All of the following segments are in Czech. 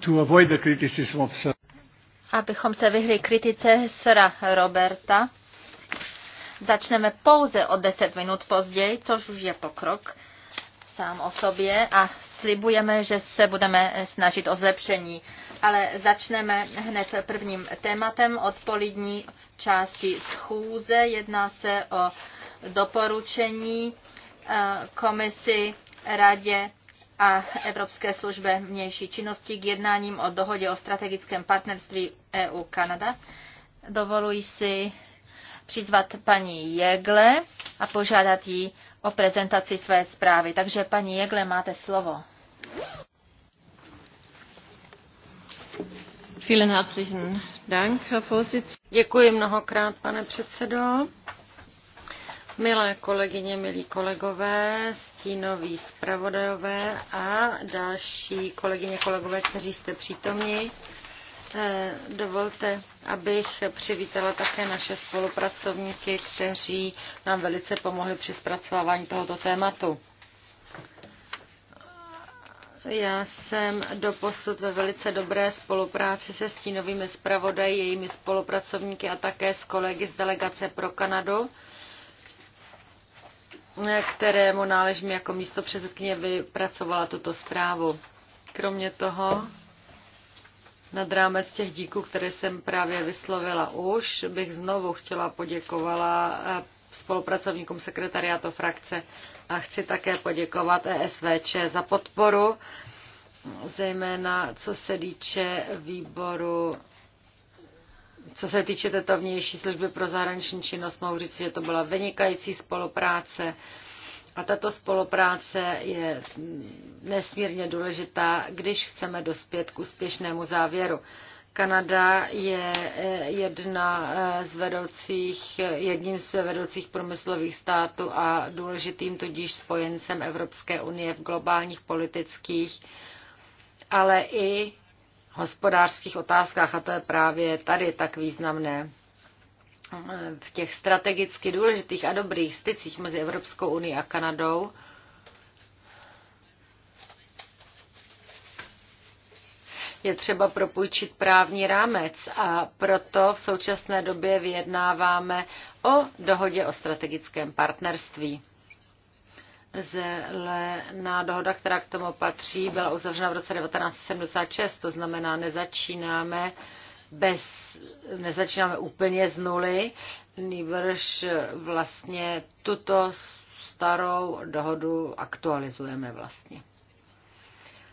to avoid the criticism of Sir. Abychom se vyhli kritice Sra Roberta, začneme pouze o 10 minut později, což už je pokrok sám o sobě a slibujeme, že se budeme snažit o zlepšení. Ale začneme hned prvním tématem odpolední části schůze. Jedná se o doporučení eh, komisi radě a Evropské službe vnější činnosti k jednáním o dohodě o strategickém partnerství EU-Kanada. Dovoluji si přizvat paní Jegle a požádat ji o prezentaci své zprávy. Takže paní Jegle, máte slovo. Vielen herzlichen Dank, Herr Děkuji mnohokrát, pane předsedo. Milé kolegyně, milí kolegové, stínoví zpravodajové a další kolegyně, kolegové, kteří jste přítomni, eh, dovolte, abych přivítala také naše spolupracovníky, kteří nám velice pomohli při zpracovávání tohoto tématu. Já jsem doposud ve velice dobré spolupráci se stínovými zpravodaji, jejími spolupracovníky a také s kolegy z delegace pro Kanadu kterému náležím jako místo předsedkyně, vypracovala tuto zprávu. Kromě toho, nad rámec těch díků, které jsem právě vyslovila už, bych znovu chtěla poděkovala eh, spolupracovníkům sekretariátu frakce a chci také poděkovat ESVČ za podporu, zejména co se týče výboru co se týče této vnější služby pro zahraniční činnost, mohu říct, že to byla vynikající spolupráce. A tato spolupráce je nesmírně důležitá, když chceme dospět k úspěšnému závěru. Kanada je eh, jedna eh, z vedoucích, eh, jedním z vedoucích průmyslových států a důležitým tudíž spojencem Evropské unie v globálních politických, ale i hospodářských otázkách, a to je právě tady tak významné, v těch strategicky důležitých a dobrých stycích mezi Evropskou unii a Kanadou, je třeba propůjčit právní rámec a proto v současné době vyjednáváme o dohodě o strategickém partnerství. Zelená dohoda, která k tomu patří, byla uzavřena v roce 1976, to znamená, nezačínáme bez, nezačínáme úplně z nuly, nýbrž vlastně tuto starou dohodu aktualizujeme vlastně.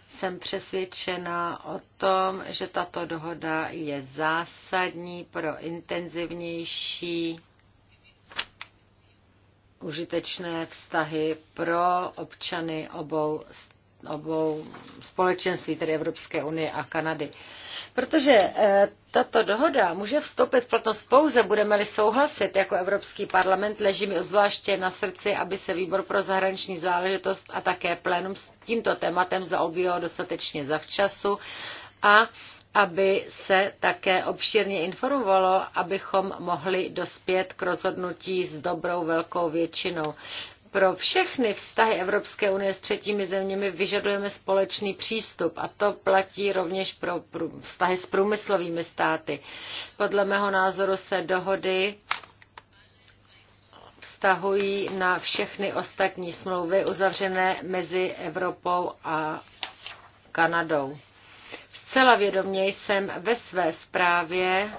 Jsem přesvědčena o tom, že tato dohoda je zásadní pro intenzivnější užitečné vztahy pro občany obou, obou společenství, tedy Evropské unie a Kanady. Protože eh, tato dohoda může vstoupit v platnost pouze, budeme-li souhlasit jako Evropský parlament, leží mi zvláště na srdci, aby se výbor pro zahraniční záležitost a také plénum s tímto tématem zaobíralo dostatečně zavčasu a aby se také obšírně informovalo, abychom mohli dospět k rozhodnutí s dobrou velkou většinou. Pro všechny vztahy Evropské unie s třetími zeměmi vyžadujeme společný přístup a to platí rovněž pro vztahy s průmyslovými státy. Podle mého názoru se dohody vztahují na všechny ostatní smlouvy uzavřené mezi Evropou a Kanadou. Zcela vědomě jsem ve své zprávě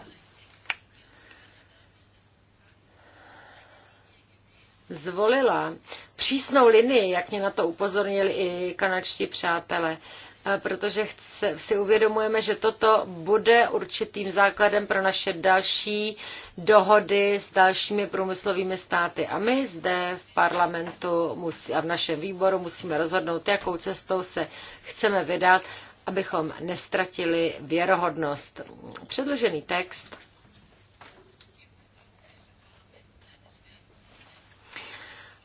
zvolila přísnou linii, jak mě na to upozornili i kanadští přátelé, eh, protože chce, si uvědomujeme, že toto bude určitým základem pro naše další dohody s dalšími průmyslovými státy. A my zde v parlamentu musí, a v našem výboru musíme rozhodnout, jakou cestou se chceme vydat abychom nestratili věrohodnost. Předložený text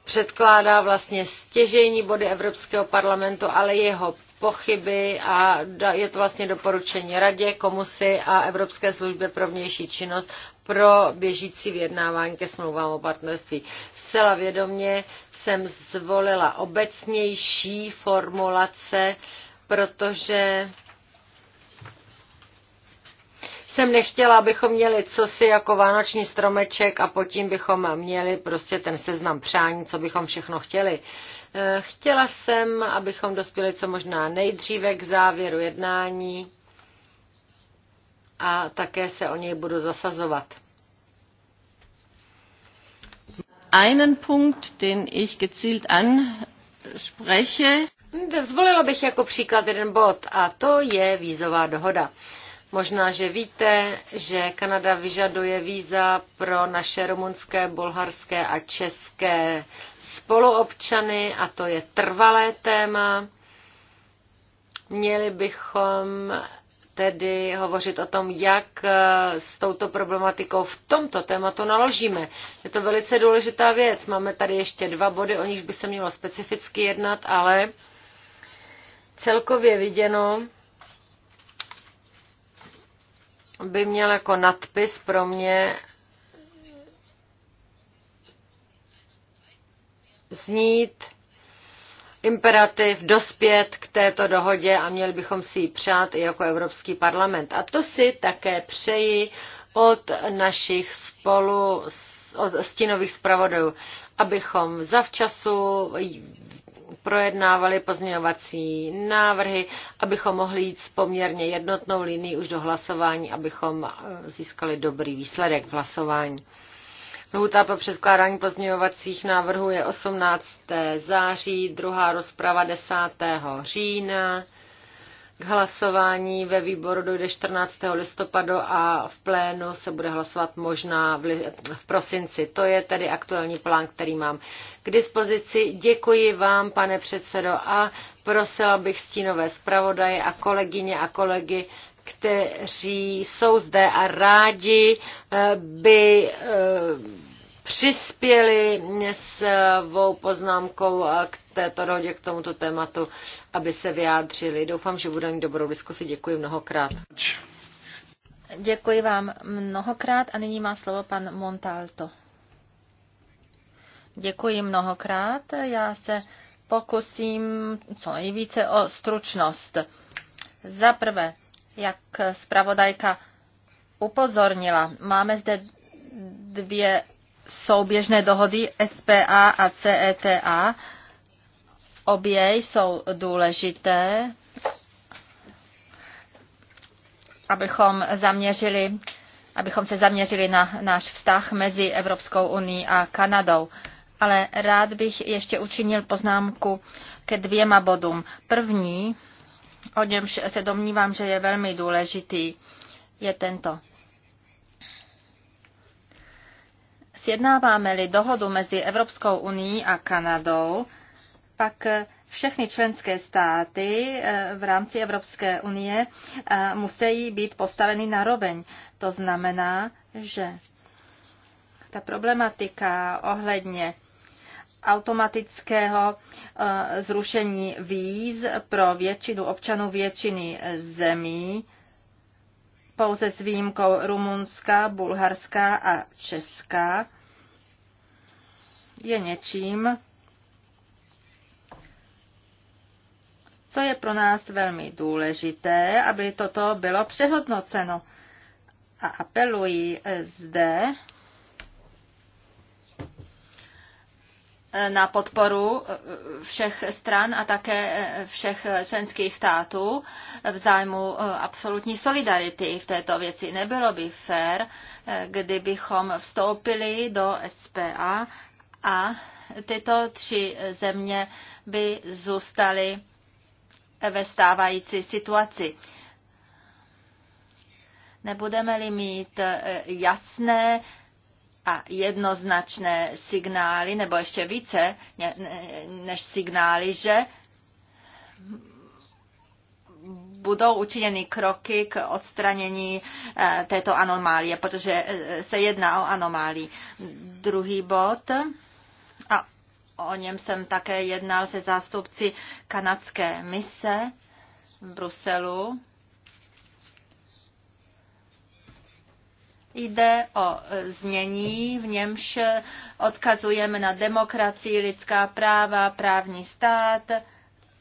předkládá vlastně stěžejní body Evropského parlamentu, ale jeho pochyby a je to vlastně doporučení Radě, komusy a Evropské službě pro vnější činnost pro běžící vyjednávání ke smlouvám o partnerství. Zcela vědomě jsem zvolila obecnější formulace, protože jsem nechtěla, abychom měli cosi jako vánoční stromeček a potím bychom měli prostě ten seznam přání, co bychom všechno chtěli. Eh, chtěla jsem, abychom dospěli co možná nejdříve k závěru jednání a také se o něj budu zasazovat. Einen Punkt, den ich gezielt anspreche. Zvolila bych jako příklad jeden bod a to je vízová dohoda. Možná, že víte, že Kanada vyžaduje víza pro naše rumunské, bulharské a české spoluobčany a to je trvalé téma. Měli bychom tedy hovořit o tom, jak eh, s touto problematikou v tomto tématu naložíme. Je to velice důležitá věc. Máme tady ještě dva body, o nichž by se mělo specificky jednat, ale Celkově viděno by měl jako nadpis pro mě znít imperativ dospět k této dohodě a měli bychom si ji přát i jako Evropský parlament. A to si také přeji od našich spolu od stínových zpravodajů, abychom zavčasu projednávali pozměňovací návrhy, abychom mohli jít s poměrně jednotnou linií už do hlasování, abychom eh, získali dobrý výsledek v hlasování. Lhůta po předkládání pozměňovacích návrhů je 18. září, druhá rozprava 10. října k hlasování ve výboru dojde 14. listopadu a v plénu se bude hlasovat možná v, li- v prosinci. To je tedy aktuální plán, který mám k dispozici. Děkuji vám, pane předsedo, a prosila bych stínové zpravodaje a kolegyně a kolegy, kteří jsou zde a rádi eh, by eh, přispěli svou eh, poznámkou eh, k této dohodě, k tomuto tématu, aby se vyjádřili. Doufám, že budeme mít dobrou diskusi. Děkuji mnohokrát. Děkuji vám mnohokrát a nyní má slovo pan Montalto. Děkuji mnohokrát. Já se pokusím co nejvíce o stručnost. Za prvé, jak zpravodajka upozornila, máme zde dvě souběžné dohody SPA a CETA. E Obě jsou důležité, abychom zaměřili abychom se zaměřili na náš vztah mezi Evropskou unii a Kanadou. Ale rád bych ještě učinil poznámku ke dvěma bodům. První, o němž se domnívám, že je velmi důležitý, je tento. Sjednáváme-li dohodu mezi Evropskou uní a Kanadou, pak všechny členské státy eh, v rámci Evropské unie eh, musí být postaveny na roveň. To znamená, že ta problematika ohledně automatického eh, zrušení víz pro většinu občanů většiny zemí pouze s výjimkou Rumunska, Bulharska a Česka, je něčím, co je pro nás velmi důležité, aby toto bylo přehodnoceno. A apeluji zde na podporu eh, všech stran a také eh, všech členských států v zájmu eh, absolutní solidarity v této věci. Nebylo by fér, kdybychom vstoupili do SPA a tyto tři země by zůstaly ve stávající situaci. Nebudeme-li mít jasné a jednoznačné signály, nebo ještě více než signály, že budou učiněny kroky k odstranění eh, této anomálie, protože eh, se jedná o anomálii. Druhý bod, a o něm jsem také jednal se zástupci kanadské mise v Bruselu, Jde o e, znění, v němž odkazujeme na demokracii, lidská práva, právní stát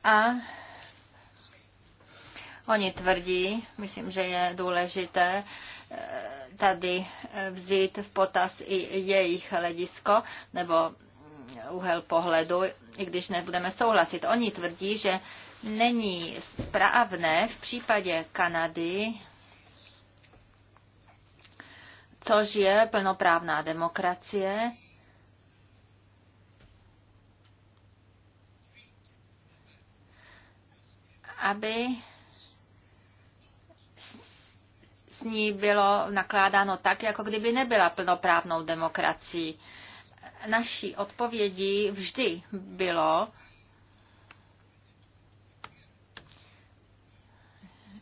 a oni tvrdí, myslím, že je důležité e, tady e, vzít v potaz i jejich hledisko nebo mm, úhel pohledu, i když nebudeme souhlasit. Oni tvrdí, že není správné v případě Kanady což je plnoprávná demokracie. aby s ní bylo nakládáno tak, jako kdyby nebyla plnoprávnou demokracií. Naší odpovědí vždy bylo,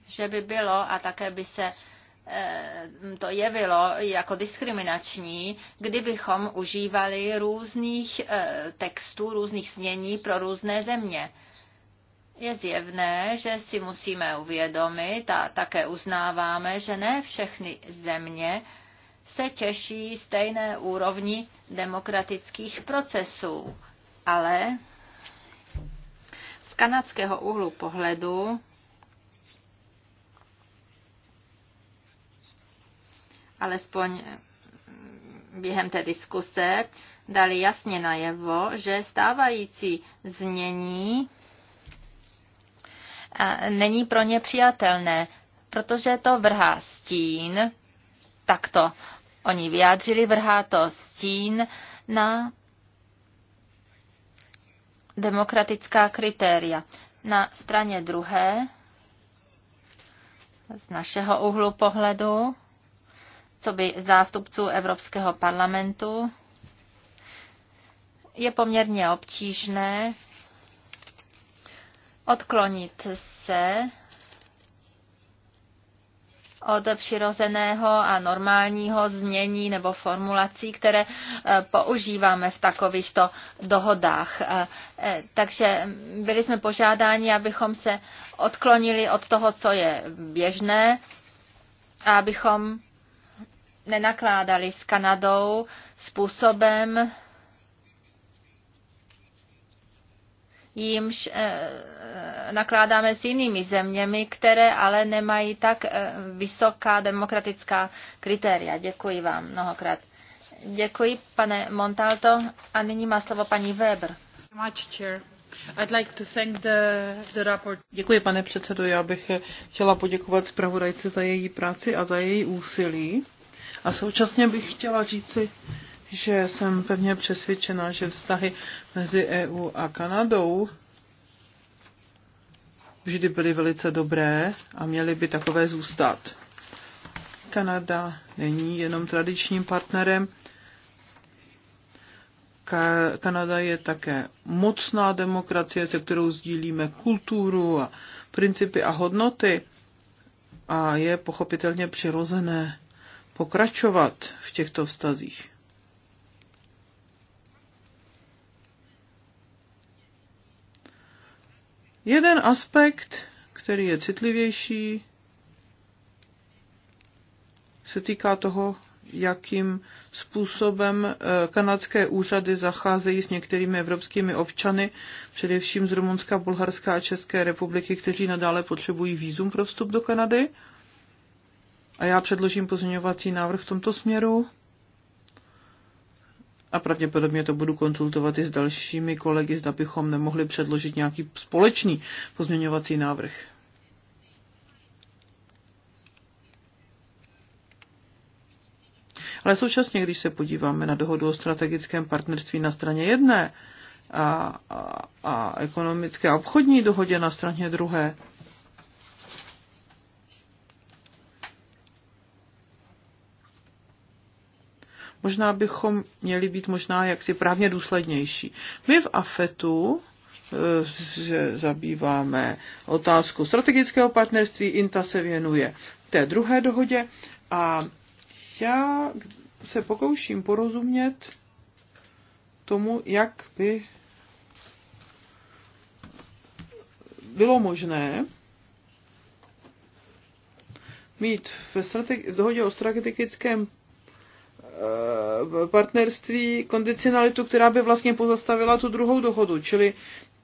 že by bylo a také by se Eh, to jevilo jako diskriminační, kdybychom užívali různých eh, textů, různých snění pro různé země. Je zjevné, že si musíme uvědomit a také uznáváme, že ne všechny země se těší stejné úrovni demokratických procesů, ale z kanadského úhlu pohledu alespoň eh, během té diskuse, dali jasně najevo, že stávající znění eh, není pro ně přijatelné, protože to vrhá stín, takto oni vyjádřili, vrhá to stín na demokratická kritéria. Na straně druhé, z našeho úhlu pohledu, co by zástupců Evropského parlamentu, je poměrně obtížné odklonit se od přirozeného a normálního znění nebo formulací, které eh, používáme v takovýchto dohodách. Eh, eh, takže byli jsme požádáni, abychom se odklonili od toho, co je běžné a abychom nenakládali s Kanadou způsobem, jímž eh, nakládáme s jinými zeměmi, které ale nemají tak eh, vysoká demokratická kritéria. Děkuji vám mnohokrát. Děkuji, pane Montalto. A nyní má slovo paní Weber. Děkuji, pane předsedo. Já bych chtěla poděkovat zpravodajce za její práci a za její úsilí. A současně bych chtěla říci, že jsem pevně přesvědčena, že vztahy mezi EU a Kanadou vždy byly velice dobré a měly by takové zůstat. Kanada není jenom tradičním partnerem, Ka- Kanada je také mocná demokracie, se kterou sdílíme kulturu a principy a hodnoty a je pochopitelně přirozené, pokračovat v těchto vztazích. Jeden aspekt, který je citlivější, se týká toho, jakým způsobem eh, kanadské úřady zacházejí s některými evropskými občany, především z Rumunska, Bulharska a České republiky, kteří nadále potřebují výzum pro vstup do Kanady a já předložím pozměňovací návrh v tomto směru a pravděpodobně to budu konzultovat i s dalšími kolegy, zda bychom nemohli předložit nějaký společný pozměňovací návrh. Ale současně, když se podíváme na dohodu o strategickém partnerství na straně jedné a, a, a ekonomické a obchodní dohodě na straně druhé, Možná bychom měli být možná jaksi právně důslednější. My v AFETu eh, že zabýváme otázku strategického partnerství, INTA se věnuje té druhé dohodě a já se pokouším porozumět tomu, jak by bylo možné mít ve strategi- v dohodě o strategickém Eh, partnerství kondicionalitu, která by vlastně pozastavila tu druhou dohodu. Čili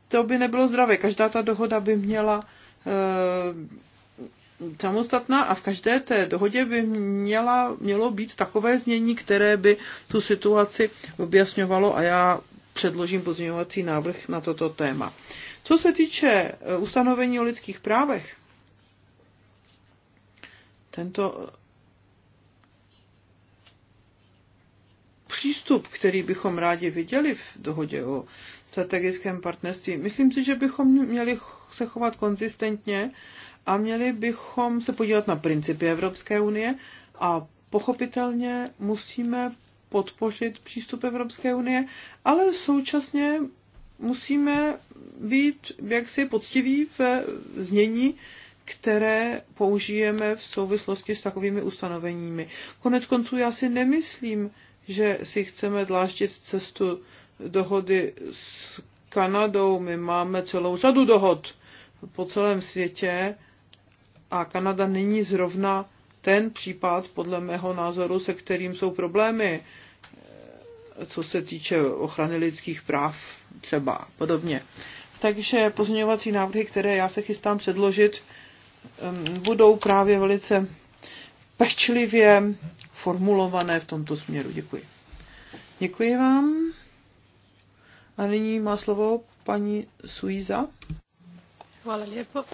to by nebylo zdravé. Každá ta dohoda by měla eh, samostatná a v každé té dohodě by měla, mělo být takové znění, které by tu situaci objasňovalo a já předložím pozměňovací návrh na toto téma. Co se týče eh, ustanovení o lidských právech, tento přístup, který bychom rádi viděli v dohodě o strategickém partnerství. Myslím si, že bychom měli se chovat konzistentně a měli bychom se podívat na principy Evropské unie a pochopitelně musíme podpořit přístup Evropské unie, ale současně musíme být jaksi poctiví ve znění, které použijeme v souvislosti s takovými ustanoveními. Konec konců já si nemyslím, že si chceme dláštit cestu dohody s Kanadou. My máme celou řadu dohod po celém světě a Kanada není zrovna ten případ, podle mého názoru, se kterým jsou problémy, co se týče ochrany lidských práv třeba podobně. Takže pozměňovací návrhy, které já se chystám předložit, budou právě velice pečlivě formulované v tomto směru. Děkuji. Děkuji vám. A nyní má slovo paní Suiza. Hvala lijepo.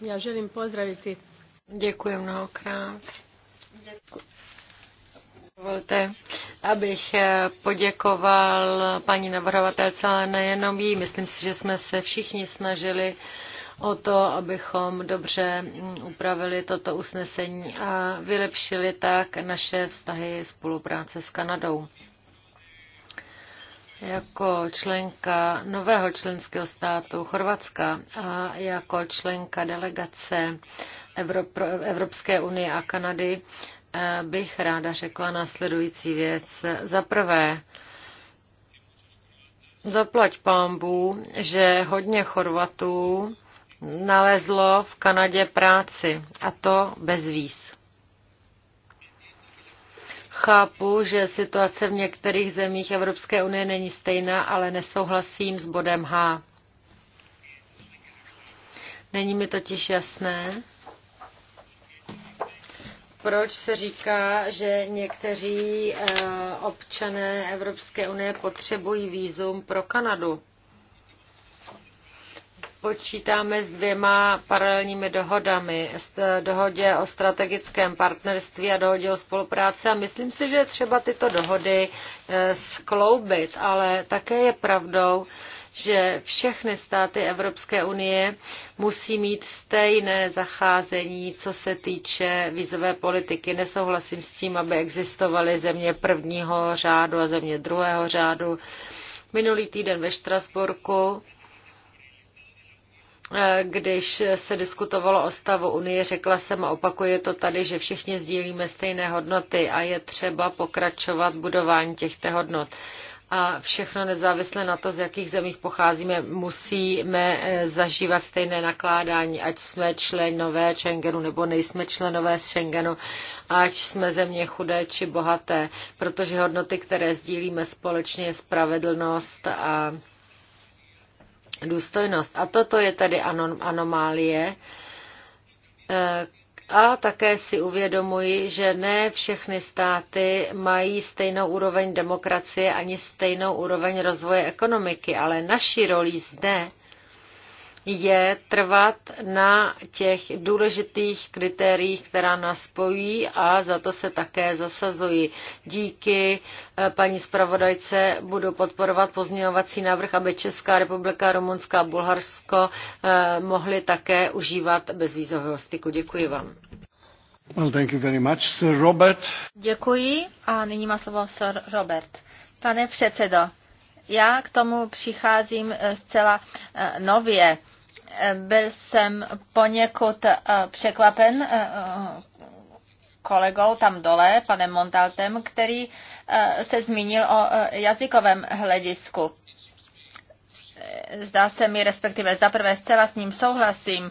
Ja želim pozdraviti. Děkuji mnohokrát. Děkuji. Dovolte, abych eh, poděkoval paní navrhovatelce, ale nejenom jí. Myslím si, že jsme se všichni snažili o to, abychom dobře upravili toto usnesení a vylepšili tak naše vztahy spolupráce s Kanadou. Jako členka nového členského státu Chorvatska a jako členka delegace Evropské unie a Kanady eh, bych ráda řekla následující věc. Za prvé, zaplať pámbu, že hodně Chorvatů nalezlo v Kanadě práci, a to bez víz. Chápu, že situace v některých zemích Evropské unie není stejná, ale nesouhlasím s bodem H. Není mi totiž jasné, proč se říká, že někteří eh, občané Evropské unie potřebují výzum pro Kanadu počítáme s dvěma paralelními dohodami. S eh, dohodě o strategickém partnerství a dohodě o spolupráci. A myslím si, že je třeba tyto dohody eh, skloubit, ale také je pravdou, že všechny státy Evropské unie musí mít stejné zacházení, co se týče vízové politiky. Nesouhlasím s tím, aby existovaly země prvního řádu a země druhého řádu. Minulý týden ve Štrasburku Eh, když se diskutovalo o stavu Unie, řekla jsem a opakuje to tady, že všichni sdílíme stejné hodnoty a je třeba pokračovat budování těchto hodnot. A všechno nezávisle na to, z jakých zemích pocházíme, musíme eh, zažívat stejné nakládání, ať jsme členové Schengenu nebo nejsme členové z Schengenu, ať jsme země chudé či bohaté, protože hodnoty, které sdílíme společně, je spravedlnost a důstojnost. A toto je tedy anomálie. E, a také si uvědomuji, že ne všechny státy mají stejnou úroveň demokracie ani stejnou úroveň rozvoje ekonomiky, ale naší rolí zde je trvat na těch důležitých kritériích, která nás spojí a za to se také zasazují. Díky eh, paní zpravodajce budu podporovat pozměňovací návrh, aby Česká republika, Rumunská a Bulharsko eh, mohly také užívat bezvízového styku. Děkuji vám. Well, thank you very much, Sir Robert. Děkuji a nyní má slovo Sir Robert. Pane předsedo, já k tomu přicházím eh, zcela nově. Byl jsem poněkud eh, překvapen eh, kolegou tam dole, panem Montaltem, který eh, se zmínil o jazykovém hledisku. Zdá se mi, respektive zaprvé zcela s ním souhlasím,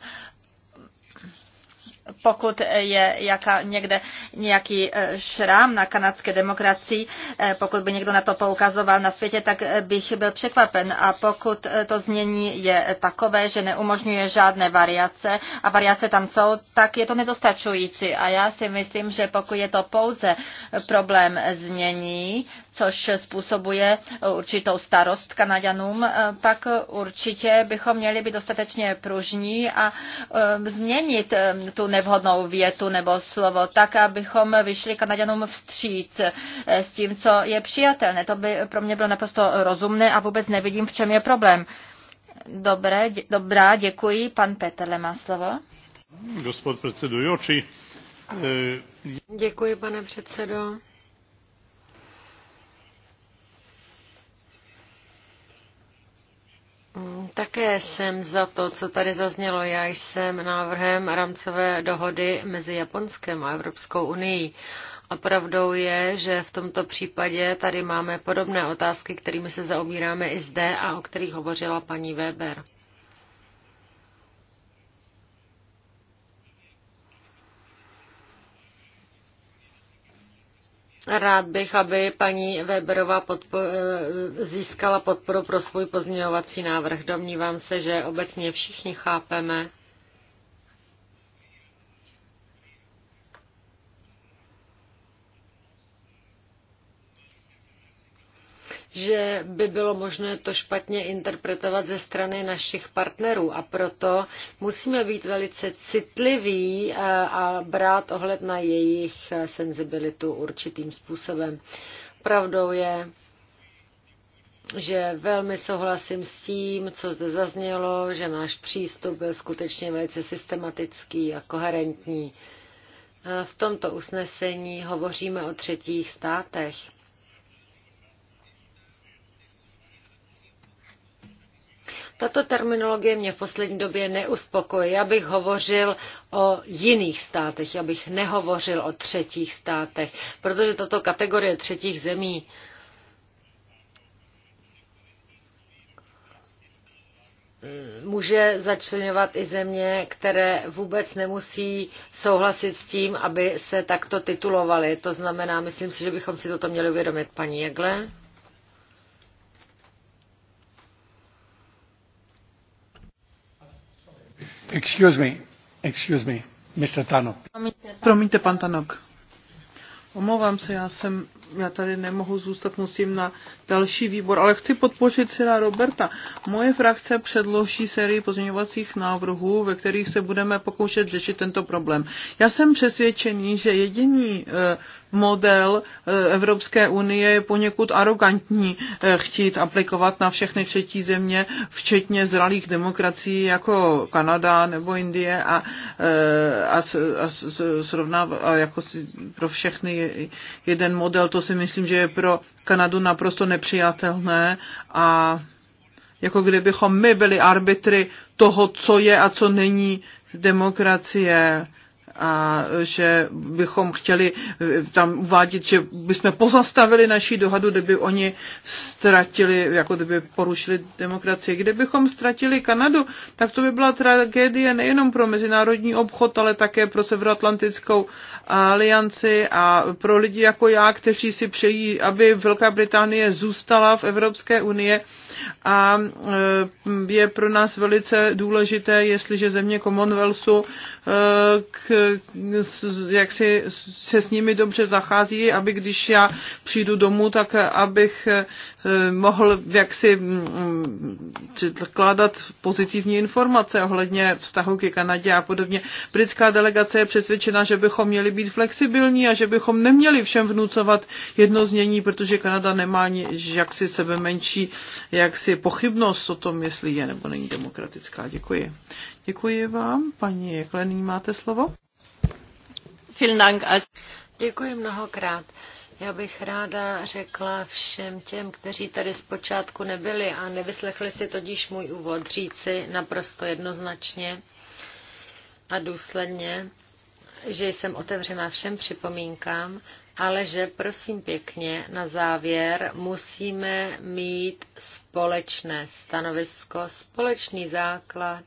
pokud je jaká, někde nějaký e, šrám na kanadské demokracii, e, pokud by někdo na to poukazoval na světě, tak e, bych byl překvapen. A pokud to změní je takové, že neumožňuje žádné variace a variace tam jsou, tak je to nedostačující. A já si myslím, že pokud je to pouze problém změní, což způsobuje určitou starost Kanaďanům, eh, pak určitě bychom měli být dostatečně pružní a eh, změnit eh, tu nevhodnou větu nebo slovo tak, abychom vyšli Kanaďanům vstříc s tím, co je přijatelné. To by pro mě bylo naprosto rozumné a vůbec nevidím, v čem je problém. Dobré, dě, dobrá, děkuji. Pan Petrle má slovo. Gospod Joči. Děkuji, pane předsedo. Mm, také jsem za to, co tady zaznělo. Já jsem návrhem rámcové dohody mezi Japonskem a Evropskou unii. A pravdou je, že v tomto případě tady máme podobné otázky, kterými se zaobíráme i zde a o kterých hovořila paní Weber. Rád bych, aby paní Weberová podpo- eh, získala podporu pro svůj pozměňovací návrh. Domnívám se, že obecně všichni chápeme, že by bylo možné to špatně interpretovat ze strany našich partnerů a proto musíme být velice citliví eh, a brát ohled na jejich eh, senzibilitu určitým způsobem. Pravdou je, že velmi souhlasím s tím, co zde zaznělo, že náš přístup byl skutečně velice systematický a koherentní. Eh, v tomto usnesení hovoříme o třetích státech. Tato terminologie mě v poslední době neuspokojí. Já bych hovořil o jiných státech, já bych nehovořil o třetích státech, protože tato kategorie třetích zemí může začlenovat i země, které vůbec nemusí souhlasit s tím, aby se takto titulovaly. To znamená, myslím si, že bychom si toto měli uvědomit, paní Jegle. Excuse me, excuse me, Mr. Tanok. Promiňte, pan Tanok. Omlouvám se, já jsem já tady nemohu zůstat, musím na další výbor, ale chci podpořit Sila Roberta. Moje frakce předloží sérii pozměňovacích návrhů, ve kterých se budeme pokoušet řešit tento problém. Já jsem přesvědčený, že jediný eh, model eh, Evropské unie je poněkud arrogantní eh, chtít aplikovat na všechny třetí země, včetně zralých demokracií jako Kanada nebo Indie a, a, a, a, a jako pro všechny jeden model. To to si myslím, že je pro Kanadu naprosto nepřijatelné a jako kdybychom my byli arbitry toho, co je a co není demokracie a že bychom chtěli eh, tam uvádět, že bychom pozastavili naší dohadu, kdyby oni ztratili, jako kdyby porušili demokracii. Kdybychom ztratili Kanadu, tak to by byla tragédie nejenom pro mezinárodní obchod, ale také pro Severoatlantickou alianci a pro lidi jako já, kteří si přejí, aby Velká Británie zůstala v Evropské unie a eh, je pro nás velice důležité, jestliže země Commonwealthu, eh, k, jak si se s nimi dobře zachází, aby když já přijdu domů, tak eh, abych eh, mohl jaksi mm, mm, kládat pozitivní informace ohledně vztahu ke Kanadě a podobně. Britská delegace je přesvědčena, že bychom měli být flexibilní a že bychom neměli všem vnucovat jedno znění, protože Kanada nemá jaksi sebe menší jaksi pochybnost o tom, jestli je nebo není demokratická. Děkuji. Děkuji vám. Paní Jeklený, máte slovo. Děkuji mnohokrát. Já bych ráda řekla všem těm, kteří tady zpočátku nebyli a nevyslechli si totiž můj úvod, říci naprosto jednoznačně a důsledně, že jsem otevřena všem připomínkám, ale že prosím pěkně na závěr musíme mít společné stanovisko, společný základ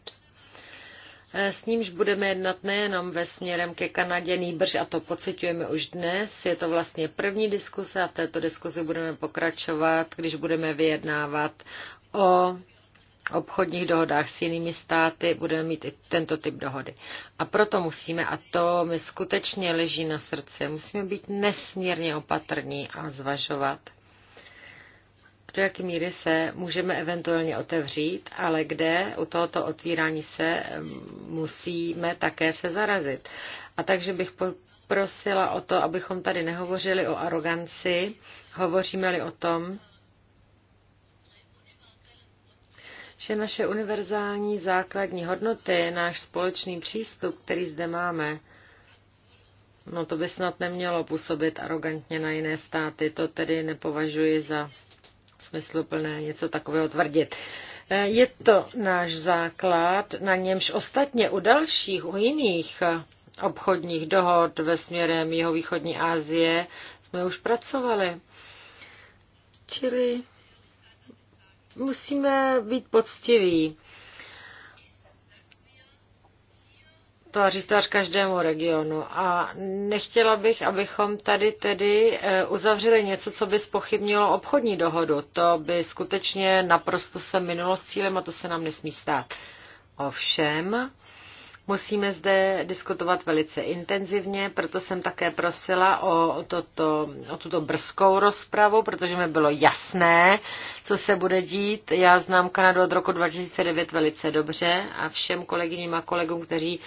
Eh, s nímž budeme jednat nejenom ve směrem ke Kanadě, nýbrž a to pocitujeme už dnes. Je to vlastně první diskuse a v této diskuzi budeme pokračovat, když budeme vyjednávat o obchodních dohodách s jinými státy budeme mít i tento typ dohody. A proto musíme, a to mi skutečně leží na srdci, musíme být nesmírně opatrní a zvažovat, do jaké míry se můžeme eventuálně otevřít, ale kde u tohoto otvírání se musíme také se zarazit. A takže bych poprosila o to, abychom tady nehovořili o aroganci, hovoříme-li o tom, že naše univerzální základní hodnoty, náš společný přístup, který zde máme, no to by snad nemělo působit arrogantně na jiné státy, to tedy nepovažuji za smysluplné něco takového tvrdit. E, je to náš základ, na němž ostatně u dalších, u jiných obchodních dohod ve směrem jihovýchodní Asie jsme už pracovali. Čili musíme být poctiví tvářítář každému regionu. A nechtěla bych, abychom tady tedy eh, uzavřeli něco, co by spochybnilo obchodní dohodu. To by skutečně naprosto se minulo s cílem a to se nám nesmí stát. Ovšem, musíme zde diskutovat velice intenzivně, proto jsem také prosila o, toto, o tuto brzkou rozpravu, protože mi bylo jasné, co se bude dít. Já znám Kanadu od roku 2009 velice dobře a všem kolegyním a kolegům, kteří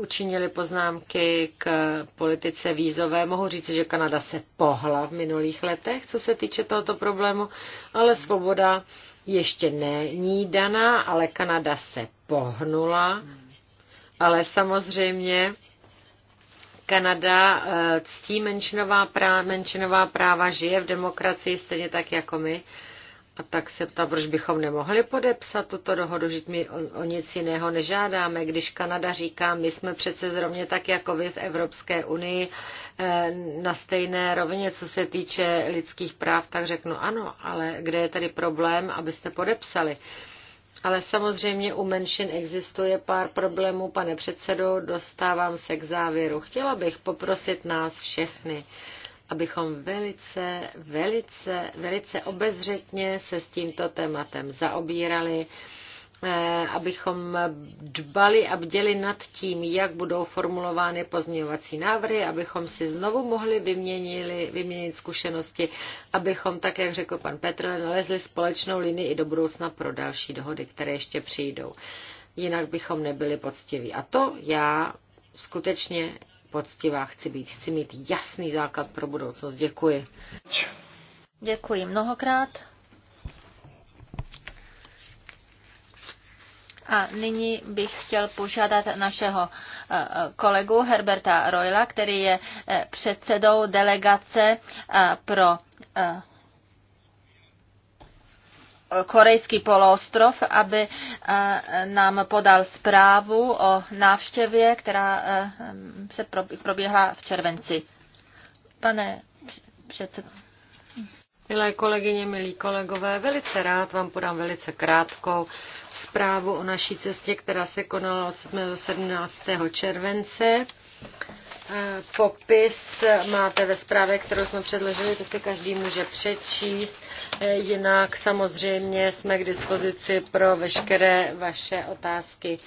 učinili poznámky k politice vízové. Mohu říct, že Kanada se pohla v minulých letech, co se týče tohoto problému, ale svoboda ještě není daná, ale Kanada se pohnula. Ale samozřejmě Kanada eh, ctí menšinová práva, menšinová práva, žije v demokracii stejně tak jako my. A tak se ptá, proč bychom nemohli podepsat tuto dohodu, že my o, o nic jiného nežádáme, když Kanada říká, my jsme přece zrovna tak jako vy v Evropské unii eh, na stejné rovině, co se týče lidských práv, tak řeknu ano, ale kde je tady problém, abyste podepsali. Ale samozřejmě u menšin existuje pár problémů, pane předsedo, dostávám se k závěru. Chtěla bych poprosit nás všechny, abychom velice, velice, velice obezřetně se s tímto tématem zaobírali, eh, abychom dbali a bděli nad tím, jak budou formulovány pozměňovací návrhy, abychom si znovu mohli vyměnili, vyměnit zkušenosti, abychom, tak jak řekl pan Petr, nalezli společnou linii i do budoucna pro další dohody, které ještě přijdou. Jinak bychom nebyli poctiví. A to já skutečně poctivá chci být. Chci mít jasný základ pro budoucnost. Děkuji. Děkuji mnohokrát. A nyní bych chtěl požádat našeho eh, kolegu Herberta Royla, který je eh, předsedou delegace eh, pro korejský poloostrov, aby eh, nám podal zprávu o návštěvě, která eh, se proběhla v červenci. Pane předsedo. Milé kolegyně, milí kolegové, velice rád vám podám velice krátkou zprávu o naší cestě, která se konala od 7. do 17. července. Eh, popis máte ve zprávě, kterou jsme předložili, to si každý může přečíst. Eh, jinak samozřejmě jsme k dispozici pro veškeré vaše otázky.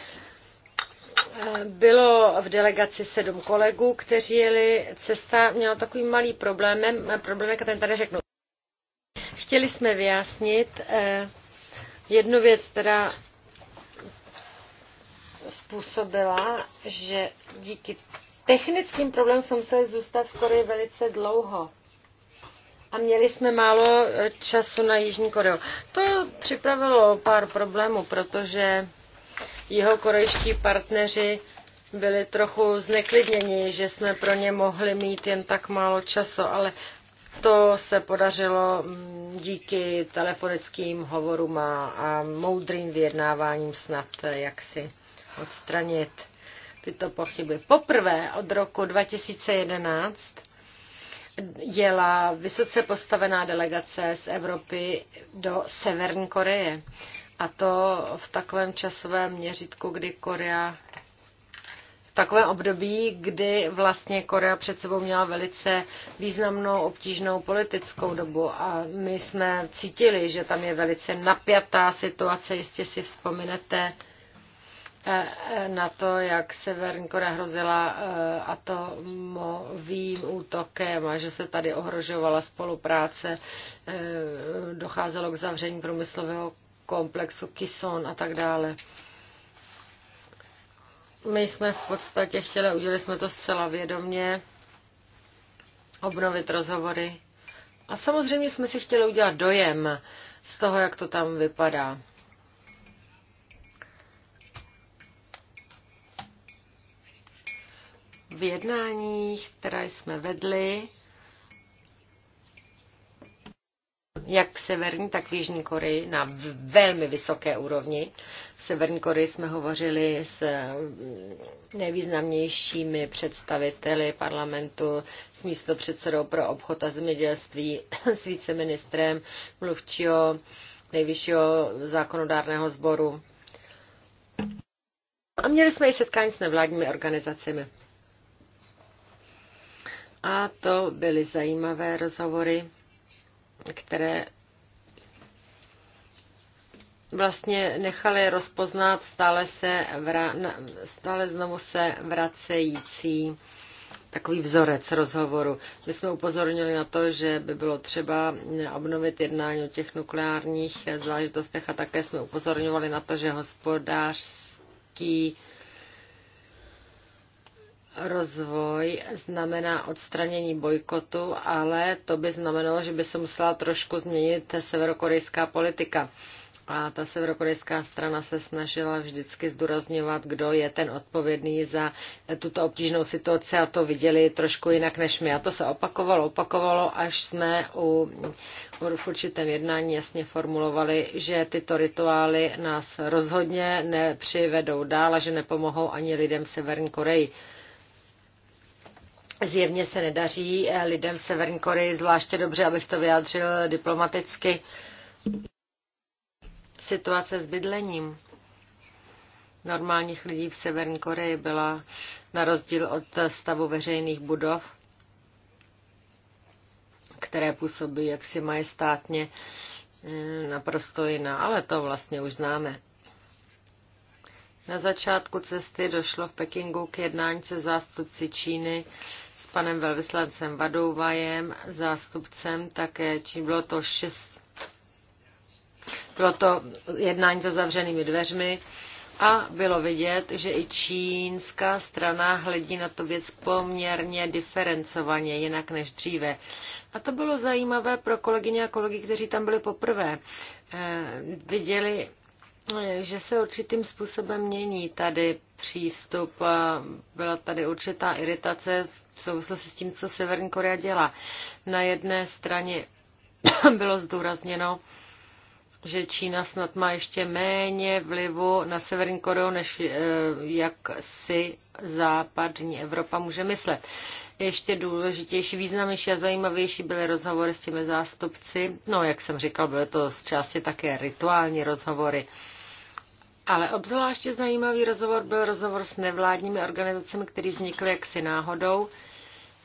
Eh, bylo v delegaci sedm kolegů, kteří jeli cesta, měla takový malý problém, problém, jak ten tady řeknu. Chtěli jsme vyjasnit jednu věc, která způsobila, že díky technickým problémům jsme museli zůstat v Koreji velice dlouho. A měli jsme málo e, času na Jižní Koreu. To připravilo pár problémů, protože jeho korejští partneři byli trochu zneklidněni, že jsme pro ně mohli mít jen tak málo času, ale to se podařilo mm, díky telefonickým hovorům a, a moudrým vyjednáváním snad e, jaksi odstranit tyto pochyby. Poprvé od roku 2011 jela vysoce postavená delegace z Evropy do Severní Koreje. A to v takovém časovém měřítku, kdy Korea v takovém období, kdy vlastně Korea před sebou měla velice významnou obtížnou politickou dobu a my jsme cítili, že tam je velice napjatá situace, jistě si vzpomenete E, e, na to, jak Severní Korea hrozila e, atomovým útokem a že se tady ohrožovala spolupráce, docházelo k zavření průmyslového komplexu Kison a tak dále. My jsme v podstatě chtěli, udělali jsme to zcela vědomě, obnovit rozhovory. A samozřejmě jsme si chtěli udělat dojem z toho, jak to tam vypadá. v jednáních, která jsme vedli, jak v Severní, tak v Jižní Koreji na velmi vysoké úrovni. V Severní Koreji jsme hovořili s mm, nejvýznamnějšími představiteli parlamentu, s místopředsedou pro obchod a zemědělství, s viceministrem mluvčího nejvyššího zákonodárného sboru. A měli jsme i setkání s nevládními organizacemi. A to byly zajímavé rozhovory, které vlastně nechali rozpoznat stále, se vra, stále znovu se vracející takový vzorec rozhovoru. My jsme upozornili na to, že by bylo třeba obnovit jednání o těch nukleárních záležitostech a také jsme upozorňovali na to, že hospodářský rozvoj znamená odstranění bojkotu, ale to by znamenalo, že by se musela trošku změnit severokorejská politika. A ta severokorejská strana se snažila vždycky zdůrazňovat, kdo je ten odpovědný za tuto obtížnou situaci a to viděli trošku jinak než my. A to se opakovalo, opakovalo, až jsme u, u v určitém jednání jasně formulovali, že tyto rituály nás rozhodně nepřivedou dál a že nepomohou ani lidem Severní Koreji. Zjevně se nedaří eh, lidem v Severní Koreji, zvláště dobře, abych to vyjádřil diplomaticky, situace s bydlením normálních lidí v Severní Koreji byla na rozdíl od stavu veřejných budov, které působí jaksi majestátně eh, naprosto jiná, ale to vlastně už známe. Na začátku cesty došlo v Pekingu k jednání se zástupci Číny panem velvyslancem Vadouvajem, zástupcem také, čím bylo to šest, bylo to jednání za zavřenými dveřmi a bylo vidět, že i čínská strana hledí na to věc poměrně diferencovaně, jinak než dříve. A to bylo zajímavé pro kolegyně a kolegy, kteří tam byli poprvé. Eh, viděli, eh, že se určitým způsobem mění tady přístup. Byla tady určitá iritace v v souvislosti s tím, co Severní Korea dělá. Na jedné straně bylo zdůrazněno, že Čína snad má ještě méně vlivu na Severní Koreu, než eh, jak si západní Evropa může myslet. Ještě důležitější, významnější a zajímavější byly rozhovory s těmi zástupci. No, jak jsem říkal, byly to z části také rituální rozhovory. Ale obzvláště zajímavý rozhovor byl rozhovor s nevládními organizacemi, který vznikl jaksi náhodou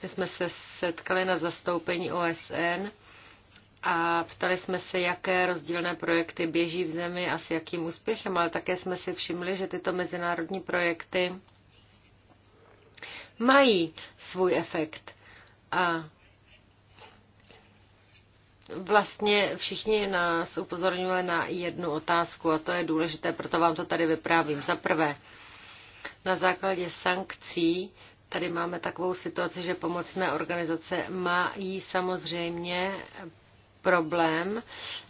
kde jsme se setkali na zastoupení OSN a ptali jsme se, jaké rozdílné projekty běží v zemi a s jakým úspěchem, ale také jsme si všimli, že tyto mezinárodní projekty mají svůj efekt. A vlastně všichni nás upozorňovali na jednu otázku a to je důležité, proto vám to tady vyprávím. Za prvé, na základě sankcí tady máme takovou situaci, že pomocné organizace mají samozřejmě problém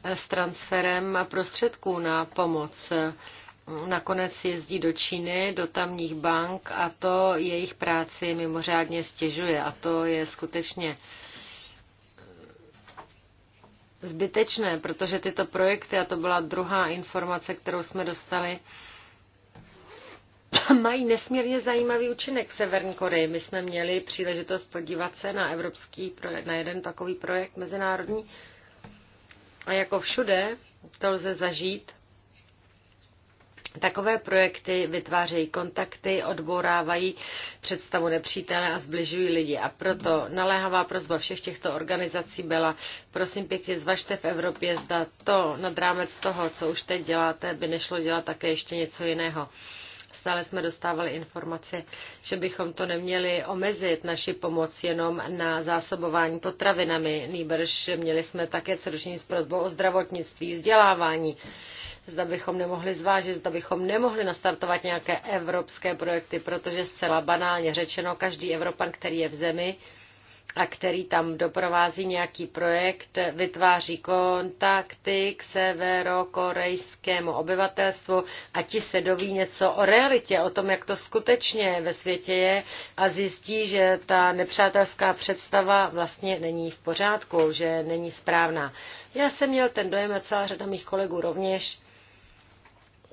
s transferem prostředků na pomoc. Nakonec jezdí do Číny, do tamních bank a to jejich práci mimořádně stěžuje. A to je skutečně zbytečné, protože tyto projekty, a to byla druhá informace, kterou jsme dostali, mají nesmírně zajímavý účinek v Severní Koreji. My jsme měli příležitost podívat se na evropský projekt, na jeden takový projekt mezinárodní. A jako všude to lze zažít. Takové projekty vytvářejí kontakty, odbourávají představu nepřítele a zbližují lidi. A proto naléhavá prozba všech těchto organizací byla, prosím pěkně, zvažte v Evropě, zda to nad rámec toho, co už teď děláte, by nešlo dělat také ještě něco jiného. Neustále jsme dostávali informace, že bychom to neměli omezit, naši pomoc jenom na zásobování potravinami. Nýbrž měli jsme také srdční s prozbou o zdravotnictví, vzdělávání. Zda bychom nemohli zvážit, zda bychom nemohli nastartovat nějaké evropské projekty, protože zcela banálně řečeno, každý Evropan, který je v zemi, a který tam doprovází nějaký projekt, vytváří kontakty k severokorejskému obyvatelstvu a ti se doví něco o realitě, o tom, jak to skutečně ve světě je a zjistí, že ta nepřátelská představa vlastně není v pořádku, že není správná. Já jsem měl ten dojem a celá řada mých kolegů rovněž,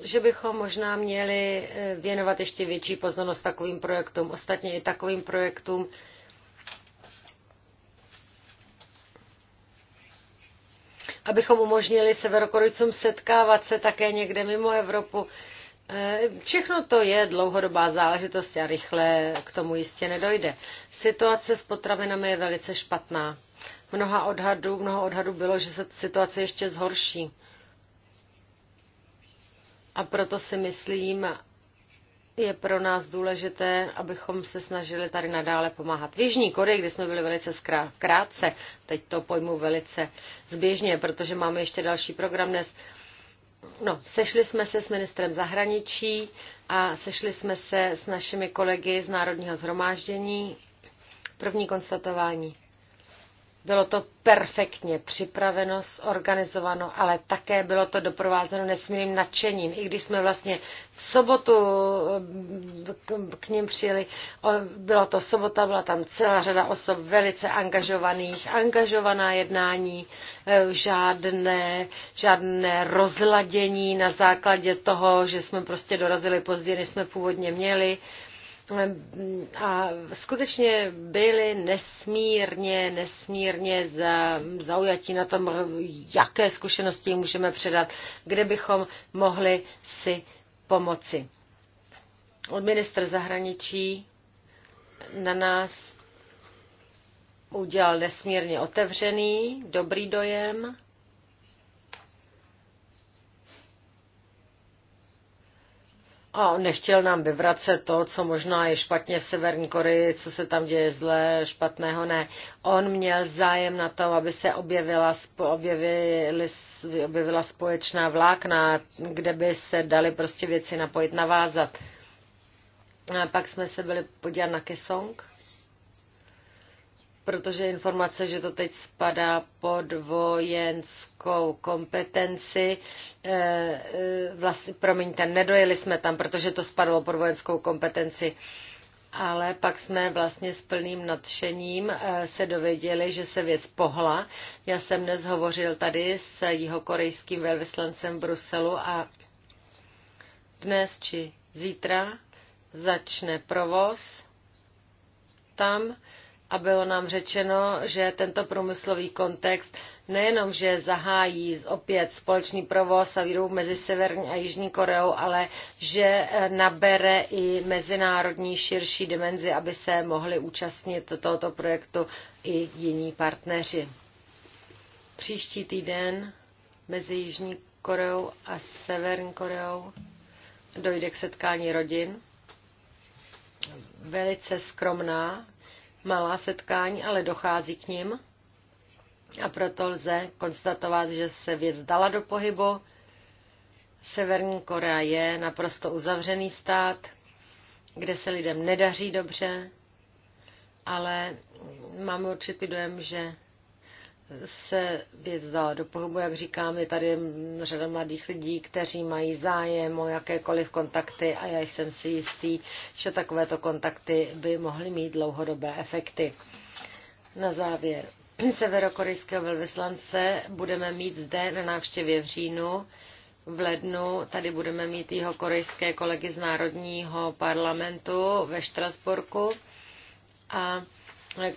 že bychom možná měli eh, věnovat ještě větší pozornost takovým projektům, ostatně i takovým projektům, abychom umožnili severokorejcům setkávat se také někde mimo Evropu. Eh, všechno to je dlouhodobá záležitost a rychle k tomu jistě nedojde. Situace s potravinami je velice špatná. Mnoha odhadů, mnoho odhadů bylo, že se situace ještě zhorší. A proto si myslím, je pro nás důležité, abychom se snažili tady nadále pomáhat. V Jižní Koreji, kde jsme byli velice krátce, teď to pojmu velice zběžně, protože máme ještě další program dnes. No, sešli jsme se s ministrem zahraničí a sešli jsme se s našimi kolegy z Národního zhromáždění. První konstatování. Bylo to perfektně připraveno, zorganizováno, ale také bylo to doprovázeno nesmírným nadšením. I když jsme vlastně v sobotu eh, k ním přijeli, byla to sobota, byla tam celá řada osob velice angažovaných, angažovaná jednání, eh, žádné, žádné rozladění na základě toho, že jsme prostě dorazili později, než jsme původně měli a skutečně byli nesmírně, nesmírně zaujatí na tom, jaké zkušenosti můžeme předat, kde bychom mohli si pomoci. Ministr zahraničí na nás udělal nesmírně otevřený, dobrý dojem A on nechtěl nám vyvracet to, co možná je špatně v Severní Koreji, co se tam děje zlé, špatného ne. On měl zájem na tom, aby se objevila, objevili, objevila společná vlákna, kde by se dali prostě věci napojit, navázat. A pak jsme se byli podívat na Kesong protože informace, že to teď spadá pod vojenskou kompetenci, eh, eh, vlastně, promiňte, nedojeli jsme tam, protože to spadlo pod vojenskou kompetenci, ale pak jsme vlastně s plným nadšením eh, se dověděli, že se věc pohla. Já jsem dnes hovořil tady s jihokorejským velvyslancem v Bruselu a dnes či zítra začne provoz tam a bylo nám řečeno, že tento průmyslový kontext nejenom, že zahájí opět společný provoz a výrobu mezi Severní a Jižní Koreou, ale že eh, nabere i mezinárodní širší dimenzi, aby se mohli účastnit tohoto projektu i jiní partneři. Příští týden mezi Jižní Koreou a Severní Koreou dojde k setkání rodin. Velice skromná malá setkání, ale dochází k ním, A proto lze konstatovat, že se věc dala do pohybu. Severní Korea je naprosto uzavřený stát, kde se lidem nedaří dobře, ale mám určitý dojem, že se věc dá do pohybu, jak říkám, je tady řada mladých lidí, kteří mají zájem o jakékoliv kontakty a já jsem si jistý, že takovéto kontakty by mohly mít dlouhodobé efekty. Na závěr. Severokorejského velvyslance budeme mít zde na návštěvě v říjnu. V lednu tady budeme mít jeho korejské kolegy z Národního parlamentu ve Štrasburku. A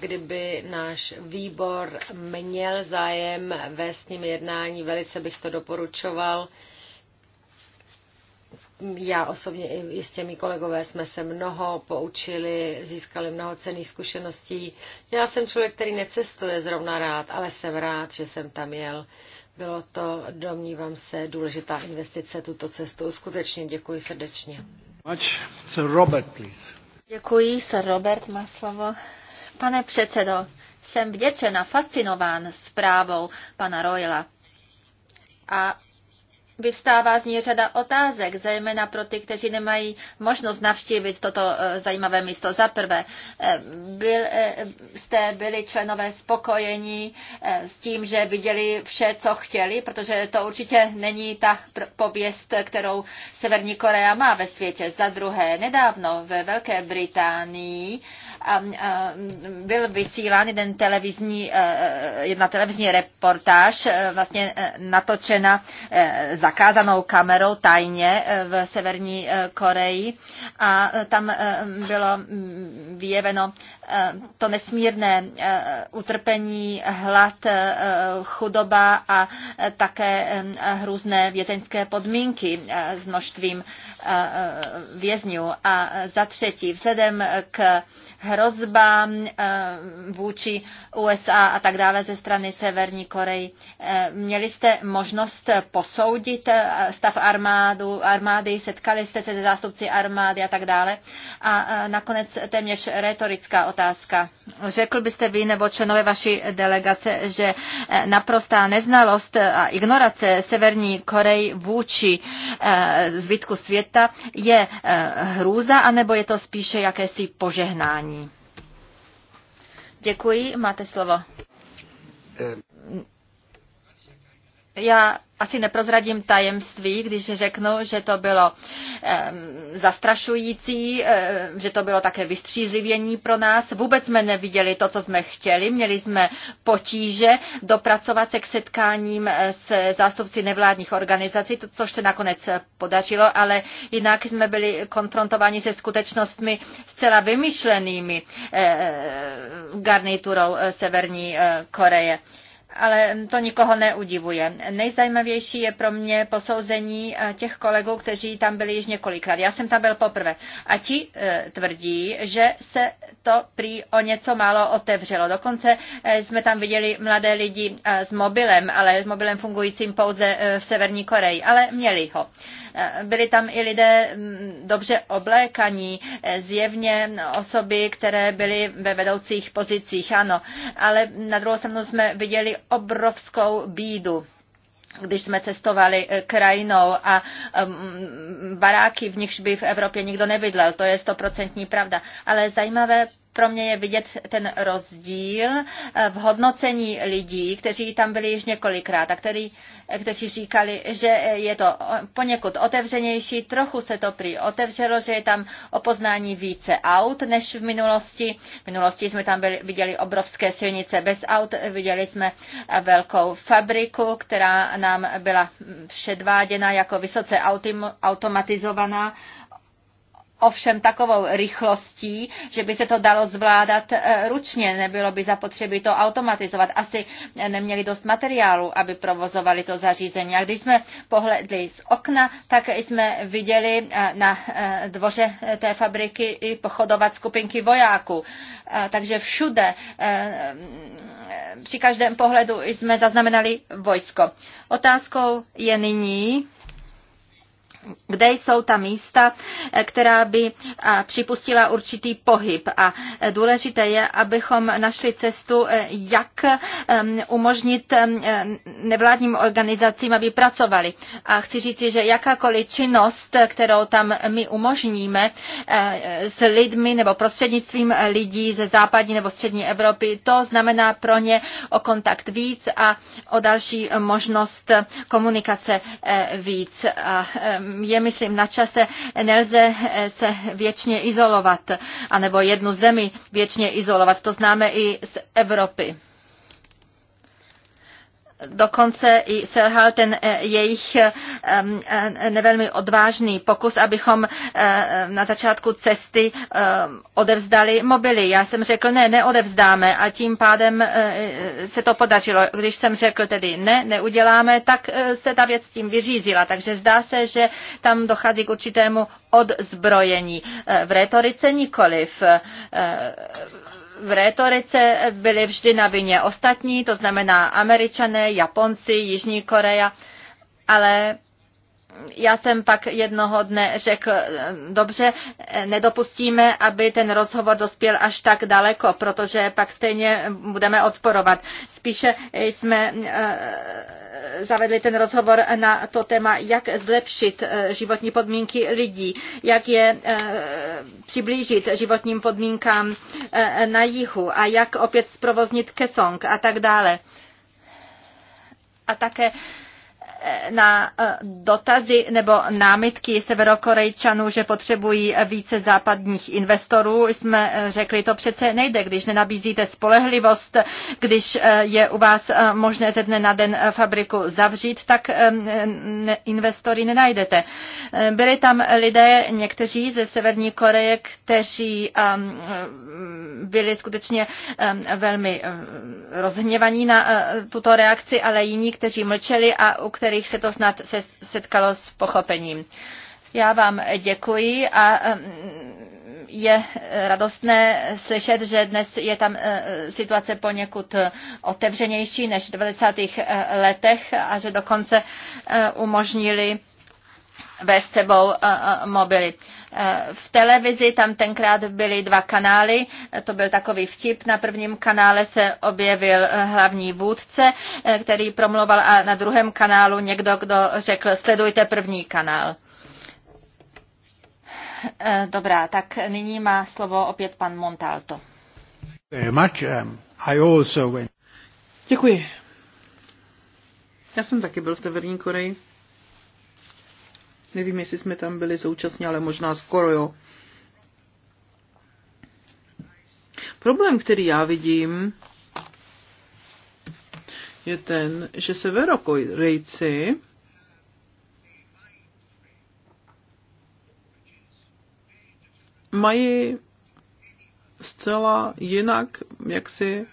kdyby náš výbor měl zájem ve s ním jednání, velice bych to doporučoval. Já osobně i s těmi kolegové jsme se mnoho poučili, získali mnoho cených zkušeností. Já jsem člověk, který necestuje zrovna rád, ale jsem rád, že jsem tam jel. Bylo to, domnívám se, důležitá investice tuto cestu. Skutečně děkuji srdečně. Much. Sir Robert, please. Děkuji, Sir Robert má slovo. Pane předsedo, jsem vděčen a fascinován zprávou pana Royla a Vyvstává z ní řada otázek, zejména pro ty, kteří nemají možnost navštívit toto eh, zajímavé místo. Za prvé, eh, byl, eh, jste byli členové spokojení s tím, že viděli vše, co chtěli, protože to určitě není ta pověst, kterou Severní Korea má ve světě. Za druhé, nedávno ve Velké Británii byl vysílán jeden televizní, jedna televizní reportáž, vlastně natočena zakázanou kamerou tajně eh, v Severní eh, Koreji a eh, tam bylo mm, vyjeveno to nesmírné utrpení, hlad, chudoba a také hrůzné vězeňské podmínky s množstvím vězňů. A za třetí, vzhledem k hrozbám vůči USA a tak dále ze strany Severní Koreji, měli jste možnost posoudit stav armádu, armády, setkali jste se se zástupci armády a tak dále. A nakonec téměř retorická otázka. Řekl byste vy nebo členové vaší delegace, že eh, naprostá neznalost a ignorace Severní Koreji vůči eh, zbytku světa je eh, hrůza, anebo je to spíše jakési požehnání? Děkuji, máte slovo. Já asi neprozradím tajemství, když řeknu, že to bylo zastrašující, že to bylo také vystřízlivění pro nás. Vůbec jsme neviděli to, co jsme chtěli. Měli jsme potíže dopracovat se k setkáním eh, s zástupci nevládních organizací, to, což se nakonec podařilo, ale jinak jsme byli konfrontováni se skutečnostmi zcela vymyšlenými eh, garniturou eh, Severní Koreje ale to nikoho neudivuje. Nejzajímavější je pro mě posouzení eh, těch kolegů, kteří tam byli již několikrát. Já jsem tam byl poprvé. A ti eh, tvrdí, že se to prý o něco málo otevřelo. Dokonce eh, jsme tam viděli mladé lidi s mobilem, ale s mobilem fungujícím pouze v Severní Koreji, ale měli ho. Byli tam i lidé mm, dobře oblékaní, zjevně osoby, které byly ve vedoucích pozicích, ano. Ale na druhou stranu jsme viděli obrovskou bídu když jsme cestovali eh, krajinou a baráky, v nichž by v Evropě nikdo nebydlel. To je stoprocentní pravda. Ale zajímavé pro mě je vidět ten rozdíl eh, v hodnocení lidí, kteří tam byli již několikrát a který, eh, kteří říkali, že eh, je to poněkud otevřenější, trochu se to prý otevřelo, že je tam o poznání více aut než v minulosti. V minulosti jsme tam byli, viděli obrovské silnice bez aut, viděli jsme velkou fabriku, která nám byla předváděna jako vysoce automatizovaná ovšem takovou rychlostí, že by se to dalo zvládat eh, ručně, nebylo by zapotřebí to automatizovat. Asi neměli dost materiálu, aby provozovali to zařízení. A když jsme pohledli z okna, tak jsme viděli eh, na eh, dvoře té fabriky i pochodovat skupinky vojáků. Takže všude, mm, při každém pohledu jsme zaznamenali vojsko. Otázkou je nyní, kde jsou ta místa, která by připustila určitý pohyb. A e, důležité je, abychom našli cestu, e, jak e, umožnit nevládním organizacím, aby pracovali. A chci říci, že jakákoliv činnost, kterou tam my umožníme s lidmi nebo prostřednictvím lidí ze západní nebo střední Evropy, to znamená pro ně o kontakt víc a o další možnost komunikace víc. A je, myslím, na čase, nelze eh, se věčně izolovat, anebo jednu zemi věčně izolovat. To známe i z Evropy dokonce i selhal ten eh, jejich eh, eh, nevelmi odvážný pokus, abychom na začátku cesty odevzdali mobily. Já jsem řekl, ne, neodevzdáme a tím pádem se to podařilo. Když jsem řekl tedy ne, neuděláme, tak se ta věc tím vyřízila. Takže zdá se, že tam dochází k určitému odzbrojení. V retorice nikoliv v rétorice byli vždy na vině ostatní, to znamená američané, Japonci, Jižní Korea, ale já jsem pak jednoho dne řekl, dobře, nedopustíme, aby ten rozhovor dospěl až tak daleko, protože pak stejně budeme odporovat. Spíše jsme eh, zavedli ten rozhovor na to téma, jak zlepšit eh, životní podmínky lidí, jak je eh, přiblížit životním podmínkám na jihu a jak opět zprovoznit kesong a tak dále. A také na eh, dotazy nebo námitky severokorejčanů, že potřebují více západních investorů, jsme eh, řekli, to přece nejde, když nenabízíte spolehlivost, když eh, je u vás možné ze dne na den fabriku zavřít, tak investory nenajdete. Byli tam lidé, někteří ze Severní Koreje, kteří ehm, byli skutečně ehm, velmi ehm, rozhněvaní na tuto reakci, ale jiní, kteří mlčeli a u kterých kterých se to snad setkalo s pochopením. Já vám děkuji a je radostné slyšet, že dnes je tam e, situace poněkud otevřenější než v 90. E, letech a že dokonce e, umožnili vést sebou eh, eh, mobily. Eh, v televizi tam tenkrát byly dva kanály, to byl takový vtip. Na prvním kanále se objevil hlavní vůdce, který promluval a na druhém kanálu někdo, kdo řekl, sledujte první kanál. Dobrá, tak nyní má slovo opět pan Montalto. Um, Děkuji. Já jsem taky byl v Severní Koreji Nevím, jestli jsme tam byli současně, ale možná skoro jo. Problém, který já vidím, je ten, že severokorejci mají zcela jinak jaksi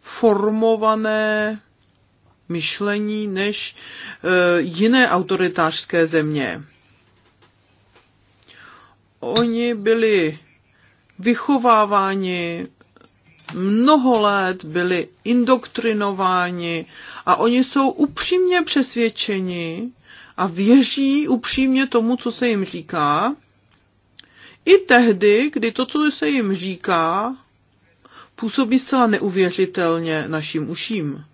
formované myšlení než eh, jiné autoritářské země. Oni byli vychováváni mnoho let, byli indoktrinováni a oni jsou upřímně přesvědčeni a věří upřímně tomu, co se jim říká, i tehdy, kdy to, co se jim říká, působí zcela neuvěřitelně našim uším.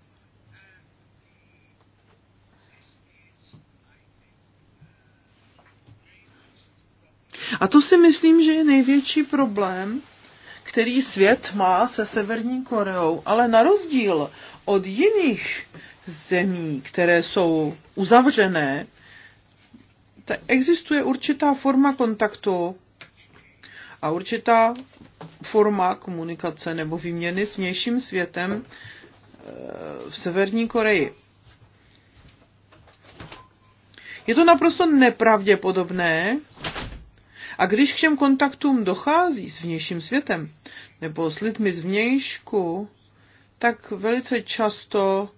A to si myslím, že je největší problém, který svět má se Severní Koreou. Ale na rozdíl od jiných zemí, které jsou uzavřené, tak existuje určitá forma kontaktu a určitá forma komunikace nebo výměny s vnějším světem eh, v Severní Koreji. Je to naprosto nepravděpodobné, a když k těm kontaktům dochází s vnějším světem nebo s lidmi z vnějšku, tak velice často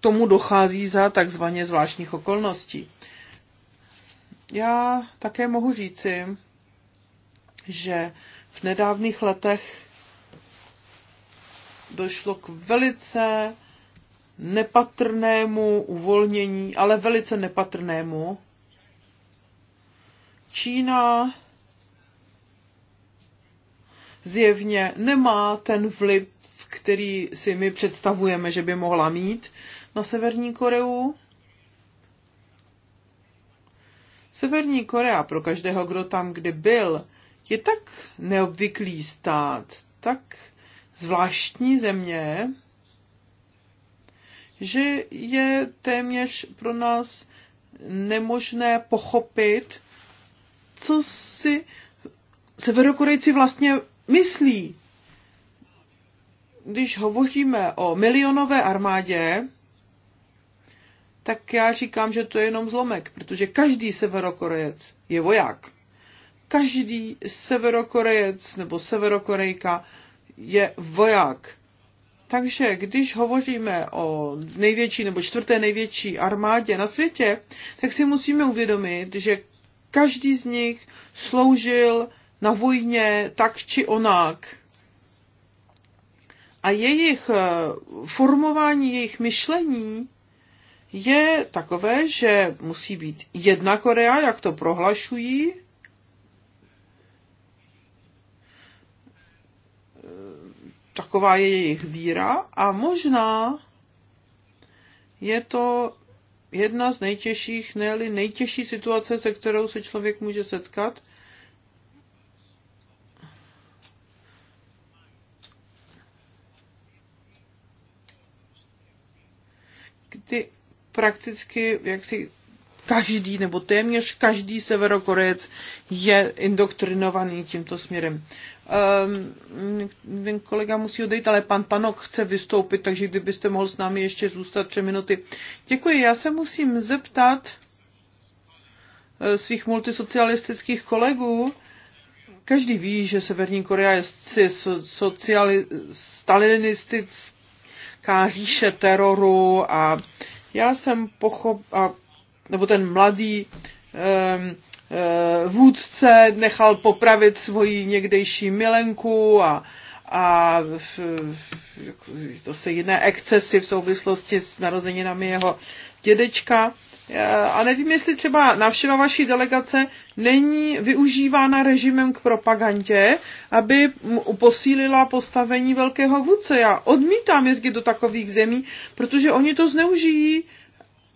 tomu dochází za takzvaně zvláštních okolností. Já také mohu říci, že v nedávných letech došlo k velice nepatrnému uvolnění, ale velice nepatrnému Čína zjevně nemá ten vliv, který si my představujeme, že by mohla mít na Severní Koreu. Severní Korea pro každého, kdo tam kdy byl, je tak neobvyklý stát, tak zvláštní země, že je téměř pro nás nemožné pochopit, co si Severokorejci vlastně myslí. Když hovoříme o milionové armádě, tak já říkám, že to je jenom zlomek, protože každý Severokorejec je voják. Každý Severokorejec nebo Severokorejka je voják. Takže když hovoříme o největší nebo čtvrté největší armádě na světě, tak si musíme uvědomit, že Každý z nich sloužil na vojně tak či onak. A jejich eh, formování, jejich myšlení je takové, že musí být jedna Korea, jak to prohlašují, taková je jejich víra a možná je to jedna z nejtěžších, ne nejtěžší situace, se kterou se člověk může setkat. Kdy prakticky jak si každý nebo téměř každý severokorec je indoktrinovaný tímto směrem. Ehm, ten kolega musí odejít, ale pan Panok chce vystoupit, takže kdybyste mohl s námi ještě zůstat tři minuty. Děkuji, já se musím zeptat eh, svých multisocialistických kolegů, Každý ví, že Severní Korea je sociali, stalinistická říše teroru a já jsem pochop, a nebo ten mladý eh, vůdce nechal popravit svoji někdejší milenku a, a jako zase jiné excesy v souvislosti s narozeninami jeho dědečka. Eh, a nevím, jestli třeba návštěva vaší delegace není využívána režimem k propagandě, aby posílila postavení velkého vůdce. Já odmítám jezdit do takových zemí, protože oni to zneužijí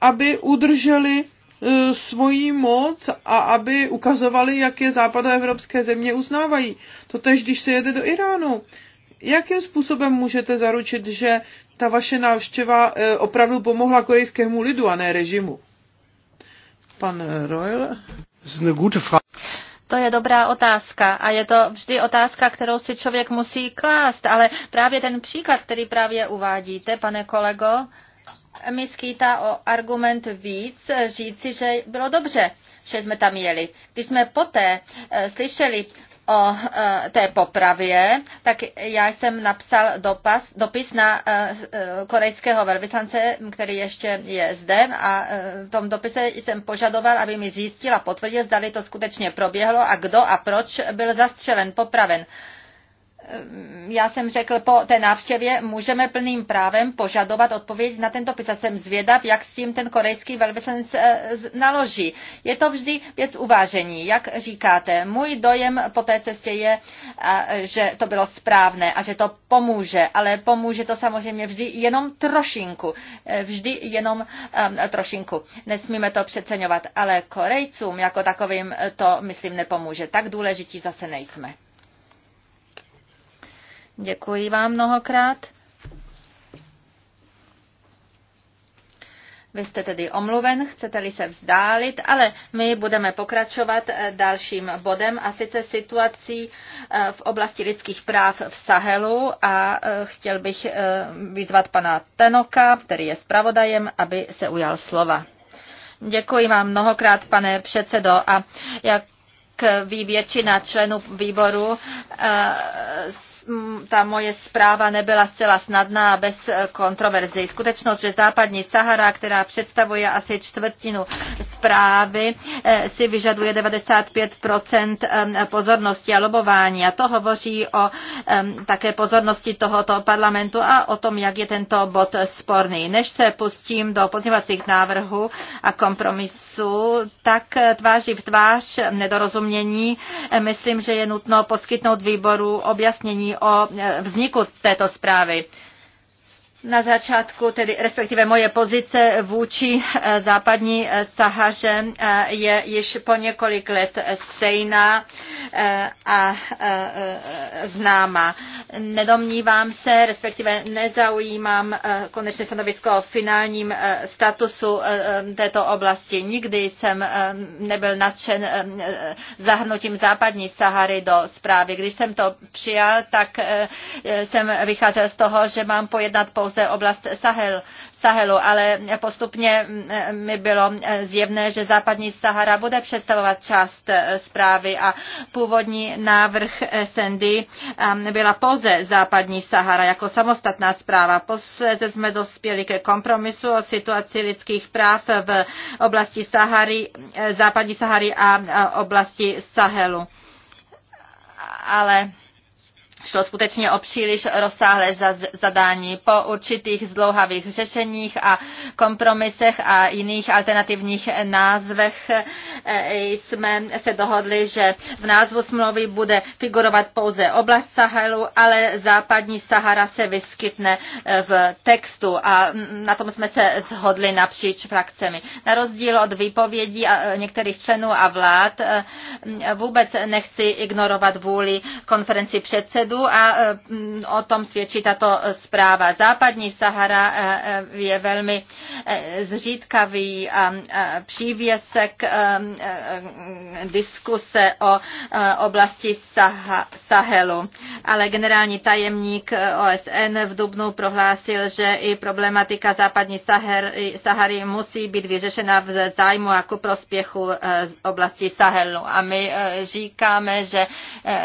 aby udrželi e, svoji moc a aby ukazovali, jak je západoevropské země uznávají. Totež, když se jede do Iránu. Jakým způsobem můžete zaručit, že ta vaše návštěva e, opravdu pomohla korejskému lidu a ne režimu? Pan e, Royal? To je dobrá otázka a je to vždy otázka, kterou si člověk musí klást, ale právě ten příklad, který právě uvádíte, pane kolego, mi skýtá o argument víc říci, že bylo dobře, že jsme tam jeli. Když jsme poté eh, slyšeli o eh, té popravě, tak já jsem napsal dopas, dopis na eh, korejského velvyslance, který ještě je zde a v tom dopise jsem požadoval, aby mi zjistil a potvrdil, zda to skutečně proběhlo a kdo a proč byl zastřelen, popraven. Ehm, já jsem řekl po té návštěvě, můžeme plným právem požadovat odpověď na tento dopis. A jsem zvědav, jak s tím ten korejský velvyslanec eh, naloží. Je to vždy věc uvážení, jak říkáte. Můj dojem po té cestě je, eh, že to bylo správné a že to pomůže, ale pomůže to samozřejmě vždy jenom trošinku. Eh, vždy jenom ehm, trošinku. Nesmíme to přeceňovat, ale Korejcům jako takovým to, myslím, nepomůže. Tak důležití zase nejsme. Děkuji vám mnohokrát. Vy jste tedy omluven, chcete-li se vzdálit, ale my budeme pokračovat eh, dalším bodem a sice situací eh, v oblasti lidských práv v Sahelu a eh, chtěl bych vyzvat pana Tenoka, který je zpravodajem, aby se ujal slova. Děkuji vám mnohokrát, pane předsedo, a jak ví většina členů výboru, ta moje zpráva nebyla zcela snadná a bez eh, kontroverzí. Skutečnost, že západní Sahara, která představuje asi čtvrtinu zprávy, eh, si vyžaduje 95 pozornosti a lobování. A to hovoří o také pozornosti tohoto parlamentu a o tom, jak je tento bod sporný. Než se pustím do pozněvacích návrhů a kompromisu, tak eh, tváří v tvář nedorozumění, myslím, že je nutno poskytnout výboru objasnění o e, vzniku této zprávy na začátku, tedy respektive moje pozice vůči eh, západní eh, Sahaře eh, je již po několik let stejná a známa. Nedomnívám se, respektive nezaujímám konečné stanovisko o finálním statusu této oblasti. Nikdy jsem nebyl nadšen zahrnutím západní Sahary do zprávy. Když jsem to přijal, tak jsem vycházel z toho, že mám pojednat po pouze oblast Sahel, Sahelu, ale postupně mi bylo zjevné, že západní Sahara bude představovat část eh, zprávy a původní návrh Sandy eh, byla pouze západní Sahara jako samostatná zpráva. Posledně jsme dospěli ke kompromisu o situaci lidských práv v oblasti Sahary, eh, západní Sahary a oblasti Sahelu. Ale Šlo skutečně o příliš rozsáhlé zadání. Po určitých zdlouhavých řešeních a kompromisech a jiných alternativních názvech e, jsme se dohodli, že v názvu smlouvy bude figurovat pouze oblast Sahelu, ale západní Sahara se vyskytne e, v textu a na tom jsme se shodli napříč frakcemi. Na rozdíl od výpovědí některých členů a vlád e, vůbec nechci ignorovat vůli konferenci předsedů, dopředu a e, mm, o tom svědčí tato zpráva. Západní Sahara e, e, je velmi zřídkavý přívěsek diskuse o oblasti Sahelu. Ale generální tajemník OSN v Dubnu prohlásil, že i problematika západní Sahary musí být vyřešena v zájmu a ku prospěchu oblasti Sahelu. A my říkáme, že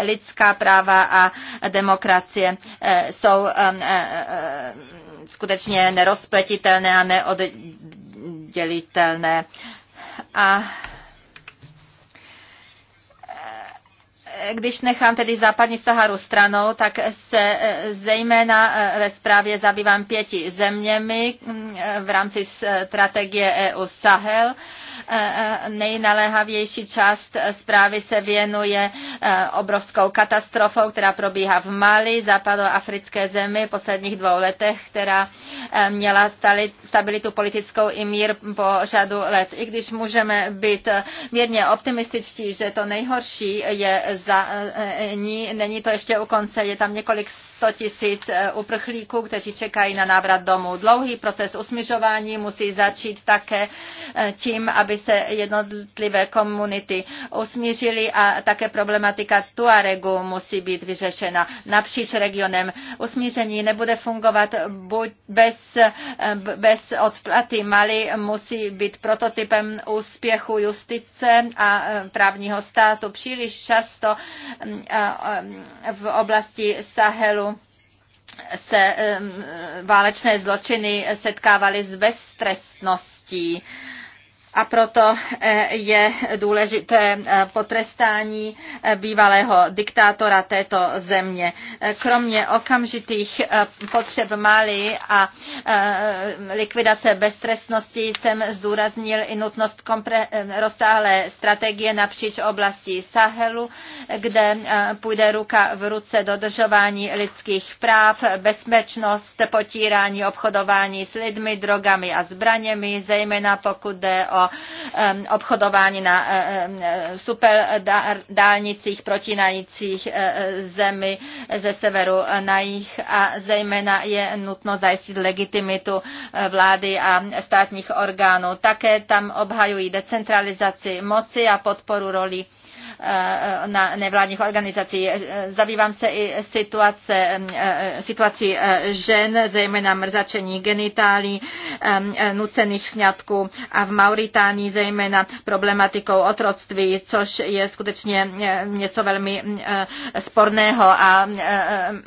lidská práva a demokracie eh, jsou eh, eh, skutečně nerozpletitelné a neoddělitelné. A když nechám tedy západní Saharu stranou, tak se zejména ve zprávě zabývám pěti zeměmi mm, v rámci strategie EU Sahel Eh, eh, nejnaléhavější část eh, zprávy se věnuje obrovskou katastrofou, která probíhá v Mali, západoafrické zemi v posledních dvou letech, která měla stabilitu politickou i mír po řadu let. I když můžeme být mírně optimističtí, že to nejhorší je za ní, není to ještě u konce, je tam několik sto tisíc uprchlíků, kteří čekají na návrat domů. Dlouhý proces usmižování musí začít také tím, aby aby se jednotlivé komunity usmířily a také problematika Tuaregu musí být vyřešena napříč regionem. Usmíření nebude fungovat buď bez, bez odplaty. Mali musí být prototypem úspěchu justice a právního státu. Příliš často v oblasti Sahelu se um, válečné zločiny setkávaly s beztrestností a proto eh, je důležité eh, potrestání eh, bývalého diktátora této země. Kromě okamžitých potřeb Mali a likvidace beztrestnosti jsem zdůraznil i nutnost kompre- rozsáhlé strategie napříč oblastí Sahelu, kde půjde ruka v ruce dodržování lidských práv, bezpečnost, potírání obchodování s lidmi, drogami a zbraněmi, zejména pokud jde o Um, obchodování na eh, eh, super dálnicích protinajících eh, zemi ze severu na jich a zejména je nutno zajistit legitimitu vlády a státních orgánů. Také tam obhajují decentralizaci moci a podporu roli Eh, na nevládních organizací. Zabývám se i situace, eh, situací eh, žen, zejména mrzačení genitálí, nucených sňatků a v Mauritánii zejména problematikou otroctví, což je skutečně něco velmi sporného a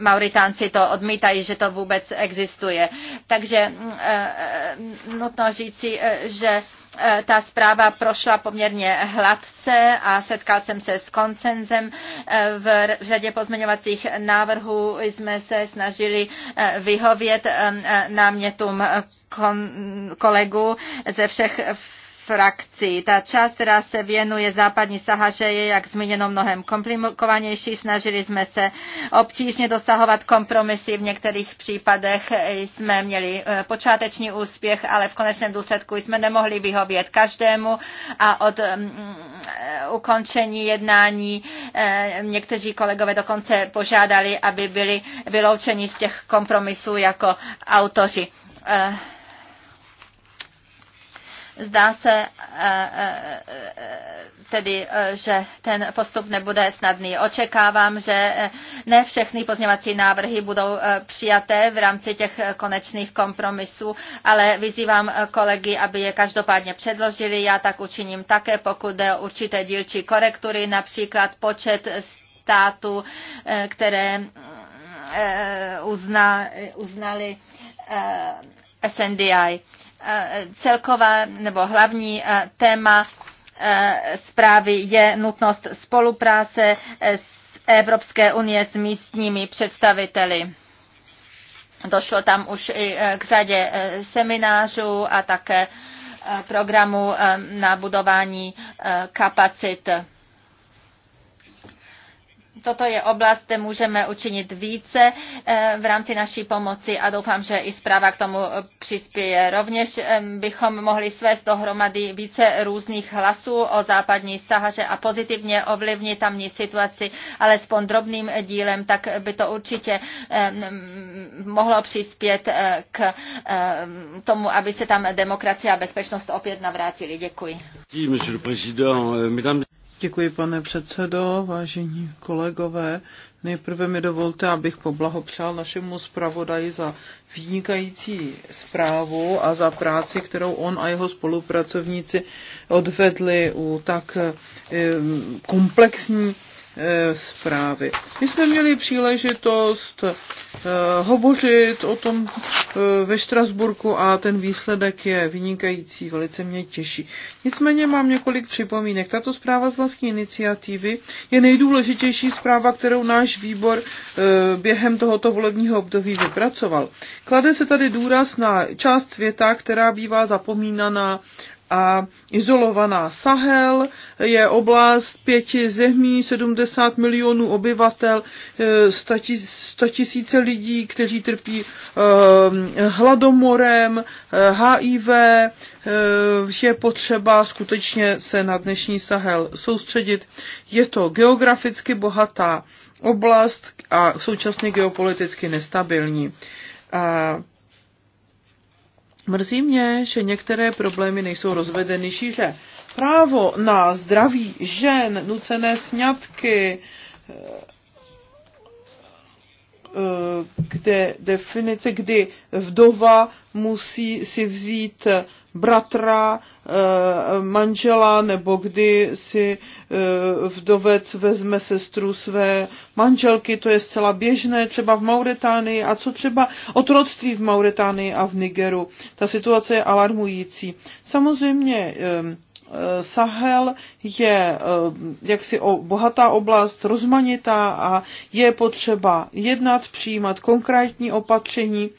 Mauritánci to odmítají, že to vůbec existuje. Takže nutno říci, že Eh, ta zpráva prošla poměrně hladce a setkal jsem se s koncenzem. Eh, v řadě pozměňovacích návrhů jsme se snažili eh, vyhovět námětům kolegů ze všech frakcí. Ta část, která se věnuje západní Sahaře, je, jak zmíněno, mnohem komplikovanější. Snažili jsme se obtížně dosahovat kompromisy. V některých případech jsme měli eh, počáteční úspěch, ale v konečném důsledku jsme nemohli vyhovět každému a od mm, eh, ukončení jednání eh, někteří kolegové dokonce požádali, aby byli vyloučeni z těch kompromisů jako autoři. Uh Zdá se eh, eh, eh, tedy, že ten postup nebude snadný. Očekávám, že ne všechny pozněvací návrhy budou přijaté v rámci těch konečných kompromisů, ale vyzývám kolegy, aby je každopádně předložili. Já tak učiním také, pokud jde o určité dílčí korektury, například počet států, které uzna, uznali SNDI. Eh, celková nebo hlavní eh, téma eh, zprávy je nutnost spolupráce s Evropské unie s místními představiteli. Došlo tam už i k řadě seminářů a také programu na budování kapacit toto je oblast, kde můžeme učinit více eh, v rámci naší pomoci a doufám, že i zpráva k tomu eh, přispěje. Rovněž eh, bychom mohli svést dohromady více různých hlasů o západní Sahaře a pozitivně ovlivnit tamní situaci alespoň drobným dílem, tak by to určitě mohlo přispět k tomu, aby se tam demokracie a bezpečnost opět navrátili. Děkuji. Děkuji, pane předsedo, vážení kolegové. Nejprve mi dovolte, abych poblahopřál našemu zpravodaji za vynikající zprávu a za práci, kterou on a jeho spolupracovníci odvedli u tak eh, komplexní Eh, zprávy. My jsme měli příležitost eh, hovořit o tom eh, ve Štrasburku a ten výsledek je vynikající, velice mě těší. Nicméně mám několik připomínek. Tato zpráva z vlastní iniciativy je nejdůležitější zpráva, kterou náš výbor během tohoto volebního období vypracoval. Klade se tady důraz na část světa, která bývá zapomínaná a izolovaná Sahel je oblast pěti zemí, 70 milionů obyvatel, 100 eh, tisíce lidí, kteří trpí eh, hladomorem, HIV, eh, je potřeba skutečně se na dnešní Sahel soustředit. Je to geograficky bohatá oblast a současně geopoliticky nestabilní. A Mrzí mě, že některé problémy nejsou rozvedeny šíře. Právo na zdraví žen, nucené sňatky, eh, eh, kde definice, kdy vdova musí si vzít eh, bratra, eh, manžela, nebo kdy si eh, vdovec vezme sestru své manželky, to je zcela běžné třeba v Mauretánii a co třeba otroctví v Mauretánii a v Nigeru. Ta situace je alarmující. Samozřejmě ehm, Sahel je jaksi bohatá oblast, rozmanitá a je potřeba jednat, přijímat konkrétní opatření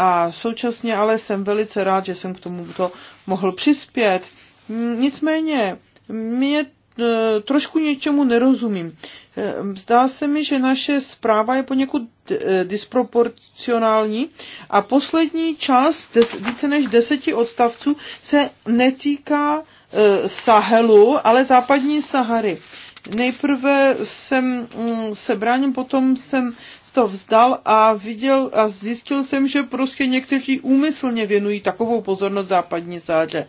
a současně ale jsem velice rád, že jsem k tomu to mohl přispět. Mm, nicméně, mě e, trošku něčemu nerozumím. E, zdá se mi, že naše zpráva je poněkud e, disproporcionální a poslední část více než deseti odstavců se netýká Sahelu, ale západní Sahary nejprve jsem mm, se bránil, potom jsem to vzdal a viděl a zjistil jsem, že prostě někteří úmyslně věnují takovou pozornost západní záře.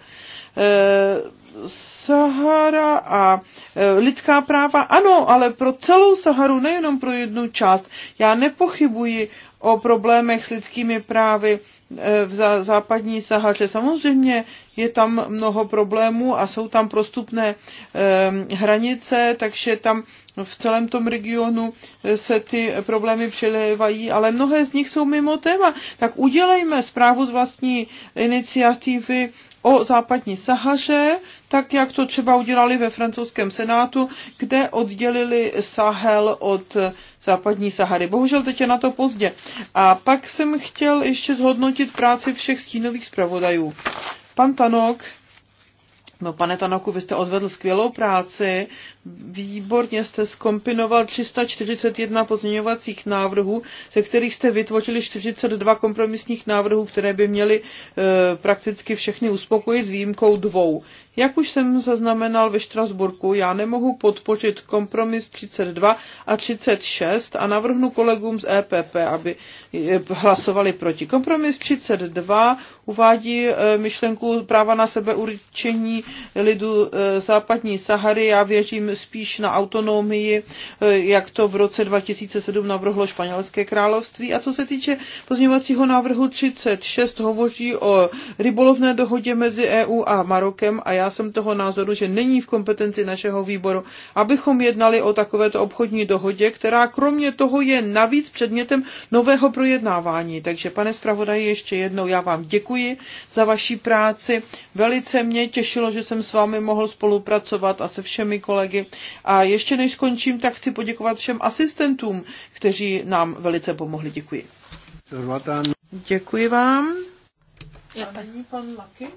E, Sahara a e, lidská práva, ano, ale pro celou Saharu, nejenom pro jednu část. Já nepochybuji o problémech s lidskými právy e, v západní Sahaře. Samozřejmě je tam mnoho problémů a jsou tam prostupné e, hranice, takže tam No, v celém tom regionu eh, se ty problémy přelévají, ale mnohé z nich jsou mimo téma. Tak udělejme zprávu z vlastní iniciativy o západní Sahaře, tak jak to třeba udělali ve francouzském senátu, kde oddělili Sahel od eh, západní Sahary. Bohužel teď je na to pozdě. A pak jsem chtěl ještě zhodnotit práci všech stínových zpravodajů. Pan Tanok No, pane Tanaku, vy jste odvedl skvělou práci, výborně jste skompinoval 341 pozměňovacích návrhů, ze kterých jste vytvořili 42 kompromisních návrhů, které by měly e, prakticky všechny uspokojit s výjimkou dvou. Jak už jsem zaznamenal ve Štrasburku, já nemohu podpořit kompromis 32 a 36 a navrhnu kolegům z EPP, aby eh, hlasovali proti. Kompromis 32 uvádí eh, myšlenku práva na sebeurčení lidu eh, západní Sahary. Já věřím spíš na autonomii, jak to v roce 2007 navrhlo španělské království. A co se týče pozměňovacího návrhu 36, hovoří o rybolovné dohodě mezi EU a Marokem a já jsem toho názoru, že není v kompetenci našeho výboru, abychom jednali o takovéto obchodní dohodě, která kromě toho je navíc předmětem nového projednávání. Takže pane zpravodaji, ještě jednou já vám děkuji za vaši práci. Velice mě těšilo, že jsem s vámi mohl spolupracovat a se všemi kolegy. A ještě než skončím, tak chci poděkovat všem asistentům, kteří nám velice pomohli. Děkuji. Děkuji vám. Je pan Laky?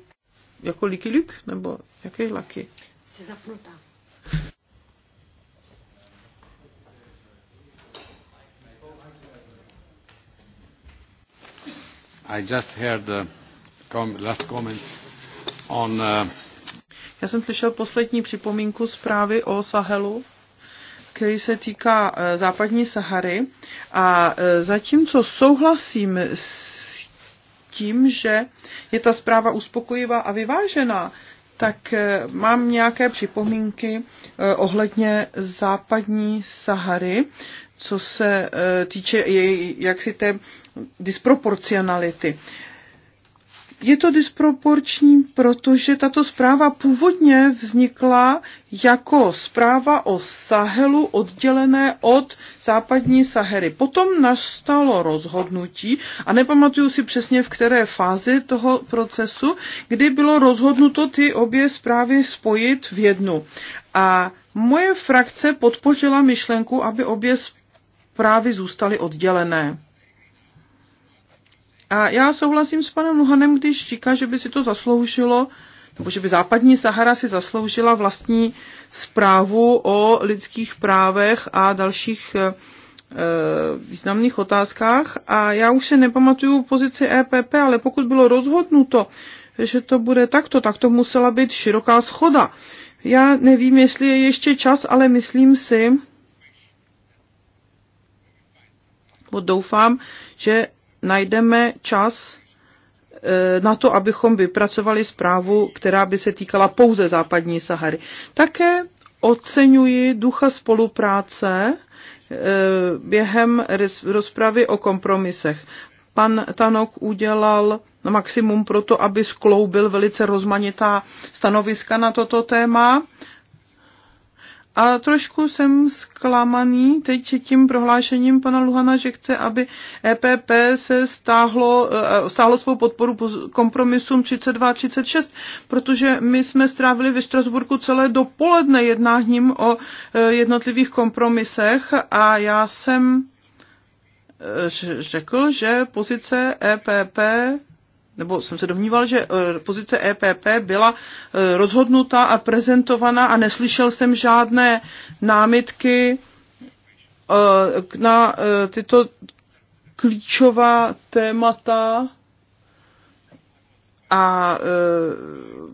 jako Liky Luk, nebo jaký Laky? Jsi zapnutá. I just heard the last comments on uh... Já jsem slyšel poslední připomínku zprávy o Sahelu, který se týká eh, západní Sahary. A eh, zatímco souhlasím s tím, že je ta zpráva uspokojivá a vyvážená, tak eh, mám nějaké připomínky eh, ohledně západní Sahary, co se eh, týče její jaksi té disproporcionality. Je to disproporční, protože tato zpráva původně vznikla jako zpráva o Sahelu oddělené od západní Sahery. Potom nastalo rozhodnutí, a nepamatuju si přesně v které fázi toho procesu, kdy bylo rozhodnuto ty obě zprávy spojit v jednu. A moje frakce podpořila myšlenku, aby obě zprávy zůstaly oddělené. A já souhlasím s panem Luhanem, když říká, že by si to zasloužilo, nebo že by západní Sahara si zasloužila vlastní zprávu o lidských právech a dalších eh, eh, významných otázkách a já už se nepamatuju pozici EPP, ale pokud bylo rozhodnuto, že to bude takto, tak to musela být široká schoda. Já nevím, jestli je ještě čas, ale myslím si, doufám, že najdeme čas eh, na to, abychom vypracovali zprávu, která by se týkala pouze západní Sahary. Také oceňuji ducha spolupráce eh, během rozpravy o kompromisech. Pan Tanok udělal maximum pro to, aby skloubil velice rozmanitá stanoviska na toto téma a trošku jsem zklamaný teď tím prohlášením pana Luhana, že chce, aby EPP se stáhlo, eh, stáhlo svou podporu kompromisům 32 36, protože my jsme strávili ve Štrasburku celé dopoledne jednáním o eh, jednotlivých kompromisech a já jsem eh, řekl, že pozice EPP nebo jsem se domníval, že eh, pozice EPP byla eh, rozhodnutá a prezentovaná a neslyšel jsem žádné námitky eh, na tyto klíčová témata. A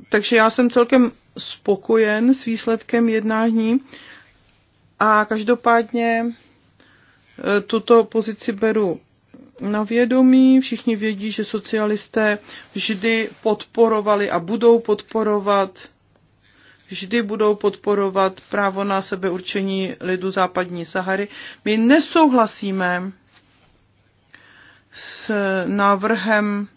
takže já jsem celkem spokojen s výsledkem jednání a každopádně tuto pozici beru na vědomí. Všichni vědí, že socialisté vždy podporovali a budou podporovat vždy budou podporovat právo na sebeurčení lidu západní Sahary. My nesouhlasíme s návrhem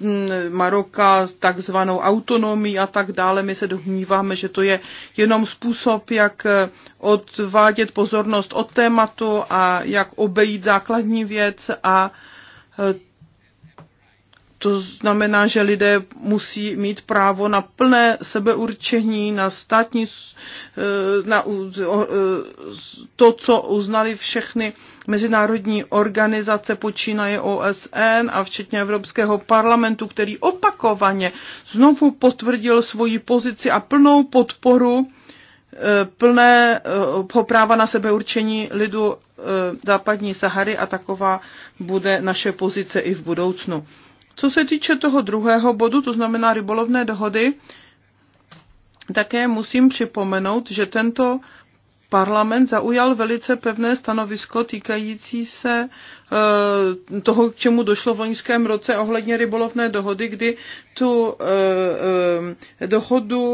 Mm, Maroka takzvanou autonomii a tak dále. My se domníváme, že to je jenom způsob, jak eh, odvádět pozornost od tématu a jak obejít základní věc a eh, to znamená, že lidé musí mít právo na plné sebeurčení, na státní, eh, na eh, to, co uznali všechny mezinárodní organizace, počínaje OSN a včetně Evropského parlamentu, který opakovaně znovu potvrdil svoji pozici a plnou podporu eh, plné práva na sebeurčení lidu západní Sahary a taková bude naše pozice i v budoucnu. Co se týče toho druhého bodu, to znamená rybolovné dohody, také musím připomenout, že tento parlament zaujal velice pevné stanovisko týkající se eh, toho, k čemu došlo v loňském roce ohledně rybolovné dohody, kdy tu eh, eh, dohodu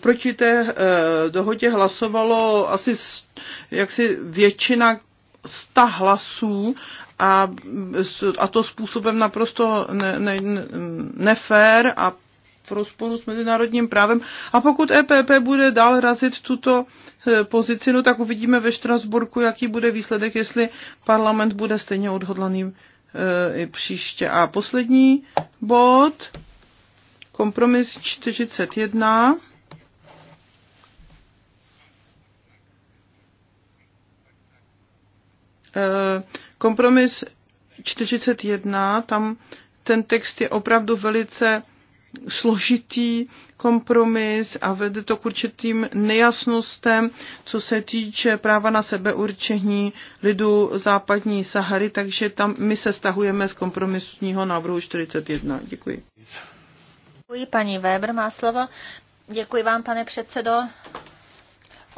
proti té dohodě hlasovalo asi jaksi většina sta hlasů a, a to způsobem naprosto ne, ne, nefér a v rozporu s mezinárodním právem. A pokud EPP bude dál razit tuto eh, pozici, no tak uvidíme ve Štrasburku, jaký bude výsledek, jestli parlament bude stejně odhodlaný eh, i příště. A poslední bod, kompromis 41. Uh, Kompromis 41, tam ten text je opravdu velice složitý kompromis a vede to k určitým nejasnostem, co se týče práva na sebeurčení lidu západní Sahary, takže tam my se stahujeme z kompromisního návrhu 41. Děkuji. Děkuji, paní Weber má slovo. Děkuji vám, pane předsedo.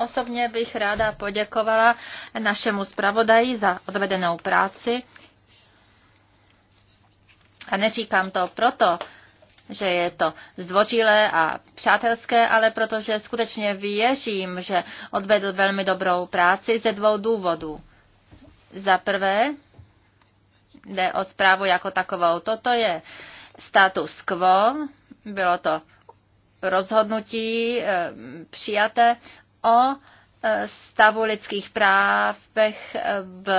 Osobně bych ráda poděkovala našemu zpravodaji za odvedenou práci. A neříkám to proto, že je to zdvořilé a přátelské, ale protože skutečně věřím, že odvedl velmi dobrou práci ze dvou důvodů. Za prvé, jde o zprávu jako takovou. Toto je status quo, bylo to rozhodnutí eh, přijaté o e, stavu lidských práv e, v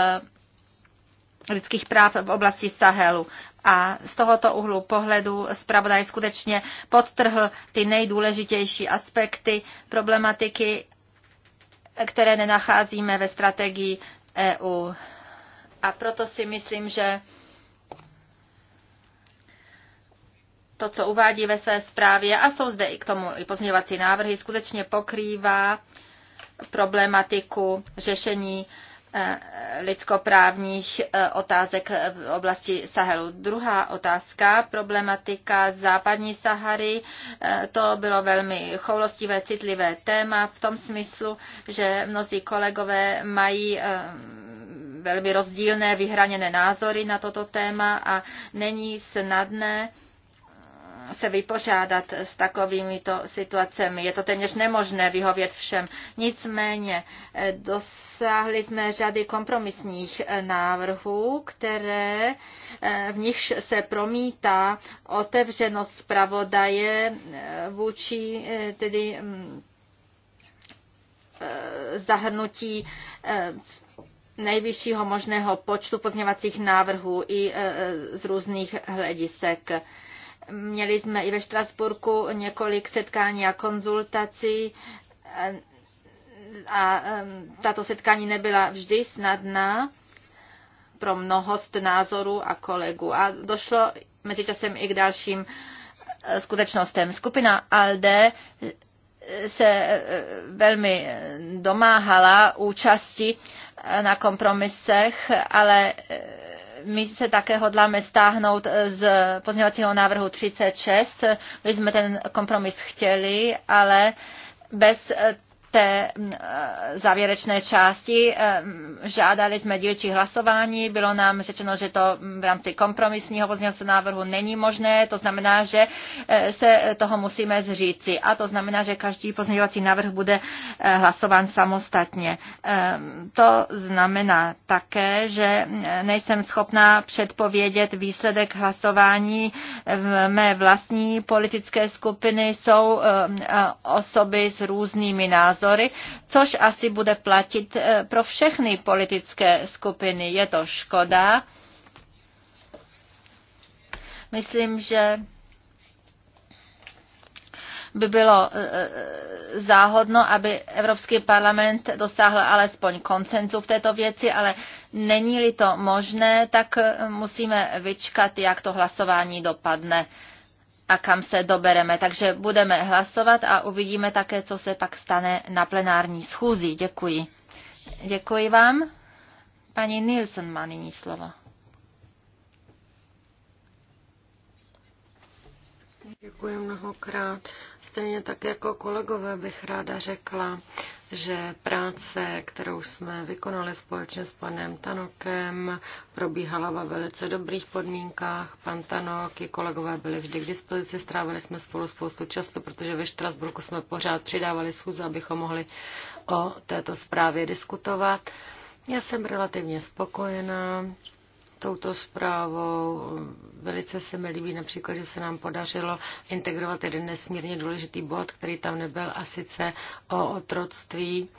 lidských práv v oblasti Sahelu. A z tohoto úhlu pohledu zpravodaj skutečně podtrhl ty nejdůležitější aspekty problematiky, které nenacházíme ve strategii EU. A proto si myslím, že to, co uvádí ve své zprávě, a jsou zde i k tomu i pozměňovací návrhy, skutečně pokrývá problematiku řešení eh, lidskoprávních eh, otázek v oblasti Sahelu. Druhá otázka, problematika západní Sahary, eh, to bylo velmi choulostivé, citlivé téma v tom smyslu, že mnozí kolegové mají velmi rozdílné, vyhraněné názory na toto téma a není snadné se vypořádat s takovýmito situacemi. Je to téměř nemožné vyhovět všem. Nicméně eh, dosáhli jsme řady kompromisních eh, návrhů, které eh, v nich se promítá otevřenost zpravodaje vůči tedy mm, zahrnutí nejvyššího možného počtu pozměvacích návrhů i z různých hledisek. Měli jsme i ve Štrasburku několik setkání a konzultací a tato setkání nebyla vždy snadná pro mnohost názorů a kolegů. A došlo mezičasem i k dalším eh, skutečnostem. Skupina ALDE se eh, velmi domáhala účasti na kompromisech, ale eh, my se také hodláme stáhnout eh, z pozměňovacího návrhu 36. My jsme ten kompromis chtěli, ale bez eh, té mm, eh, závěrečné části. Eh, žádali jsme dílčí hlasování, bylo nám řečeno, že to mm, v rámci kompromisního pozměňovacího návrhu není možné, to znamená, že eh, se toho musíme zříci a to znamená, že každý pozměňovací návrh bude hlasován samostatně. Ehm, to znamená také, že mm, nejsem schopná předpovědět výsledek hlasování v mé vlastní politické skupiny jsou ehm, osoby s různými názory názory, což asi bude platit eh, pro všechny politické skupiny. Je to škoda. Myslím, že by bylo eh, eh, záhodno, aby Evropský parlament dosáhl alespoň koncenzu v této věci, ale není-li to možné, tak musíme vyčkat, jak to hlasování dopadne a kam se dobereme. Takže budeme hlasovat a uvidíme také, co se pak stane na plenární schůzi. Děkuji. Děkuji vám. Pani Nilsson má nyní slovo. Děkuji mnohokrát. Stejně tak jako kolegové bych ráda řekla, že práce, kterou jsme vykonali společně s panem Tanokem, probíhala ve velice dobrých podmínkách. Pan Tanok i kolegové byli vždy k dispozici, strávili jsme spolu spoustu času, protože ve Štrasburku jsme pořád přidávali schůze, abychom mohli o této zprávě diskutovat. Já jsem relativně spokojená touto zprávou. Velice se mi líbí například, že se nám podařilo integrovat jeden nesmírně důležitý bod, který tam nebyl, a sice o otroctví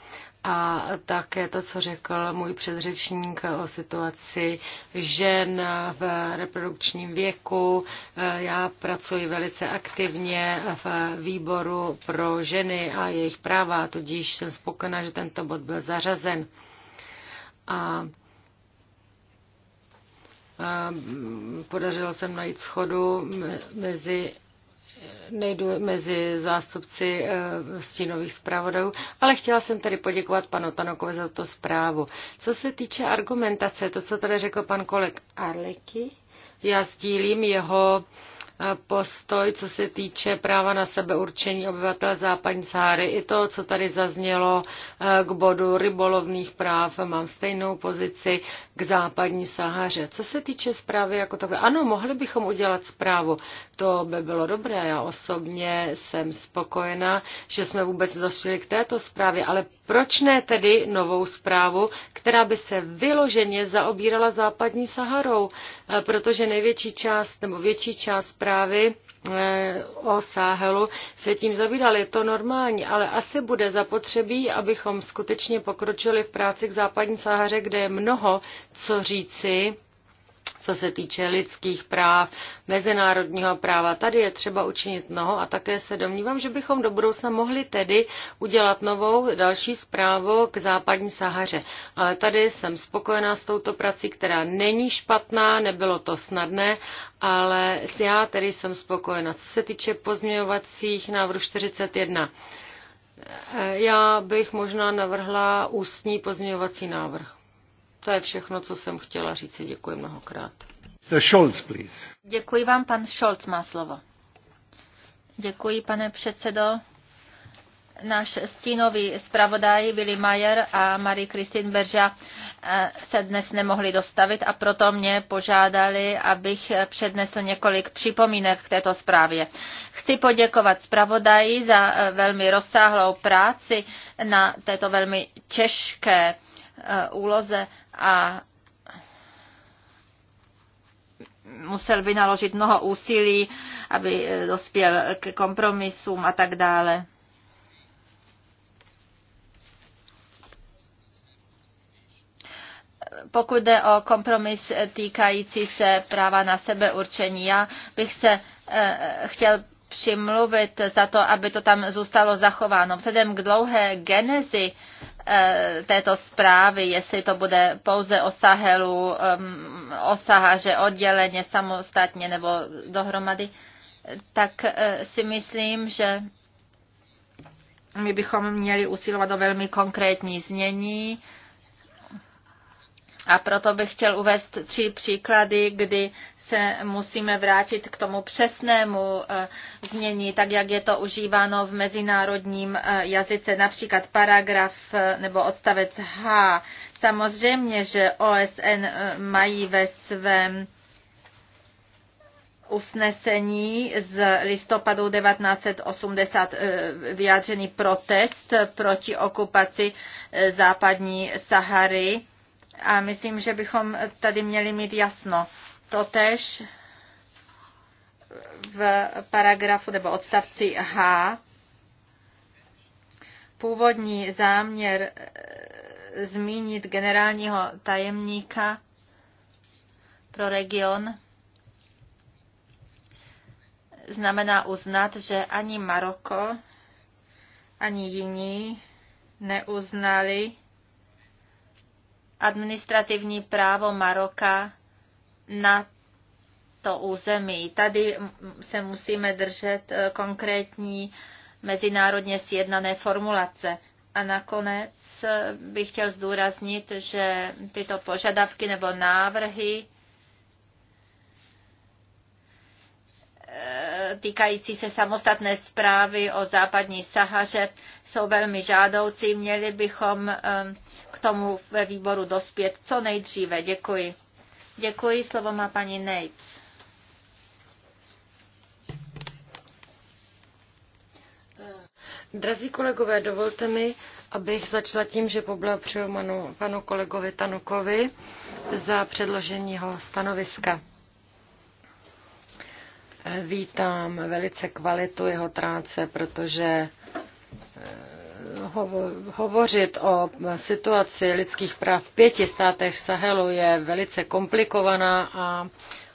a také to, co řekl můj předřečník o situaci žen v reprodukčním věku. Já pracuji velice aktivně v výboru pro ženy a jejich práva, tudíž jsem spokojená, že tento bod byl zařazen. A Mm, podařilo se najít schodu mezi nejdu mezi zástupci e, stínových zpravodajů, ale chtěla jsem tedy poděkovat panu Tanokovi za to zprávu. Co se týče argumentace, to, co tady řekl pan kolek Arleky, já sdílím jeho uh, postoj, co se týče práva na sebeurčení obyvatel západní Sahary. I to, co tady zaznělo eh, k bodu rybolovných práv, mám stejnou pozici k západní Sahaře. Co se týče zprávy jako takové, ano, mohli bychom udělat zprávu. To by bylo dobré. Já osobně jsem spokojena, že jsme vůbec dospěli k této zprávě, ale proč ne tedy novou zprávu, která by se vyloženě zaobírala západní Saharou? Eh, protože největší část nebo větší část zprávy eh, o Sáhelu se tím zabýval. Je to normální, ale asi bude zapotřebí, abychom skutečně pokročili v práci k západní Sáhaře, kde je mnoho co říci co se týče lidských práv, mezinárodního práva. Tady je třeba učinit mnoho a také se domnívám, že bychom do budoucna mohli tedy udělat novou další zprávu k západní Sahaře. Ale tady jsem spokojená s touto prací, která není špatná, nebylo to snadné, ale já tedy jsem spokojená. Co se týče pozměňovacích návrhů 41, já bych možná navrhla ústní pozměňovací návrh. To je všechno, co jsem chtěla říct. Děkuji mnohokrát. The Scholz, please. Děkuji vám, pan Scholz má slovo. Děkuji, pane předsedo. Náš stínový zpravodaj Willy Mayer a Marie Christine Berža eh, se dnes nemohli dostavit a proto mě požádali, abych přednesl několik připomínek k této zprávě. Chci poděkovat zpravodaji za eh, velmi rozsáhlou práci na této velmi těžké Eh, úloze a musel naložit mnoho úsilí, aby eh, dospěl k kompromisům a tak dále. Pokud jde o kompromis týkající se práva na sebeurčení, já bych se eh, chtěl přimluvit za to, aby to tam zůstalo zachováno. Vzhledem k dlouhé genezi eh, této zprávy, jestli to bude pouze o Sahelu, o Sahaře odděleně, samostatně nebo dohromady, tak eh, si myslím, že my bychom měli usilovat o velmi konkrétní znění a proto bych chtěl uvést tři příklady, kdy se musíme vrátit k tomu přesnému eh, znění, tak jak je to užíváno v mezinárodním eh, jazyce, například paragraf eh, nebo odstavec H. Samozřejmě, že OSN mají ve svém usnesení z listopadu 1980 vyjádřený protest proti okupaci západní Sahary a myslím, že bychom tady měli mít jasno. Totež v paragrafu nebo odstavci H původní záměr eh, zmínit generálního tajemníka pro region znamená uznat, že ani Maroko, ani jiní neuznali administrativní právo Maroka na to území. Tady se musíme držet eh, konkrétní mezinárodně sjednané formulace. A nakonec eh, bych chtěl zdůraznit, že tyto požadavky nebo návrhy týkající se samostatné zprávy o západní Sahaře jsou velmi žádoucí. Měli bychom um, k tomu ve výboru dospět co nejdříve. Děkuji. Děkuji. Slovo má paní Nejc. Drazí kolegové, dovolte mi, abych začala tím, že poblahopřeju panu kolegovi Tanukovi za předložení jeho stanoviska. Vítám velice kvalitu jeho práce, protože eh, hovořit o situaci lidských práv v pěti státech Sahelu je velice komplikovaná a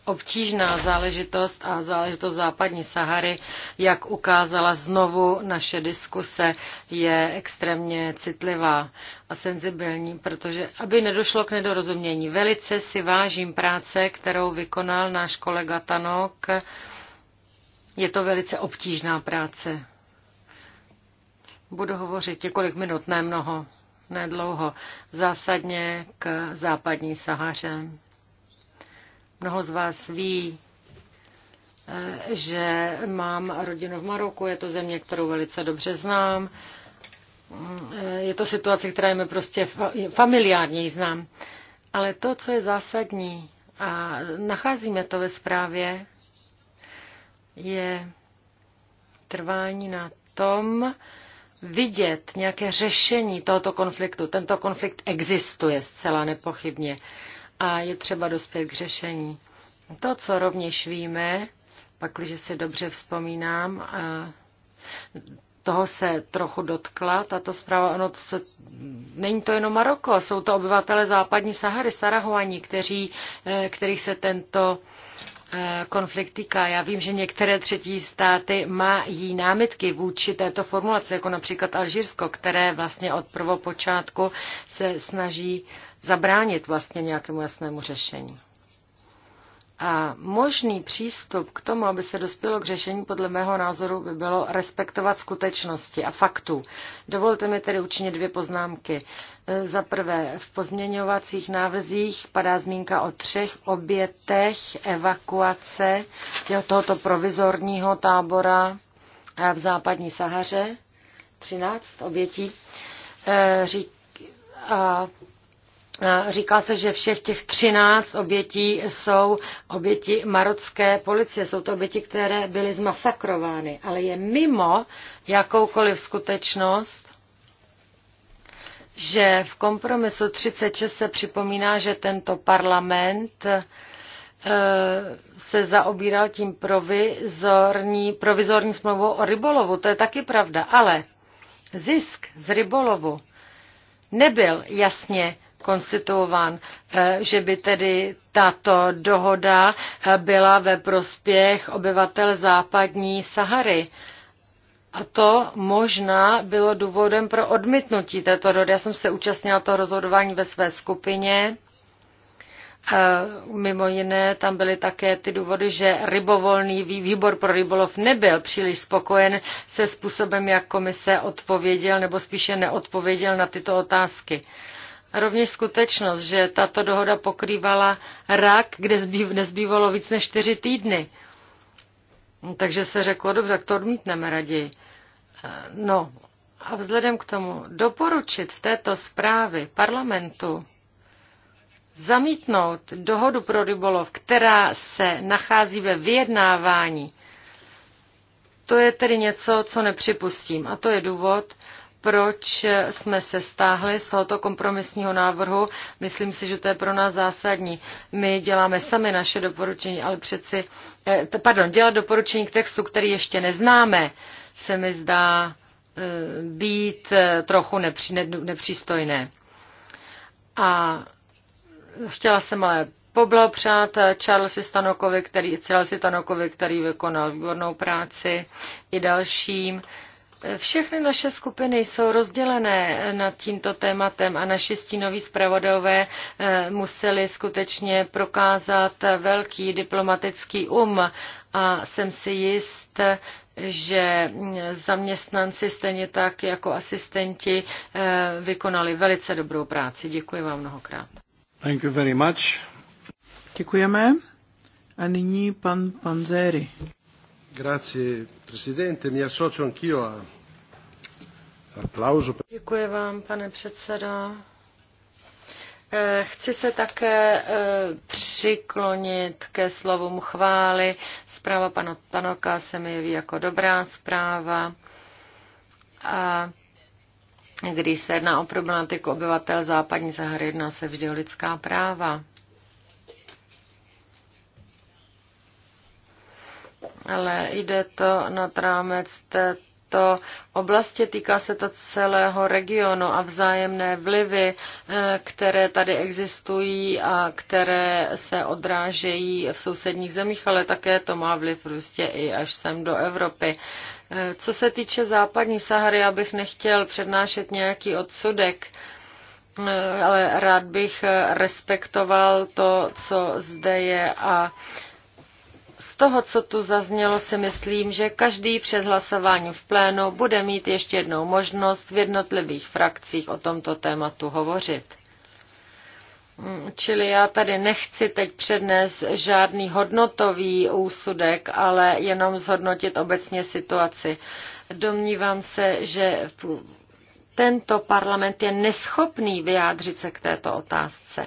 obtížná záležitost a záležitost západní Sahary, jak ukázala znovu naše diskuse, je extrémně citlivá a senzibilní, protože aby nedošlo k nedorozumění, velice si vážím práce, kterou vykonal náš kolega Tanok, je to velice obtížná práce. Budu hovořit několik minut, ne mnoho, ne dlouho. Zásadně k západní Sahaře. Mnoho z vás ví, eh, že mám rodinu v Maroku, je to země, kterou velice dobře znám. Eh, je to situace, která je mi prostě familiárně znám. Ale to, co je zásadní, a nacházíme to ve zprávě, je trvání na tom vidět nějaké řešení tohoto konfliktu. Tento konflikt existuje zcela nepochybně a je třeba dospět k řešení. To, co rovněž víme, pakliže si dobře vzpomínám, a toho se trochu dotkla tato zpráva. Ono to se, není to jenom Maroko, jsou to obyvatele západní Sahary, Sarahuani, kteří, eh, kterých se tento Eh, konflikt týká. Já vím, že některé třetí státy mají námitky vůči této formulaci, jako například Alžírsko, které vlastně od prvopočátku se snaží zabránit vlastně nějakému jasnému řešení. A možný přístup k tomu, aby se dospělo k řešení, podle mého názoru by bylo respektovat skutečnosti a faktů. Dovolte mi tedy učinit dvě poznámky. Za prvé, v pozměňovacích návrzích padá zmínka o třech obětech evakuace tohoto provizorního tábora v západní Sahaře. 13 obětí. Eh, řík, a Říká se, že všech těch 13 obětí jsou oběti marocké policie. Jsou to oběti, které byly zmasakrovány, ale je mimo jakoukoliv skutečnost, že v kompromisu 36 se připomíná, že tento parlament e, se zaobíral tím provizorní, provizorní smlouvou o rybolovu. To je taky pravda, ale zisk z rybolovu nebyl jasně konstituován, eh, že by tedy tato dohoda eh, byla ve prospěch obyvatel západní Sahary. A to možná bylo důvodem pro odmítnutí této dohody. Já jsem se účastnila toho rozhodování ve své skupině. Eh, mimo jiné tam byly také ty důvody, že rybovolný výbor pro rybolov nebyl příliš spokojen se způsobem, jak komise odpověděl, nebo spíše neodpověděl na tyto otázky. Uh, Rovněž skutečnost, že tato dohoda pokrývala rak, kde zbýv, nezbývalo víc než čtyři týdny. Takže se řeklo, dobře, tak to odmítneme raději. No a vzhledem k tomu doporučit v této zprávě parlamentu zamítnout dohodu pro rybolov, která se nachází ve vyjednávání, to je tedy něco, co nepřipustím. A to je důvod, proč jsme se stáhli z tohoto kompromisního návrhu. Myslím si, že to je pro nás zásadní. My děláme sami naše doporučení, ale přeci, eh, pardon, dělat doporučení k textu, který ještě neznáme, se mi zdá eh, být eh, trochu nepří, nepřístojné. A chtěla jsem ale poblahopřát Charlesi Stanokovi, který, Stanokovi, který vykonal výbornou práci i dalším. Všechny naše skupiny jsou rozdělené nad tímto tématem a naši stínoví zpravodové eh, museli skutečně prokázat velký diplomatický um a jsem si jist, že zaměstnanci stejně tak jako asistenti eh, vykonali velice dobrou práci. Děkuji vám mnohokrát. Thank you very much. Děkujeme. A nyní pan Panzeri. Grazie, Presidente, mi associo anch'io a applauso. Děkuji vám, pane předsedo. Eh, chci se také eh, přiklonit ke slovům chvály. Zpráva pana Panoka se mi jeví jako dobrá zpráva. A když se jedná o problematiku obyvatel západní Sahary, jedná se vždy o lidská práva. ale jde to nad rámec této oblasti, týká se to celého regionu a vzájemné vlivy, eh, které tady existují a které se odrážejí v sousedních zemích, ale také to má vliv prostě i až sem do Evropy. Eh, co se týče západní Sahary, já bych nechtěl přednášet nějaký odsudek, eh, ale rád bych respektoval to, co zde je a z toho, co tu zaznělo, si myslím, že každý před hlasováním v plénu bude mít ještě jednou možnost v jednotlivých frakcích o tomto tématu hovořit. Mm, čili já tady nechci teď přednes žádný hodnotový úsudek, ale jenom zhodnotit obecně situaci. Domnívám se, že tento parlament je neschopný vyjádřit se k této otázce.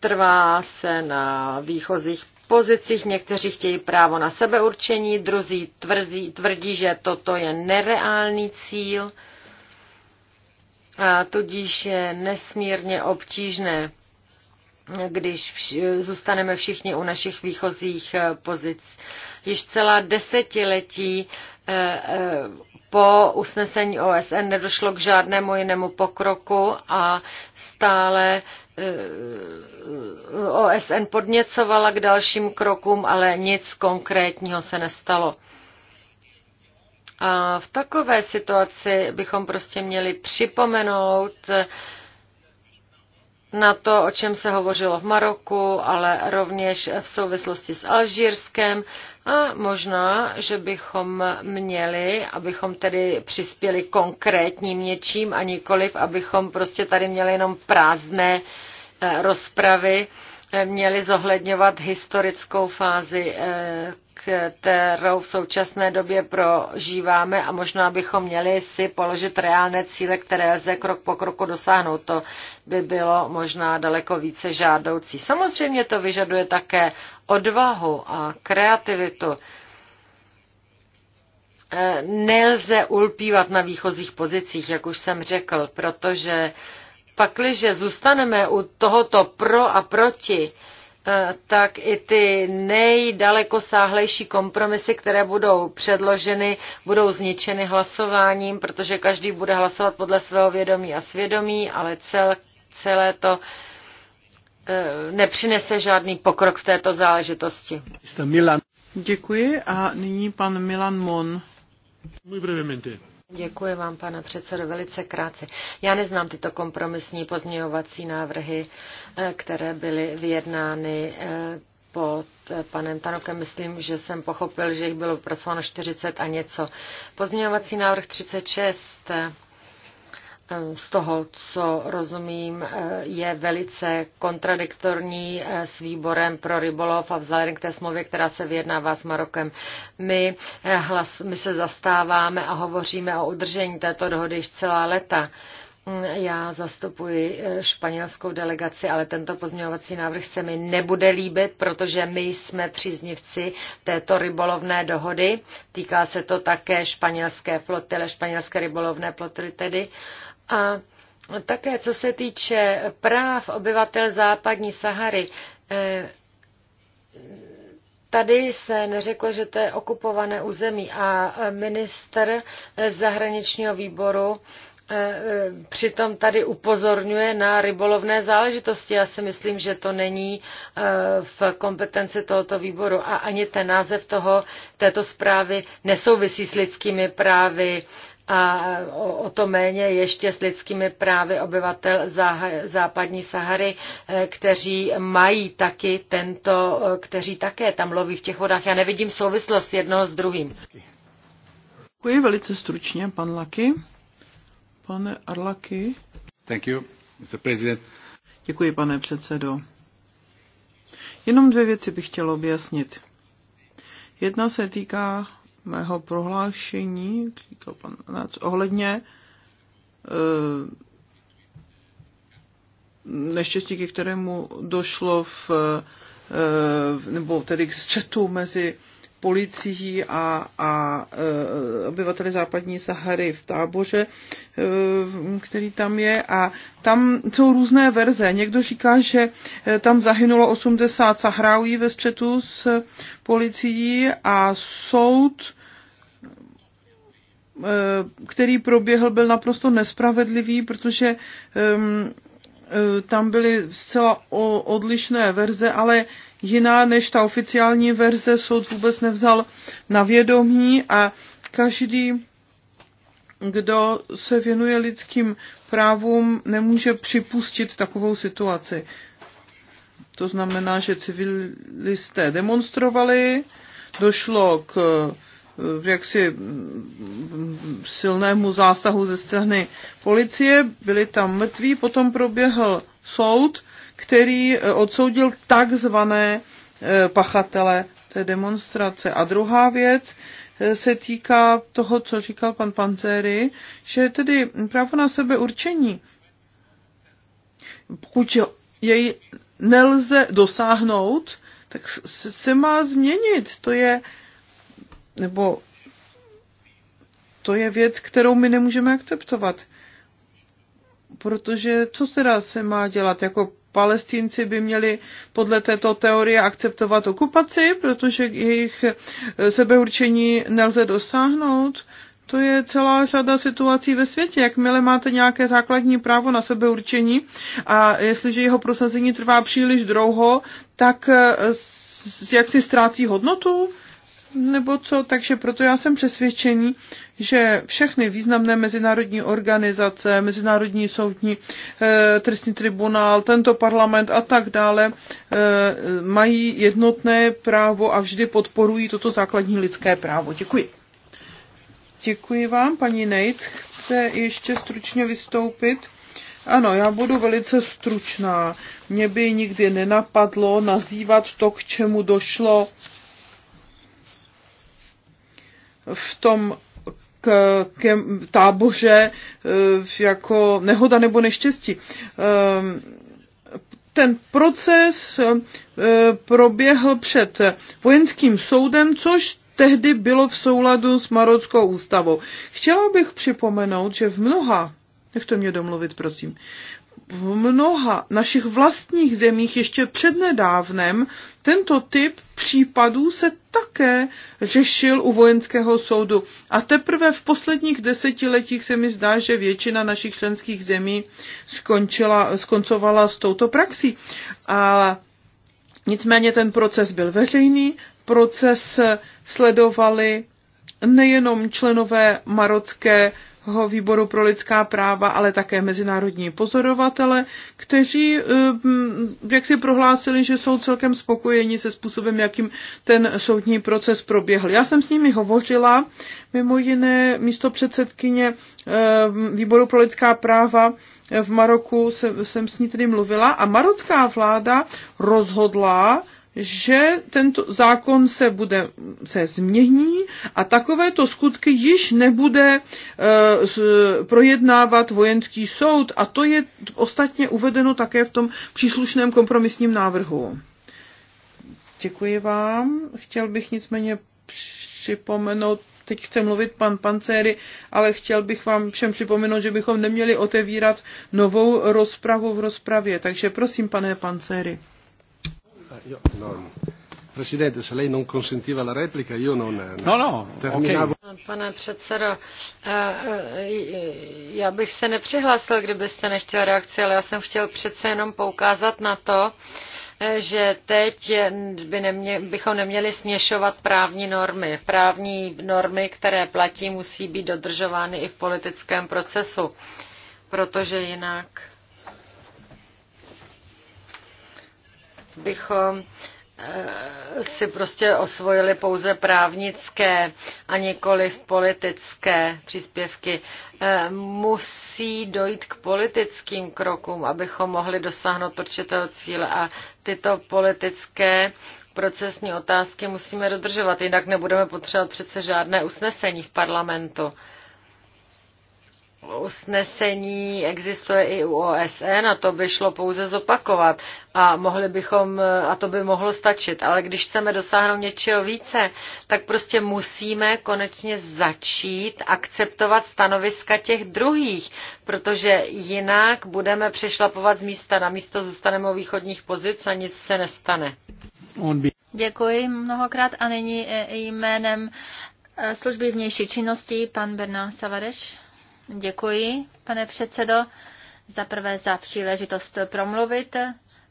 Trvá se na výchozích pozicích, někteří chtějí právo na sebeurčení, druzí tvrzí, tvrdí, že toto je nereálný cíl a tudíž je nesmírně obtížné když zůstaneme všichni u našich výchozích eh, pozic. Již celá desetiletí eh, eh, po usnesení OSN nedošlo k žádnému jinému pokroku a stále OSN podněcovala k dalším krokům, ale nic konkrétního se nestalo. A v takové situaci bychom prostě měli připomenout, na to, o čem se hovořilo v Maroku, ale rovněž v souvislosti s Alžírskem a možná, že bychom měli, abychom tedy přispěli konkrétním něčím a nikoliv, abychom prostě tady měli jenom prázdné eh, rozpravy měly zohledňovat historickou fázi, eh, kterou v současné době prožíváme a možná bychom měli si položit reálné cíle, které lze krok po kroku dosáhnout. To by bylo možná daleko více žádoucí. Samozřejmě to vyžaduje také odvahu a kreativitu. Eh, nelze ulpívat na výchozích pozicích, jak už jsem řekl, protože pakliže zůstaneme u tohoto pro a proti, eh, tak i ty nejdalekosáhlejší kompromisy, které budou předloženy, budou zničeny hlasováním, protože každý bude hlasovat podle svého vědomí a svědomí, ale cel, celé to eh, nepřinese žádný pokrok v této záležitosti. Milan. Děkuji a nyní pan Milan Mon. Muy brevemente. Děkuji vám, pane předsedo, velice krátce. Já neznám tyto kompromisní pozměňovací návrhy, eh, které byly vyjednány eh, pod eh, panem Tanokem. Myslím, že jsem pochopil, že jich bylo pracováno 40 a něco. Pozměňovací návrh 36 Eh, z toho, co rozumím, eh, je velice kontradiktorní eh, s výborem pro rybolov a vzhledem k té smlouvě, která se vyjednává s Marokem. My, hlas, my se zastáváme a hovoříme o udržení této dohody již celá leta. Mm, já zastupuji španělskou delegaci, ale tento pozměňovací návrh se mi nebude líbit, protože my jsme příznivci této rybolovné dohody. Týká se to také španělské flotile, španělské rybolovné flotily tedy. Uh, a také co se týče práv obyvatel západní Sahary, eh, Tady se neřeklo, že to je okupované území a minister zahraničního výboru eh, eh, přitom tady upozorňuje na rybolovné záležitosti. Já si myslím, že to není v kompetenci tohoto výboru a ani ten název toho, této zprávy nesouvisí s lidskými právy, a o, o to méně ještě s lidskými právy obyvatel západní Sahary, eh, kteří mají taky tento, eh, kteří také tam loví v těch vodách. Já nevidím souvislost jednoho s druhým. Děkuji velice stručně, pan Laky. Pane Arlaky. Thank you, Mr. President. Děkuji, pane předsedo. Jenom dvě věci bych chtěl objasnit. Jedna se týká mého prohlášení, říkal pan Nác, ohledně eh, neštěstí, ke kterému došlo eh, v, nebo tedy k střetu mezi policií a, a e, obyvateli západní Sahary v táboře, e, který tam je. A tam jsou různé verze. Někdo říká, že e, tam zahynulo 80 Sahraují ve střetu s policií a soud který proběhl, byl naprosto nespravedlivý, protože tam byly zcela odlišné verze, ale jiná než ta oficiální verze, soud vůbec nevzal na vědomí a každý, kdo se věnuje lidským právům, nemůže připustit takovou situaci. To znamená, že civilisté demonstrovali, došlo k eh, jaksi silnému zásahu ze strany policie, byli tam mrtví, potom proběhl soud, který eh, odsoudil takzvané eh, pachatele té demonstrace. A druhá věc eh, se týká toho, co říkal pan Panzery, že tedy právo na sebe určení, pokud jej nelze dosáhnout, tak se má změnit. To je, nebo to je věc, kterou my nemůžeme akceptovat protože co se dá se má dělat? Jako Palestinci by měli podle této teorie akceptovat okupaci, protože jejich sebeurčení nelze dosáhnout. To je celá řada situací ve světě. Jakmile máte nějaké základní právo na sebeurčení a jestliže jeho prosazení trvá příliš dlouho, tak eh, jak si ztrácí hodnotu? nebo co, takže proto já jsem přesvědčený, že všechny významné mezinárodní organizace, Mezinárodní soudní e, trestní tribunál, tento parlament a tak dále e, mají jednotné právo a vždy podporují toto základní lidské právo. Děkuji. Děkuji vám, paní Nejc. Chce ještě stručně vystoupit? Ano, já budu velice stručná. Mě by nikdy nenapadlo nazývat to, k čemu došlo v tom k, k táboře e, jako nehoda nebo neštěstí. Ehm, ten proces e, proběhl před vojenským soudem, což tehdy bylo v souladu s Marockou ústavou. Chtěla bych připomenout, že v mnoha Nechte mě domluvit, prosím v mnoha našich vlastních zemích ještě přednedávnem tento typ případů se také řešil u vojenského soudu. A teprve v posledních desetiletích se mi zdá, že většina našich členských zemí skončila, skoncovala s touto praxí. A nicméně ten proces byl veřejný, proces sledovali nejenom členové marocké výboru pro lidská práva, ale také mezinárodní pozorovatele, kteří eh, jak si prohlásili, že jsou celkem spokojeni se způsobem, jakým ten soudní proces proběhl. Já jsem s nimi hovořila, mimo jiné místo předsedkyně eh, výboru pro lidská práva v Maroku jsem, jsem s ní tedy mluvila a marocká vláda rozhodla, že tento zákon se, bude, se změní a takovéto skutky již nebude e, z, projednávat vojenský soud a to je ostatně uvedeno také v tom příslušném kompromisním návrhu. Děkuji vám. Chtěl bych nicméně připomenout teď chce mluvit pan Pancéry, ale chtěl bych vám všem připomenout, že bychom neměli otevírat novou rozpravu v rozpravě. Takže prosím, pane Pancéry io, no, no. Presidente, se lei non consentiva la replica, io non... Eh, no, no, terminavo... okay. Pane předsedo, eh, eh, já bych se nepřihlásil, kdybyste nechtěl reakci, ale já jsem chtěl přece jenom poukázat na to, že teď by nemě, bychom neměli směšovat právní normy. Právní normy, které platí, musí být dodržovány i v politickém procesu, protože jinak bychom eh, si prostě osvojili pouze právnické a nikoli v politické příspěvky. Eh, musí dojít k politickým krokům, abychom mohli dosáhnout určitého cíle a tyto politické procesní otázky musíme dodržovat, jinak nebudeme potřebovat přece žádné usnesení v parlamentu usnesení existuje i u OSN a to by šlo pouze zopakovat a mohli bychom, a to by mohlo stačit, ale když chceme dosáhnout něčeho více, tak prostě musíme konečně začít akceptovat stanoviska těch druhých, protože jinak budeme přešlapovat z místa na místo, zůstaneme u východních pozic a nic se nestane. Děkuji mnohokrát a nyní e, jménem e, služby vnější činnosti pan Bernard Savadeš. Děkuji, pane předsedo, za prvé za příležitost promluvit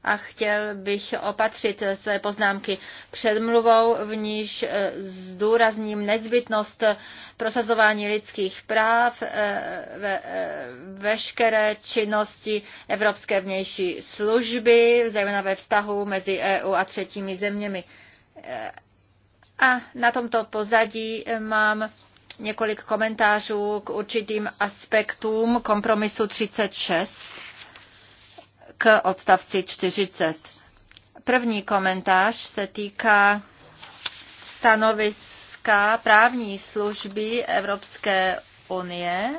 a chtěl bych opatřit své poznámky předmluvou, v níž eh, zdůrazním nezbytnost prosazování lidských práv eh, ve eh, veškeré činnosti Evropské vnější služby, zejména ve vztahu mezi EU a třetími zeměmi. A na tomto pozadí mám několik komentářů k určitým aspektům kompromisu 36 k odstavci 40. První komentář se týká stanoviska právní služby Evropské unie.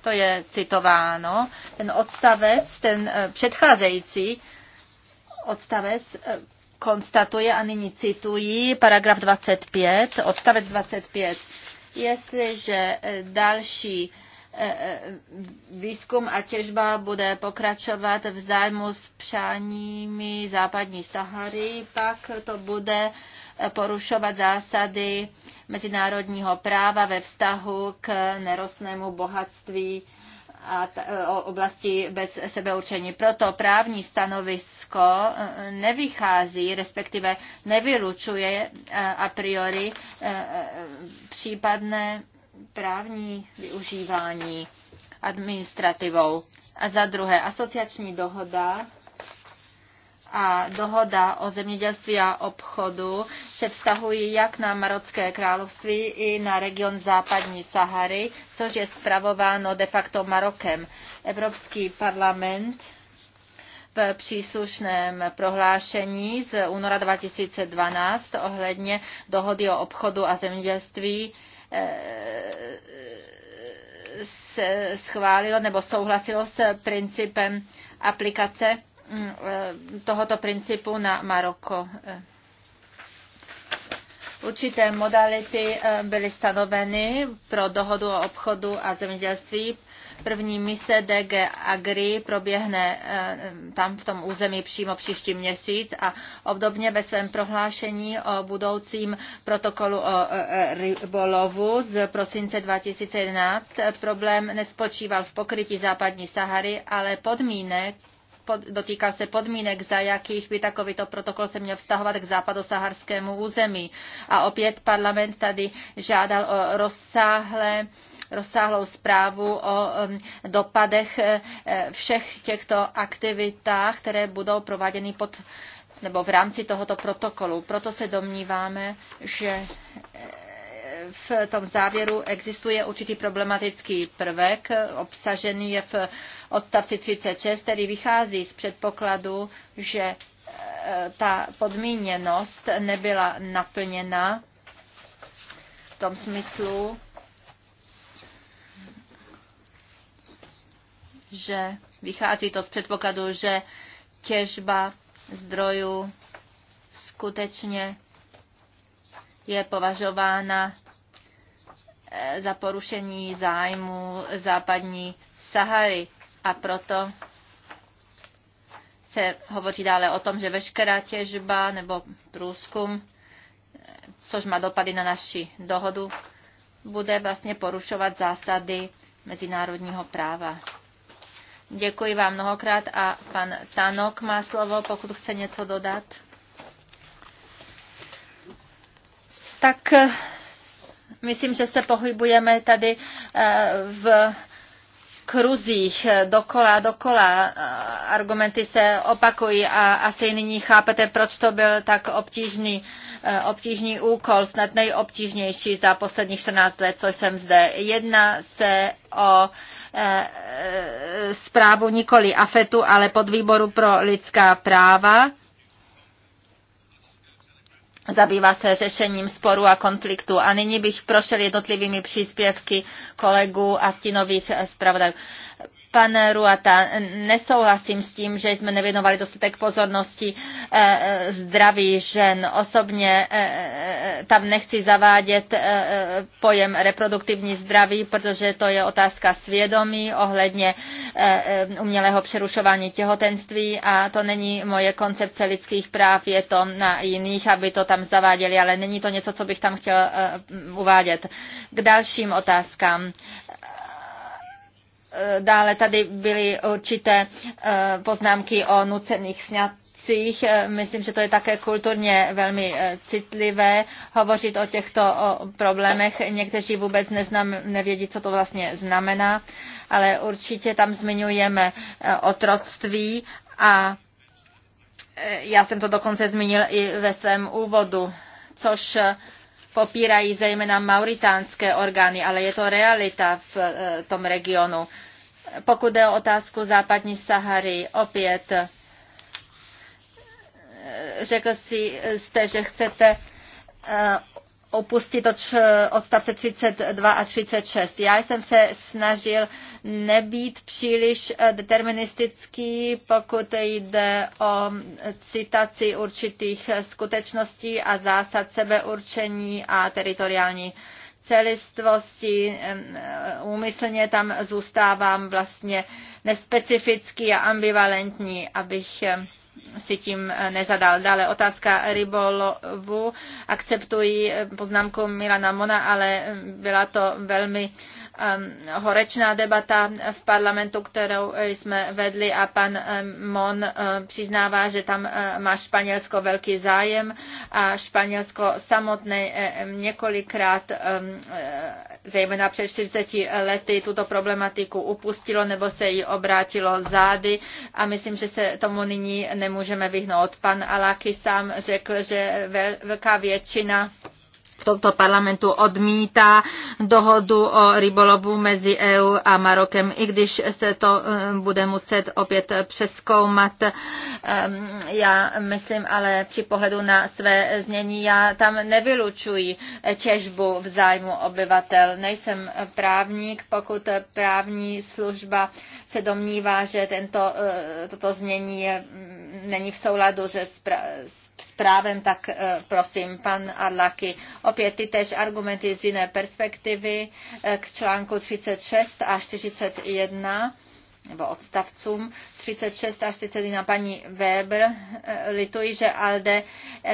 To je citováno. Ten odstavec, ten eh, předcházející odstavec eh, konstatuje, a nyní cituji, paragraf 25, odstavec 25. Jestliže eh, další eh, eh, výzkum a těžba bude pokračovat v zájmu s přáními západní Sahary, pak to bude porušovat zásady mezinárodního práva ve vztahu k nerostnému bohatství a e, o oblasti bez sebeurčení. Proto právní stanovisko e, nevychází, respektive nevylučuje e, a priori případné právní využívání administrativou. A za druhé, asociační dohoda a dohoda o zemědělství a obchodu se vztahují jak na Marocké království i na region západní Sahary, což je spravováno de facto Marokem. Evropský parlament v příslušném prohlášení z února 2012 ohledně dohody o obchodu a zemědělství eh, se schválilo nebo souhlasilo s principem aplikace Mm, eh, tohoto principu na Maroko. Eh, určité modality eh, byly stanoveny pro dohodu o obchodu a zemědělství. První mise DG Agri proběhne tam v tom území přímo příští měsíc a obdobně ve svém prohlášení o budoucím protokolu o rybolovu z prosince 2011 problém nespočíval v pokrytí západní Sahary, ale podmínek pod, dotýkal se podmínek, za jakých by takovýto protokol se měl vztahovat k západosaharskému území. A opět parlament tady žádal o rozsáhlé, rozsáhlou zprávu o um, dopadech eh, všech těchto aktivitách, které budou prováděny pod nebo v rámci tohoto protokolu. Proto se domníváme, že eh, v tom závěru existuje určitý problematický prvek, obsažený je v odstavci 36, který vychází z předpokladu, že e, ta podmíněnost nebyla naplněna v tom smyslu, že vychází to z předpokladu, že těžba zdrojů skutečně je považována za porušení zájmu západní Sahary. A proto se hovoří dále o tom, že veškerá těžba nebo průzkum, což má dopady na naši dohodu, bude vlastně porušovat zásady mezinárodního práva. Děkuji vám mnohokrát a pan Tanok má slovo, pokud chce něco dodat. Tak eh, Myslím, že se pohybujeme tady eh, v kruzích eh, dokola, dokola eh, argumenty se opakují a asi nyní chápete, proč to byl tak obtížný, obtížný úkol, snad nejobtížnější za posledních 14 let, co jsem zde. Jedna se o zprávu nikoli AFETu, ale podvýboru pro lidská práva zabývá se řešením sporu a konfliktu. A nyní bych prošel jednotlivými příspěvky kolegů a stinových zpravodajů. Pan Ruata, nesouhlasím s tím, že jsme nevěnovali dostatek pozornosti eh, eh, zdraví žen. Osobně eh, tam nechci zavádět pojem reproduktivní zdraví, protože to je otázka svědomí ohledně umělého přerušování těhotenství a to není moje koncepce lidských práv, je to na jiných, aby to tam zaváděli, ale není to něco, co bych tam chtěl uvádět. K dalším otázkám. Dále tady byly určité e, poznámky o nucených sňatcích. E, myslím, že to je také kulturně velmi e, citlivé hovořit o těchto problémech. Někteří vůbec neznam, nevědí, co to vlastně znamená, ale určitě tam zmiňujeme otroctví a já jsem to dokonce zmínil i ve svém úvodu, což popírají zejména mauritánské orgány, ale je to realita v eh, tom regionu. Pokud jde o otázku západní Sahary, opět eh, řekl si, jste, že chcete eh, opustit od eh, odstavce 32 a 36. Já jsem se snažil nebýt příliš eh, deterministický, pokud jde o eh, citaci určitých skutečností a zásad sebeurčení a teritoriální celistvosti, úmyslně tam zůstávám vlastně nespecifický a ambivalentní, abych si tím eh, nezadal. Dále otázka rybolovu. Akceptuji eh, poznámku Milana Mona, ale eh, byla to velmi ehm, horečná debata v parlamentu, kterou jsme vedli a pan ehm, Mon přiznává, že tam má Španělsko velký zájem a Španělsko samotné několikrát, ehm, zejména před 40 lety, tuto problematiku upustilo nebo se jí obrátilo zády a myslím, že se tomu nyní ne nemůžeme vyhnout. Pan Aláky sám řekl, že velká většina v tomto parlamentu odmítá dohodu o rybolovu mezi EU a Marokem, i když se to eh, bude muset opět přeskoumat. Ehm, já myslím, ale při pohledu na své znění, já tam nevylučuji těžbu v zájmu obyvatel. Nejsem právník, pokud právní služba se domnívá, že tento, eh, toto znění je mm, není v souladu se s právem, tak eh, prosím, pan Arlaki, opět ty tež argumenty z jiné perspektivy eh, k článku 36 a 41 nebo odstavcům 36 až 41 paní Weber. Eh, lituji, že ALDE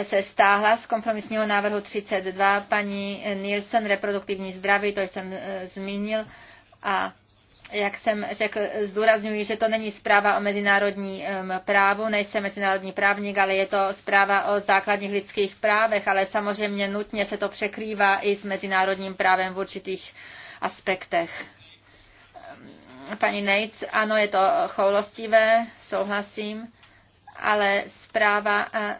se stáhla z kompromisního návrhu 32 paní Nielsen, reproduktivní zdraví, to jsem zmínil, a jak jsem řekl, zdůrazňuji, že to není zpráva o mezinárodním právu, nejsem mezinárodní právník, ale je to zpráva o základních lidských právech, ale samozřejmě nutně se to překrývá i s mezinárodním právem v určitých aspektech. Paní Nejc, ano, je to choulostivé, souhlasím, ale zpráva e,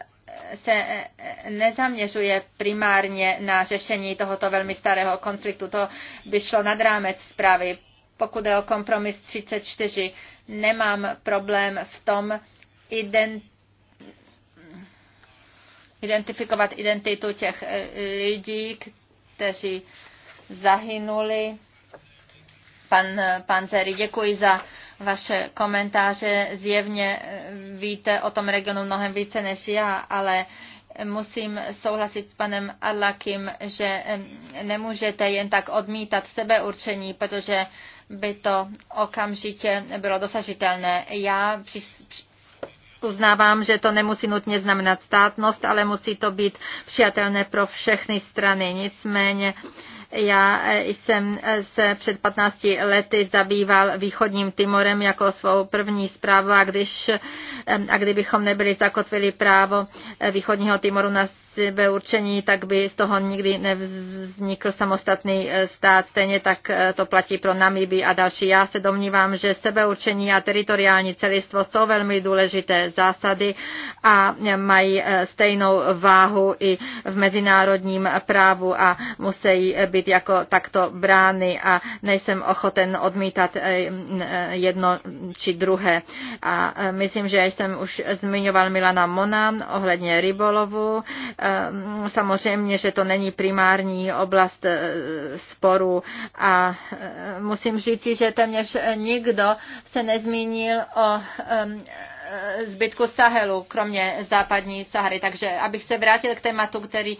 se e, nezaměřuje primárně na řešení tohoto velmi starého konfliktu. To by šlo nad rámec zprávy. Pokud je o kompromis 34, nemám problém v tom ident identifikovat identitu těch eh, lidí, kteří zahynuli. Pan eh, Panzeri, děkuji za vaše komentáře. Zjevně eh, víte o tom regionu mnohem více než já, ale musím souhlasit s panem Alakim, že eh, nemůžete jen tak odmítat sebeurčení, protože by to okamžitě bylo dosažitelné. Já při Uznávám, že to nemusí nutně znamenat státnost, ale musí to být přijatelné pro všechny strany. Nicméně já jsem se před 15 lety zabýval východním Timorem jako svou první zprávu a, když, a kdybychom nebyli zakotvili právo východního Timoru na sebeurčení, tak by z toho nikdy nevznikl samostatný e, stát. Stejně tak e, to platí pro Namíby a další. Já se domnívám, že sebeurčení a teritoriální celistvo jsou velmi důležité zásady a mají e, stejnou váhu i v mezinárodním právu a musí být jako takto brány a nejsem ochoten odmítat jedno či druhé. A myslím, že jsem už zmiňoval Milana Mona ohledně rybolovu. Ehm, samozřejmě, že to není primární oblast e, sporu a e, musím říci, že téměř nikdo se nezmínil o ehm, e, zbytku Sahelu, kromě západní Sahary. Takže abych se vrátil k tématu, který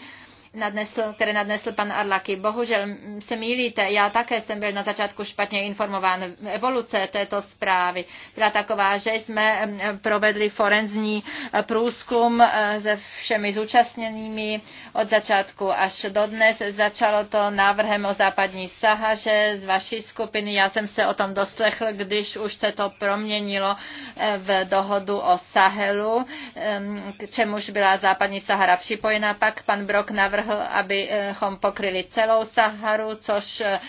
nadnesl, které nadnesl pan Arlaky. Bohužel se mýlíte, já také jsem byl na začátku špatně informován. Evoluce této zprávy byla taková, že jsme provedli forenzní e, průzkum e, se všemi zúčastněnými od začátku až do dnes. Začalo to návrhem o západní Sahaře z vaší skupiny. Já jsem se o tom doslechl, když už se to proměnilo e, v dohodu o Sahelu, k čemuž byla západní Sahara připojena. Pak pan Brok navrhl navrhl, abychom pokryli celou Saharu, což eh,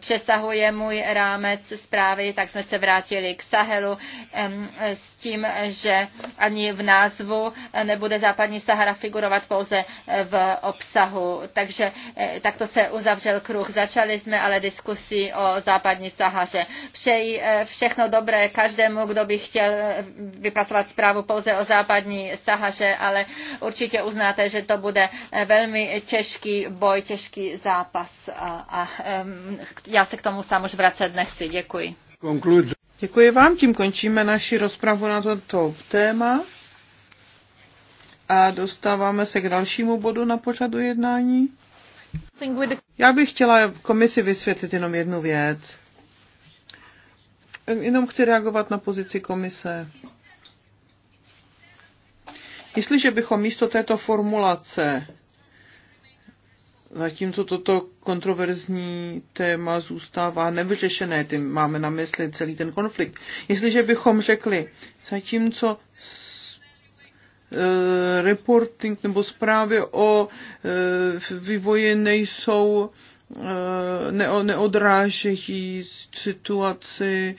přesahuje můj rámec zprávy, tak jsme se vrátili k Sahelu tím, že ani v názvu nebude západní Sahara figurovat pouze v obsahu. Takže eh, takto se uzavřel kruh. Začali jsme ale diskusí o západní Sahaře. Přeji eh, všechno dobré každému, kdo by chtěl eh, vypracovat zprávu pouze o západní Sahaře, ale určitě uznáte, že to bude velmi těžký boj, těžký zápas a, a já se k tomu sám už vracet nechci. Děkuji. Conclude. Děkuji vám, tím končíme naši rozpravu na toto téma a dostáváme se k dalšímu bodu na pořadu jednání. Já bych chtěla komisi vysvětlit jenom jednu věc. Jenom chci reagovat na pozici komise. Jestliže bychom místo této formulace Zatímco toto kontroverzní téma zůstává nevyřešené, tím máme na mysli celý ten konflikt. Jestliže bychom řekli, zatímco e, reporting nebo zprávy o e, vývoji nejsou e, neodrážejí situaci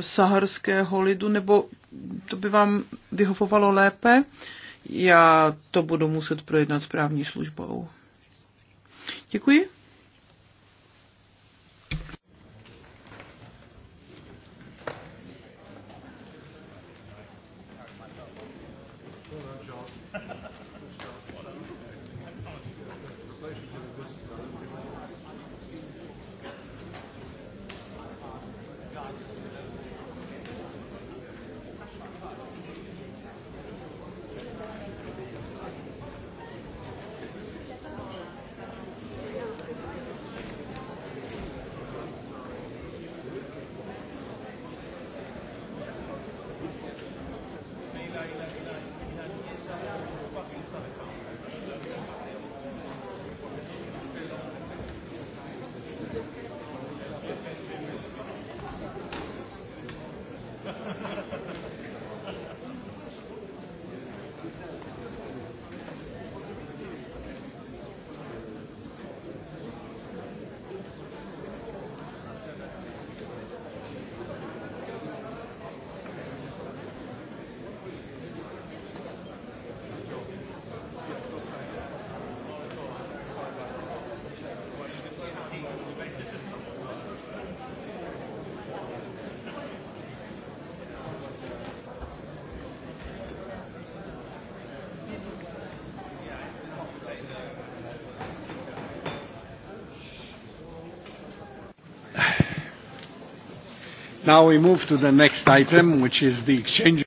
saharského lidu, nebo to by vám vyhovovalo lépe? Já to budu muset projednat s právní službou. Děkuji.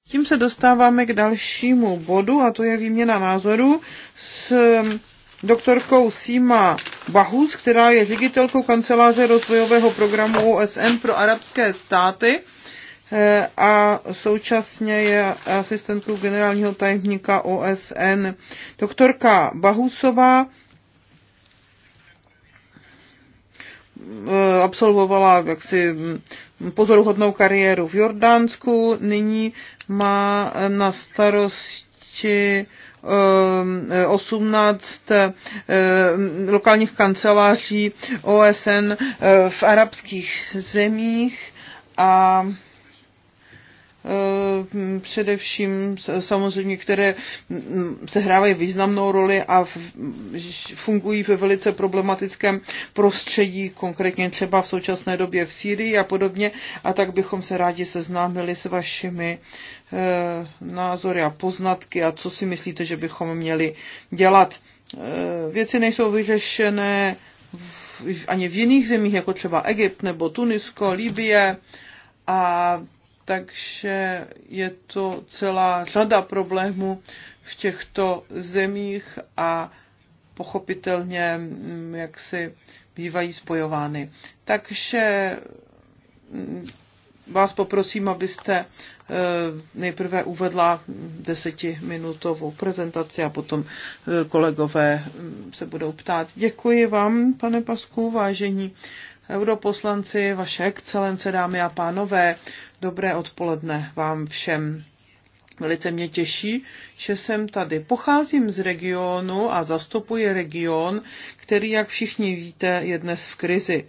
Tím se dostáváme k dalšímu bodu, a to je výměna názorů s um, doktorkou Sima Bahus, která je ředitelkou kanceláře rozvojového programu OSN pro arabské státy eh, a současně je asistentkou generálního tajemníka OSN. Doktorka Bahusová Eh, absolvovala jaksi mm, pozoruhodnou kariéru v Jordánsku, nyní má na starosti 18 eh, eh, mm, lokálních kanceláří OSN v arabských zemích a Eh, především samozřejmě, které mm, sehrávají významnou roli a fungují ve velice problematickém prostředí, konkrétně třeba v současné době v Sýrii a podobně. A tak bychom se rádi seznámili s vašimi eh, názory a poznatky a co si myslíte, že bychom měli dělat. Eh, věci nejsou vyřešené ani v jiných zemích, jako třeba Egypt nebo Tunisko, Libie a takže je to celá řada problémů v těchto zemích a pochopitelně mm, jak si bývají spojovány. Takže mm, vás poprosím, abyste e, nejprve uvedla desetiminutovou prezentaci a potom e, kolegové mm, se budou ptát. Děkuji vám, pane Pasku, vážení europoslanci, vaše excelence, dámy a pánové. Dobré odpoledne vám všem. Velice mě těší, že jsem tady. Pocházím z regionu a zastupuji region, který, jak všichni víte, je dnes v krizi.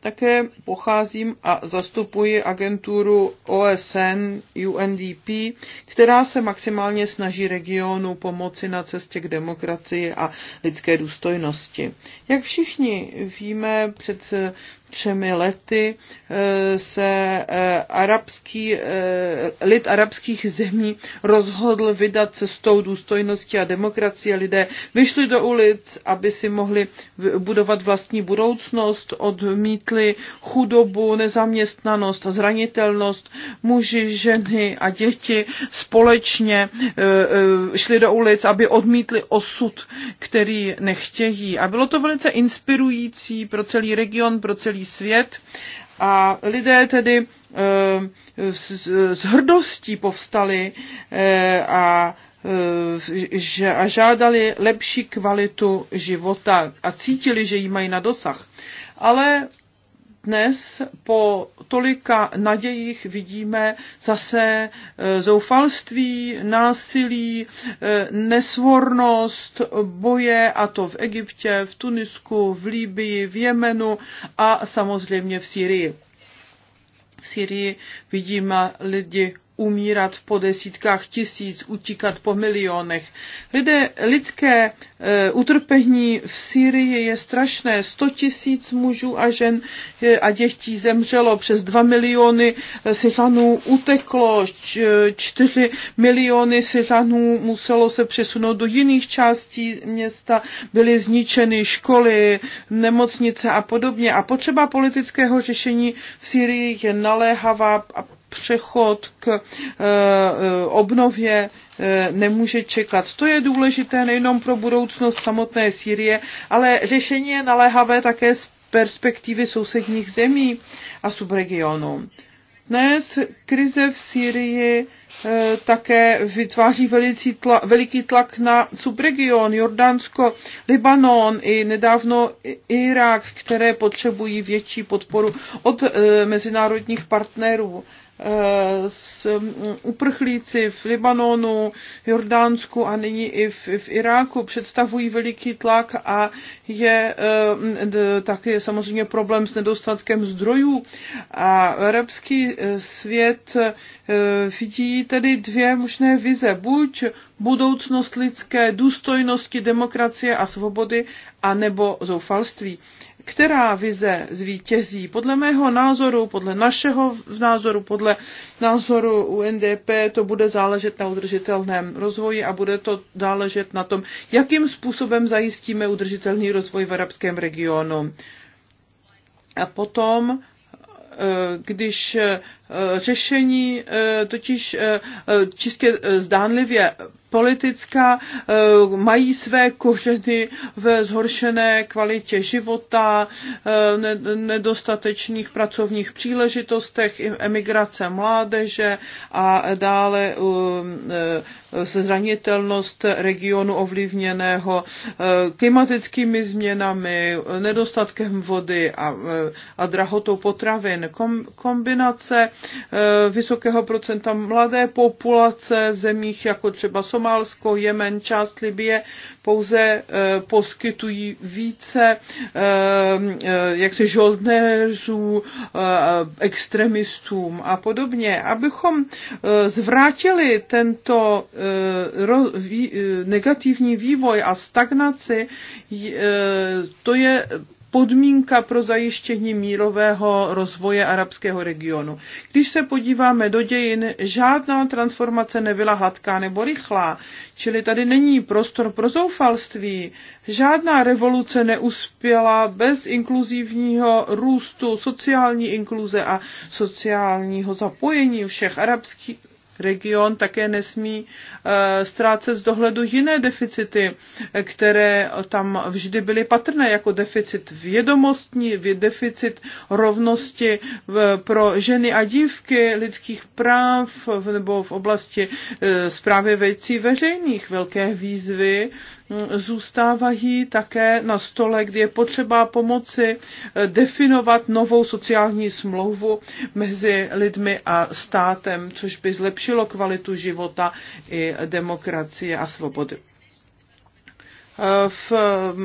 Také pocházím a zastupuji agenturu OSN UNDP, která se maximálně snaží regionu pomoci na cestě k demokracii a lidské důstojnosti. Jak všichni víme, před třemi lety eh, se eh, arabský, eh, lid arabských zemí rozhodl vydat cestou důstojnosti a demokracie. Lidé vyšli do ulic, aby si mohli budovat vlastní budoucnost, odmítli chudobu, nezaměstnanost a zranitelnost. Muži, ženy a děti společně šli do ulic, aby odmítli osud, který nechtějí. A bylo to velice inspirující pro celý region, pro celý svět a lidé tedy eh, s, hrdostí povstali eh, a eh, a žádali lepší kvalitu života a cítili, že ji mají na dosah. Ale dnes po tolika nadějích vidíme zase e, zoufalství, násilí, e, nesvornost, boje, a to v Egyptě, v Tunisku, v Líbii, v Jemenu a samozřejmě v Syrii. V Syrii vidíme lidi umírat po desítkách tisíc, utíkat po milionech. Lidé, lidské e, utrpení v Sýrii je strašné. 100 tisíc mužů a žen e, a dětí zemřelo, přes 2 miliony eh, Syřanů uteklo, 4 eh, miliony Syřanů muselo se přesunout do jiných částí města, byly zničeny školy, nemocnice a podobně. A potřeba politického řešení v Sýrii je naléhavá a přechod k eh, eh, obnově eh, nemůže čekat. To je důležité nejenom pro budoucnost samotné Sýrie, ale řešení je naléhavé také z perspektivy sousedních zemí a subregionů. Dnes krize v Syrii také vytváří veliký tlak, veliký tlak na subregion Jordánsko, Libanon i nedávno Irák, které potřebují větší podporu od mezinárodních partnerů. Eh, s uprchlíci v Libanonu, Jordánsku a nyní i v, v Iráku představují veliký tlak a je eh, taky samozřejmě problém s nedostatkem zdrojů. A arabský eh, svět vidí tedy dvě možné vize. Buď budoucnost lidské důstojnosti, demokracie a svobody, anebo zoufalství která vize zvítězí. Podle mého názoru, podle našeho názoru, podle názoru UNDP to bude záležet na udržitelném rozvoji a bude to záležet na tom, jakým způsobem zajistíme udržitelný rozvoj v arabském regionu. A potom eh, když Eh, řešení, eh, totiž eh, čistě zdánlivě politická, mají své kořeny ve zhoršené kvalitě života, nedostatečných pracovních příležitostech, emigrace mládeže a dále zranitelnost regionu ovlivněného klimatickými změnami, nedostatkem vody a, a drahotou potravin. Kombinace Eh, vysokého procenta mladé populace v zemích jako třeba Somálsko, Jemen, část Libie pouze eh, poskytují více eh, jaksi žoldnéřů, extremistům a podobně. Abychom zvrátili tento negativní vývoj a stagnaci, to je podmínka pro zajištění mírového rozvoje arabského regionu. Když se podíváme do dějin, žádná transformace nebyla hladká nebo rychlá, čili tady není prostor pro zoufalství. Žádná revoluce neuspěla bez inkluzivního růstu, sociální inkluze a sociálního zapojení všech arabských region také nesmí eh, ztrácet z dohledu jiné deficity, které tam vždy byly patrné, jako deficit vědomostní, deficit rovnosti pro ženy a dívky, lidských práv nebo v oblasti zprávy eh, věcí veřejných, velké výzvy zůstávají také na stole, kdy je potřeba pomoci eh, definovat novou sociální smlouvu mezi lidmi a státem, což by zlepšilo kvalitu života i demokracie a svobody. V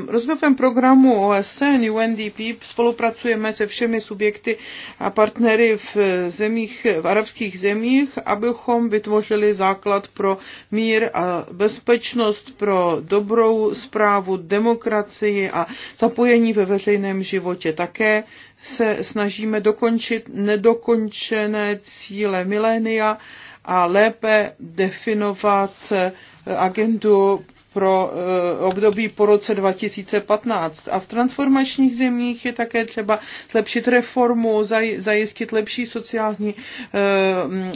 rozvojovém programu OSN UNDP spolupracujeme se všemi subjekty a partnery v, zemích, v arabských zemích, abychom vytvořili základ pro mír a bezpečnost, pro dobrou zprávu, demokracii a zapojení ve veřejném životě. Také se snažíme dokončit nedokončené cíle milénia a lépe definovat agendu pro eh, období po roce 2015. A v transformačních zemích je také třeba zlepšit reformu, zajistit lepší sociální eh, mm,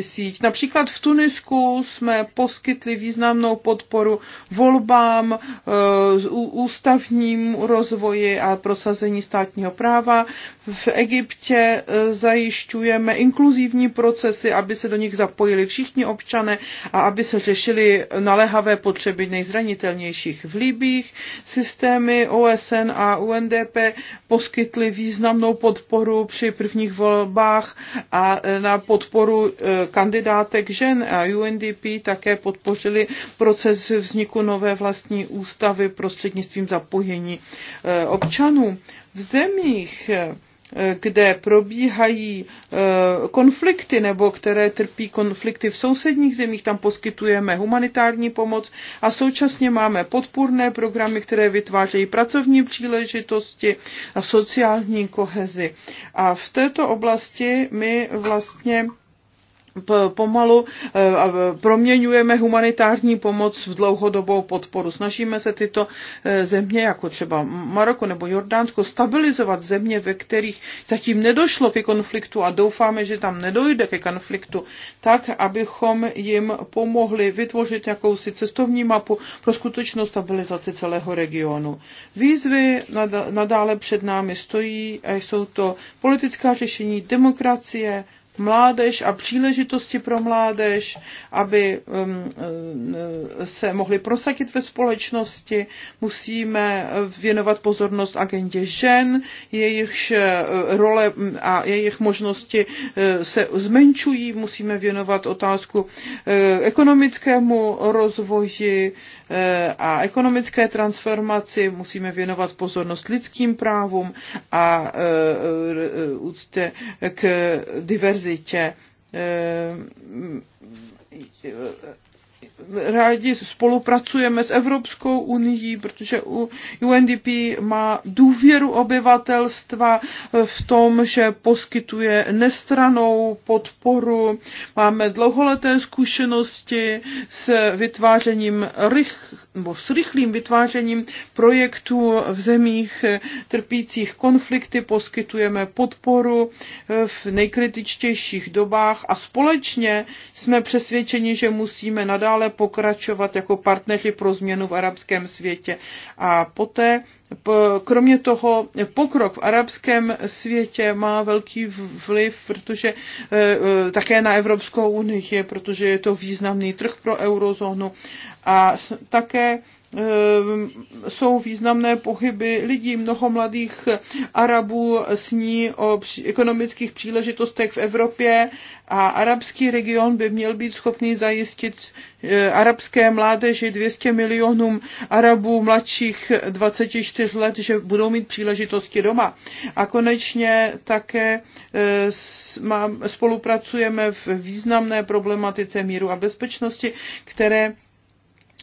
síť. Například v Tunisku jsme poskytli významnou podporu volbám, eh, ústavním rozvoji a prosazení státního práva. V Egyptě zajišťujeme inkluzivní procesy, aby se do nich zapojili všichni občané a aby se řešili naléhavé potřeby nejzranitelnějších. V Libích systémy OSN a UNDP poskytly významnou podporu při prvních volbách a e, na podporu e, kandidátek žen a UNDP také podpořili proces vzniku nové vlastní ústavy prostřednictvím zapojení e, občanů. V zemích kde probíhají eh, konflikty nebo které trpí konflikty v sousedních zemích, tam poskytujeme humanitární pomoc a současně máme podpůrné programy, které vytvářejí pracovní příležitosti a sociální kohezi. A v této oblasti my vlastně pomalu eh, proměňujeme humanitární pomoc v dlouhodobou podporu. Snažíme se tyto eh, země, jako třeba Maroko nebo Jordánsko, stabilizovat země, ve kterých zatím nedošlo ke konfliktu a doufáme, že tam nedojde ke konfliktu, tak, abychom jim pomohli vytvořit jakousi cestovní mapu pro skutečnou stabilizaci celého regionu. Výzvy nadále před námi stojí a jsou to politická řešení demokracie, mládež a příležitosti pro mládež, aby um, eh, se mohli prosadit ve společnosti. Musíme eh, věnovat pozornost agendě žen, jejich eh, role mm, a jejich možnosti se zmenšují. Musíme věnovat otázku ekonomickému rozvoji a ekonomické transformaci. Musíme věnovat pozornost lidským právům a úctě k diverzitě univerzitě eh, rádi spolupracujeme s Evropskou unii, protože UNDP má důvěru obyvatelstva v tom, že poskytuje nestranou podporu. Máme dlouholeté zkušenosti s vytvářením rych, nebo s rychlým vytvářením projektů v zemích trpících konflikty, poskytujeme podporu v nejkritičtějších dobách a společně jsme přesvědčeni, že musíme nadále nadále pokračovat jako partneři pro změnu v arabském světě. A poté, kromě toho, pokrok v arabském světě má velký vliv, protože e, e, také na Evropskou unii, protože je to významný trh pro eurozónu a také Ehm, jsou významné pohyby lidí. Mnoho mladých Arabů sní o ekonomických příležitostech v Evropě a arabský region by měl být schopný zajistit eh, arabské mládeži 200 milionům Arabů mladších 24 let, že budou mít příležitosti doma. A konečně také eh, spolupracujeme v významné problematice míru a bezpečnosti, které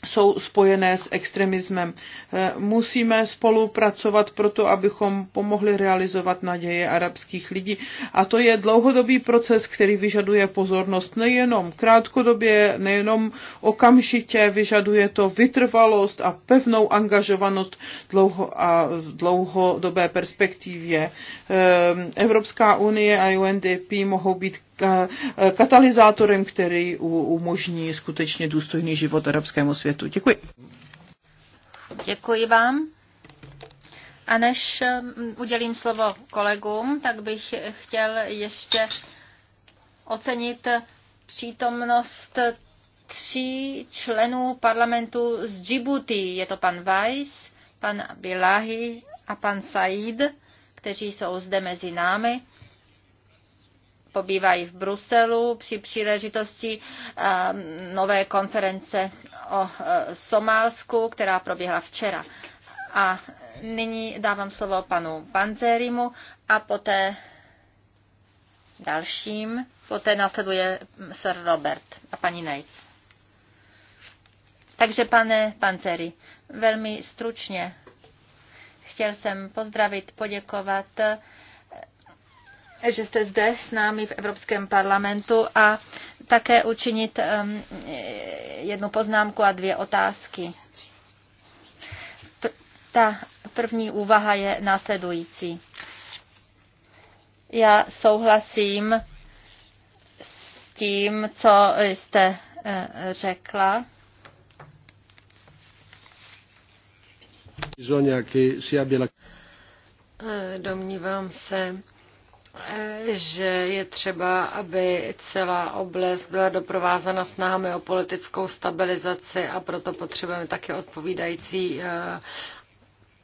jsou spojené s extremismem. Eh, musíme spolupracovat proto, abychom pomohli realizovat naděje arabských lidí. A to je dlouhodobý proces, který vyžaduje pozornost nejenom krátkodobě, nejenom okamžitě, vyžaduje to vytrvalost a pevnou angažovanost dlouho a dlouhodobé perspektivě. Eh, Evropská unie a UNDP mohou být eh, katalyzátorem, který umožní skutečně důstojný život arabskému světu minutu. Děkuji. Děkuji vám. A než um, udělím slovo kolegům, tak bych chtěl ještě ocenit přítomnost tří členů parlamentu z Djibouti. Je to pan Weiss, pan Bilahi a pan Said, kteří jsou zde mezi námi. Pobývají v Bruselu při příležitosti um, nové konference o e, Somálsku, která proběhla včera. A nyní dávám slovo panu Panzerimu a poté dalším. Poté následuje Sir Robert a paní Nates. Takže pane Panzeri, velmi stručně chtěl jsem pozdravit, poděkovat že jste zde s námi v Evropském parlamentu a také učinit um, jednu poznámku a dvě otázky. Ta první úvaha je následující. Já souhlasím s tím, co jste eh, řekla. Eh, domnívám se, že je třeba, aby celá oblast byla doprovázena snahami o politickou stabilizaci a proto potřebujeme také odpovídající eh,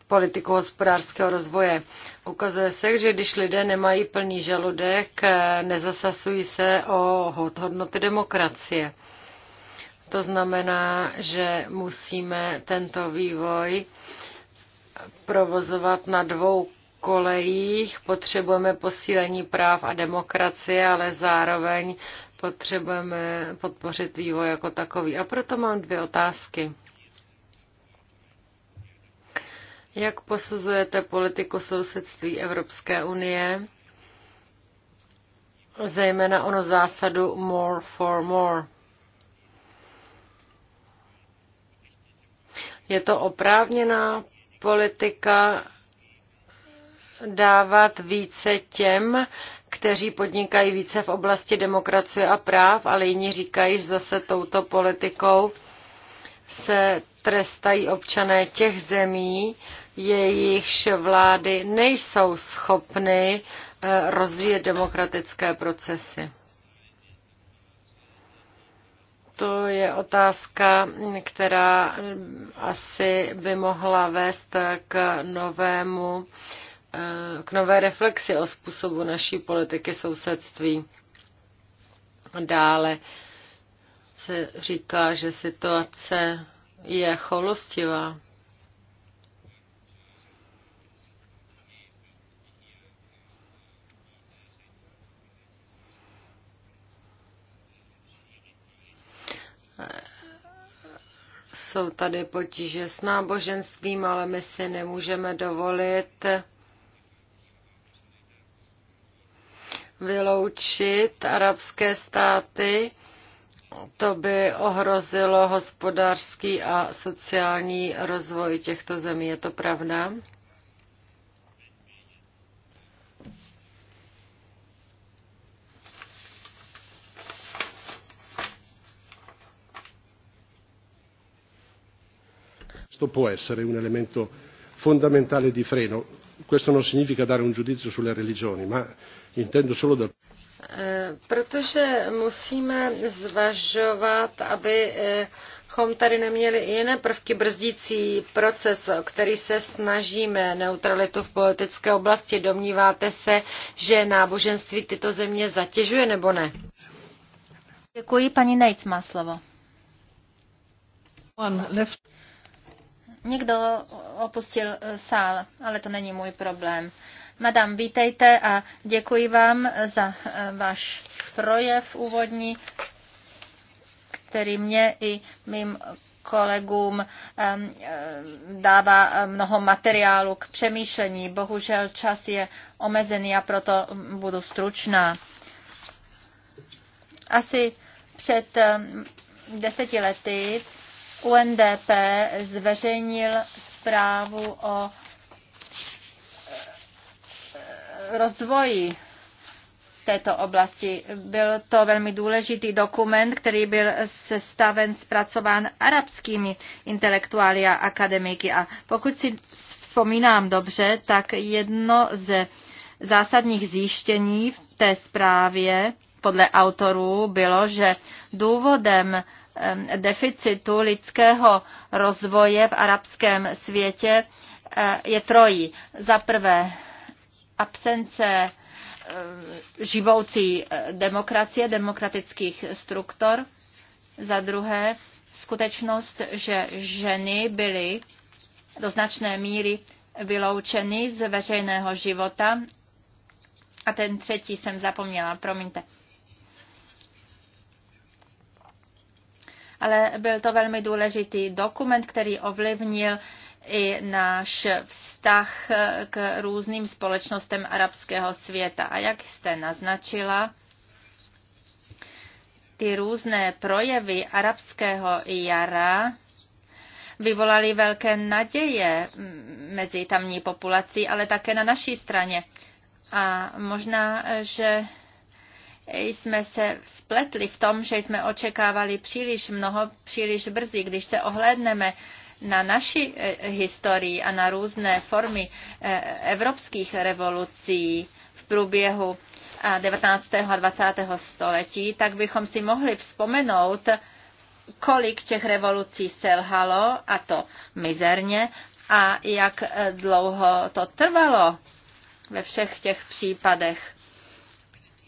politiku hospodářského rozvoje. Ukazuje se, že když lidé nemají plný žaludek, eh, nezasasují se o hodnoty demokracie. To znamená, že musíme tento vývoj provozovat na dvou kolejích, potřebujeme posílení práv a demokracie, ale zároveň potřebujeme podpořit vývoj jako takový. A proto mám dvě otázky. Jak posuzujete politiku sousedství Evropské unie, zejména ono zásadu more for more? Je to oprávněná politika dávat více těm, kteří podnikají více v oblasti demokracie a práv, ale jiní říkají, že zase touto politikou se trestají občané těch zemí, jejichž vlády nejsou schopny eh, rozvíjet demokratické procesy. To je otázka, která asi by mohla vést k novému k nové reflexi o způsobu naší politiky sousedství. Dále se říká, že situace je cholostivá. Jsou tady potíže s náboženstvím, ale my si nemůžeme dovolit vyloučit arabské státy, to by ohrozilo hospodářský a sociální rozvoj těchto zemí. Je to pravda? To può essere un elemento fondamentale di freno. questo non significa dare un giudizio sulle religioni ma Intendo solo da... Eh, protože musíme zvažovat, aby abychom eh, tady neměli i jiné prvky brzdící proces, o který se snažíme, neutralitu v politické oblasti. Domníváte se, že náboženství tyto země zatěžuje nebo ne? Děkuji, paní Nejc má slovo. Někdo opustil eh, sál, ale to není můj problém. Madam, vítejte a děkuji vám za eh, váš projev úvodní, který mě i mým kolegům eh, dává eh, mnoho materiálu k přemýšlení. Bohužel čas je omezený a proto budu stručná. Asi před deseti lety UNDP zveřejnil zprávu o rozvoji této oblasti. Byl to velmi důležitý dokument, který byl sestaven, zpracován arabskými intelektuály a akademiky. A pokud si vzpomínám dobře, tak jedno ze zásadních zjištění v té zprávě podle autorů bylo, že důvodem deficitu lidského rozvoje v arabském světě eh, je trojí. Za prvé absence eh, živoucí eh, demokracie, demokratických struktur. Za druhé, skutečnost, že ženy byly do značné míry vyloučeny z veřejného života. A ten třetí jsem zapomněla, promiňte. Ale byl to velmi důležitý dokument, který ovlivnil i náš vztah k různým společnostem arabského světa. A jak jste naznačila, ty různé projevy arabského jara vyvolaly velké naděje mezi tamní populací, ale také na naší straně. A možná, že jsme se spletli v tom, že jsme očekávali příliš mnoho, příliš brzy. Když se ohlédneme na naši eh, historii a na různé formy eh, evropských revolucí v průběhu 19. Eh, a 20. století, tak bychom si mohli vzpomenout, kolik těch revolucí selhalo, a to mizerně, a jak dlouho to trvalo ve všech těch případech,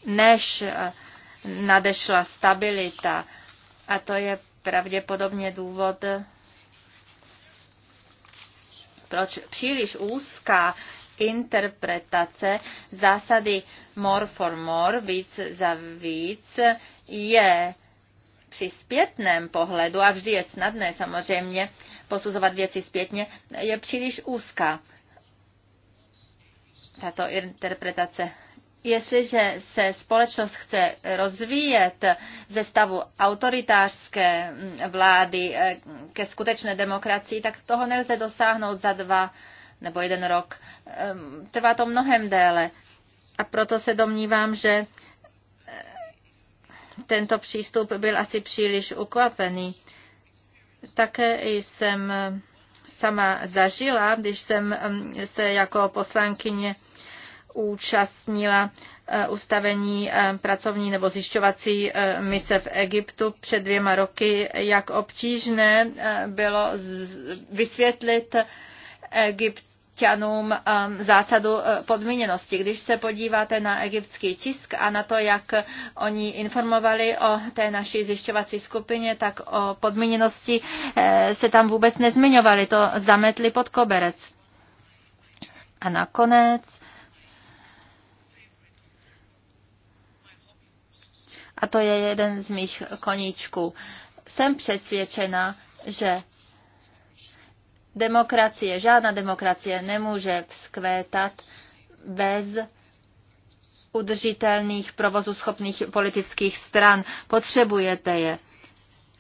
než nadešla stabilita. A to je pravděpodobně důvod, proč příliš úzká interpretace zásady more for more, víc za víc, je při zpětném pohledu, a vždy je snadné samozřejmě posuzovat věci zpětně, je příliš úzká tato interpretace Jestliže se společnost chce rozvíjet ze stavu autoritářské vlády eh, ke skutečné demokracii, tak toho nelze dosáhnout za dva nebo jeden rok. Ehm, trvá to mnohem déle. A proto se domnívám, že eh, tento přístup byl asi příliš ukvapený. Také jsem eh, sama zažila, když jsem ehm, se jako poslankyně účastnila eh, ustavení eh, pracovní nebo zjišťovací eh, mise v Egyptu před dvěma roky, jak obtížné bylo vysvětlit Egypt Egyptianům zásadu podmíněnosti. Když se podíváte na egyptský tisk a na to, jak oni informovali o té naší zjišťovací skupině, tak o podmíněnosti se tam vůbec nezmiňovali, to zametli pod koberec. A nakonec a to je jeden z mých koníčků. Jsem přesvědčena, že demokracie, žádná demokracie nemůže vzkvétat bez udržitelných provozuschopných politických stran. Potřebujete je.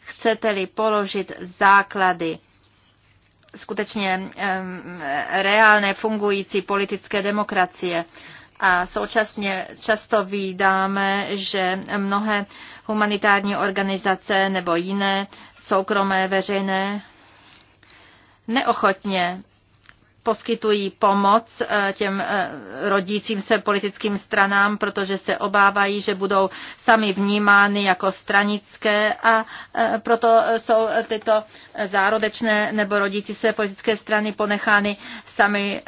Chcete-li položit základy skutečně um, reálné fungující politické demokracie, a současně často vídáme, že mnohé humanitární organizace nebo jiné soukromé veřejné neochotně poskytují pomoc eh, těm eh, rodícím se politickým stranám, protože se obávají, že budou sami vnímány jako stranické a eh, proto jsou tyto zárodečné nebo rodící se politické strany ponechány sami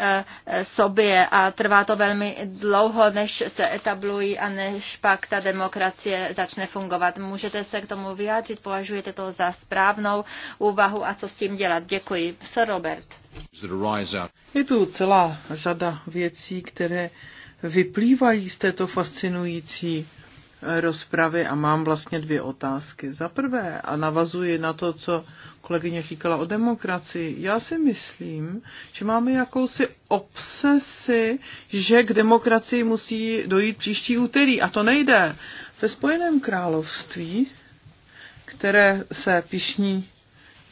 sobě a trvá to velmi dlouho, než se etablují a než pak ta demokracie začne fungovat. Můžete se k tomu vyjádřit, považujete to za správnou úvahu a co s tím dělat. Děkuji. Sir Robert. Je tu celá řada věcí, které vyplývají z této fascinující eh, rozpravy a mám vlastně dvě otázky. Za prvé, a navazuji na to, co kolegyně říkala o demokracii, já si myslím, že máme jakousi obsesi, že k demokracii musí dojít příští úterý a to nejde. Ve Spojeném království, které se pišní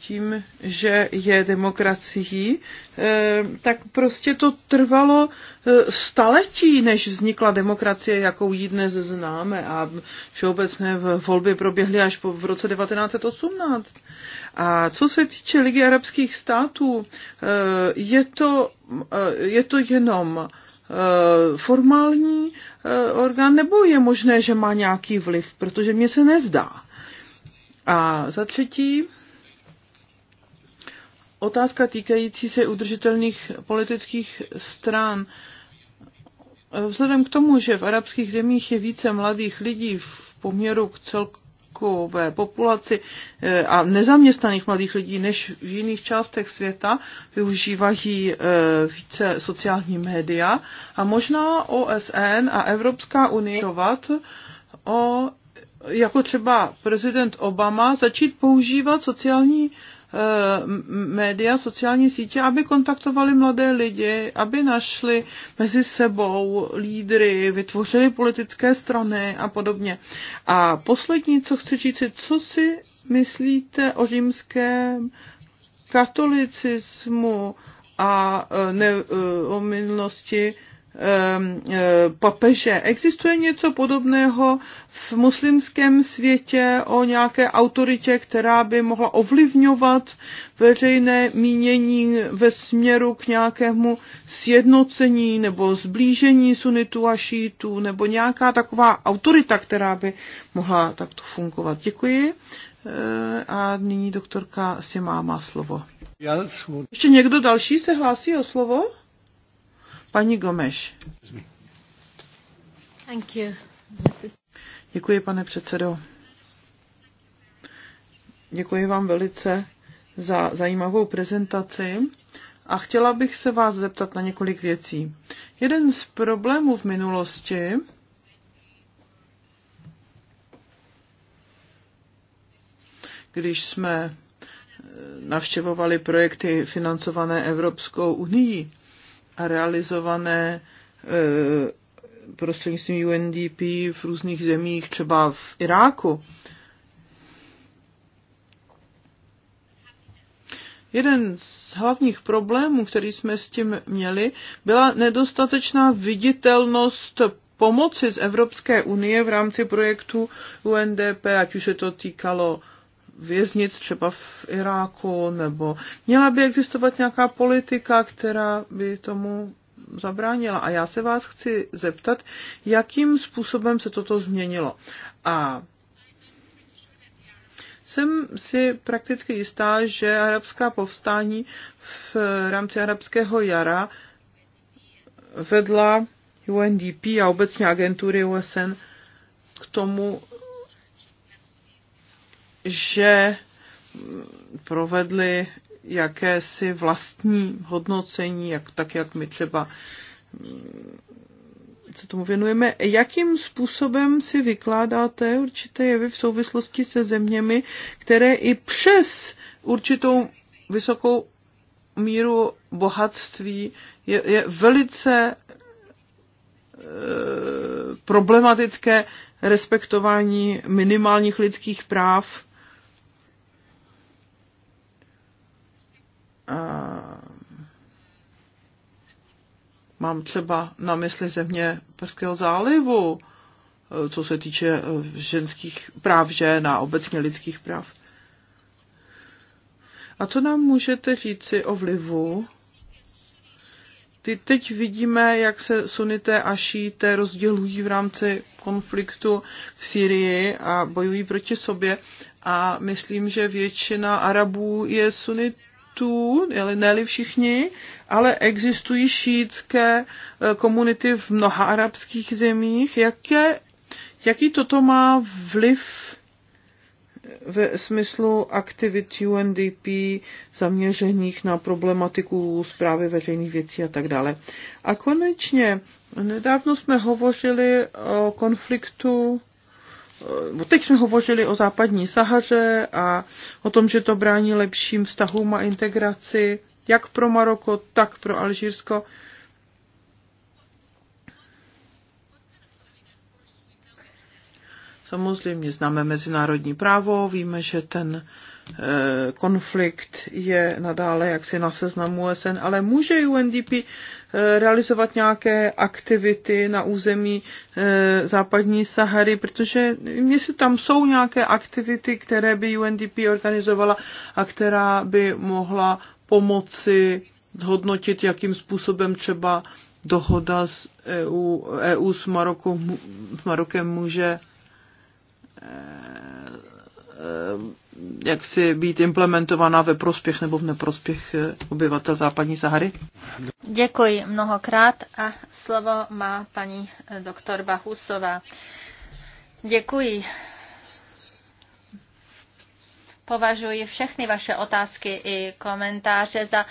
tím, že je demokracií, eh, tak prostě to trvalo eh, staletí, než vznikla demokracie, jakou ji dnes známe a všeobecné volby proběhly až v roce 1918. A co se týče Ligy arabských států, eh, je to, je to jenom formální orgán, nebo je možné, že má nějaký vliv, protože mně se nezdá. A za třetí, Otázka týkající se udržitelných politických stran. Vzhledem k tomu, že v arabských zemích je více mladých lidí v poměru k celkové populaci eh, a nezaměstnaných mladých lidí než v jiných částech světa, využívají eh, více sociální média a možná OSN a Evropská unie o jako třeba prezident Obama začít používat sociální Eh, média, sociální sítě, aby kontaktovali mladé lidi, aby našli mezi sebou lídry, vytvořili politické strany a podobně. A poslední, co chci říct, co si myslíte o římském katolicismu a eh, ne, eh, o minulosti Ehm, eh, papeže. Existuje něco podobného v muslimském světě o nějaké autoritě, která by mohla ovlivňovat veřejné mínění ve směru k nějakému sjednocení nebo zblížení sunitu a šítu, nebo nějaká taková autorita, která by mohla takto fungovat. Děkuji. Eh, a nyní doktorka si má, má slovo. Ještě někdo další se hlásí o slovo? Paní Gomeš. Děkuji, pane předsedo. Děkuji vám velice za zajímavou prezentaci a chtěla bych se vás zeptat na několik věcí. Jeden z problémů v minulosti když jsme eh, navštěvovali projekty financované Evropskou unii, a realizované e, prostřednictvím UNDP v různých zemích, třeba v Iráku. Jeden z hlavních problémů, který jsme s tím měli, byla nedostatečná viditelnost pomoci z Evropské unie v rámci projektu UNDP, ať už se to týkalo věznic třeba v Iráku, nebo měla by existovat nějaká politika, která by tomu zabránila. A já se vás chci zeptat, jakým způsobem se toto změnilo. A jsem si prakticky jistá, že arabská povstání v rámci arabského jara vedla UNDP a obecně agentury USN k tomu, že provedli jakési vlastní hodnocení, jak, tak jak my třeba mm, se tomu věnujeme. Jakým způsobem si vykládáte určité jevy v souvislosti se zeměmi, které i přes určitou vysokou míru bohatství je, je velice e, problematické respektování minimálních lidských práv mám třeba na mysli země Perského zálivu, co se týče eh, ženských práv žen a obecně lidských práv. A co nám můžete říci o vlivu? Ty teď vidíme, jak se sunité a šíité rozdělují v rámci konfliktu v Syrii a bojují proti sobě. A myslím, že většina Arabů je sunit, sunitů, ne všichni, ale existují šítské eh, komunity v mnoha arabských zemích. je, jaký toto má vliv eh, ve smyslu aktivit UNDP zaměřených na problematiku zprávy veřejných věcí a tak dále. A konečně, nedávno jsme hovořili o konfliktu Eh, teď jsme hovořili o západní Sahaře a o tom, že to brání lepším vztahům a integraci jak pro Maroko, tak pro Alžírsko. Samozřejmě známe mezinárodní právo, víme, že ten Eh, konflikt je nadále jaksi na seznamu OSN, ale může UNDP eh, realizovat nějaké aktivity na území eh, západní Sahary, protože jestli tam jsou nějaké aktivity, které by UNDP organizovala a která by mohla pomoci zhodnotit, jakým způsobem třeba dohoda s EU, EU s, Maroku, s Marokem může Eh, jak si být implementovaná ve prospěch nebo v neprospěch eh, obyvatel západní Sahary? Děkuji mnohokrát a slovo má paní eh, doktor Bahusová. Děkuji. Považuji všechny vaše otázky i komentáře za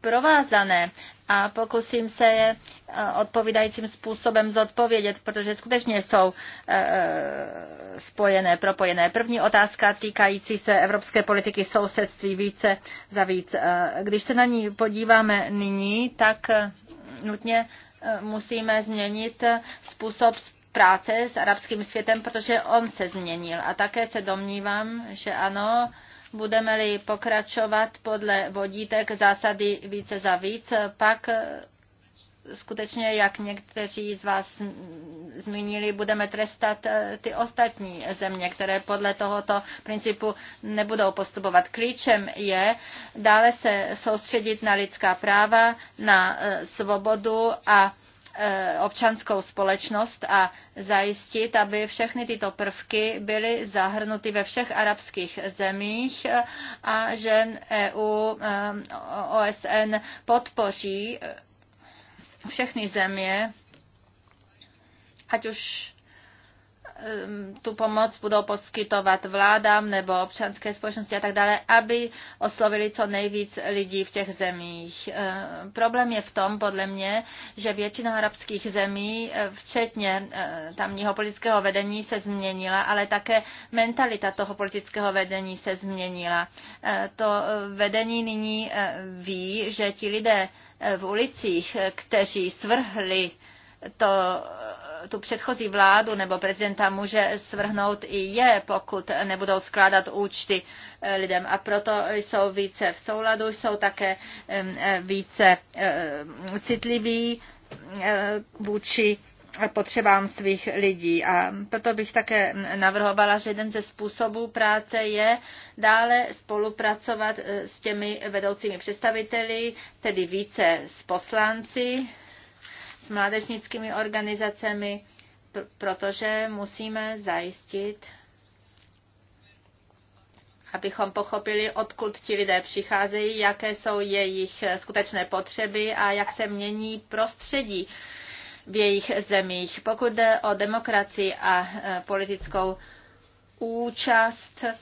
provázané a pokusím se je eh, odpovídajícím způsobem zodpovědět, protože skutečně jsou eh, eh, spojené, propojené. První otázka týkající se evropské politiky sousedství více za víc. Když se na ní podíváme nyní, tak nutně musíme změnit způsob práce s arabským světem, protože on se změnil. A také se domnívám, že ano, Budeme-li pokračovat podle vodítek zásady více za víc, pak eh, skutečně, jak někteří z vás zmínili, budeme trestat eh, ty ostatní země, které podle tohoto principu nebudou postupovat. Klíčem je dále se soustředit na lidská práva, na eh, svobodu a Eh, občanskou společnost a zajistit, aby všechny tyto prvky byly zahrnuty ve všech arabských zemích a že EU, eh, OSN podpoří všechny země, ať už Ehm, tu pomoc budou poskytovat vládám nebo občanské společnosti a tak dále, aby oslovili co nejvíc lidí v těch zemích. Ehm, problém je v tom, podle mě, že většina arabských zemí, eh, včetně eh, tamního politického vedení, se změnila, ale také mentalita toho politického vedení se změnila. Eh, to vedení nyní ví, že ti lidé v ulicích, kteří svrhli to tu předchozí vládu nebo prezidenta může svrhnout i je, pokud nebudou skládat účty eh, lidem. A proto jsou více v souladu, jsou také eh, více eh, citliví vůči potřebám svých lidí. A proto bych také navrhovala, že jeden ze způsobů práce je dále spolupracovat s těmi vedoucími představiteli, tedy více s poslanci, mládežnickými organizacemi, protože musíme zajistit, abychom pochopili, odkud ti lidé přicházejí, jaké jsou jejich skutečné potřeby a jak se mění prostředí v jejich zemích. Pokud jde o demokracii a e, politickou účast, e,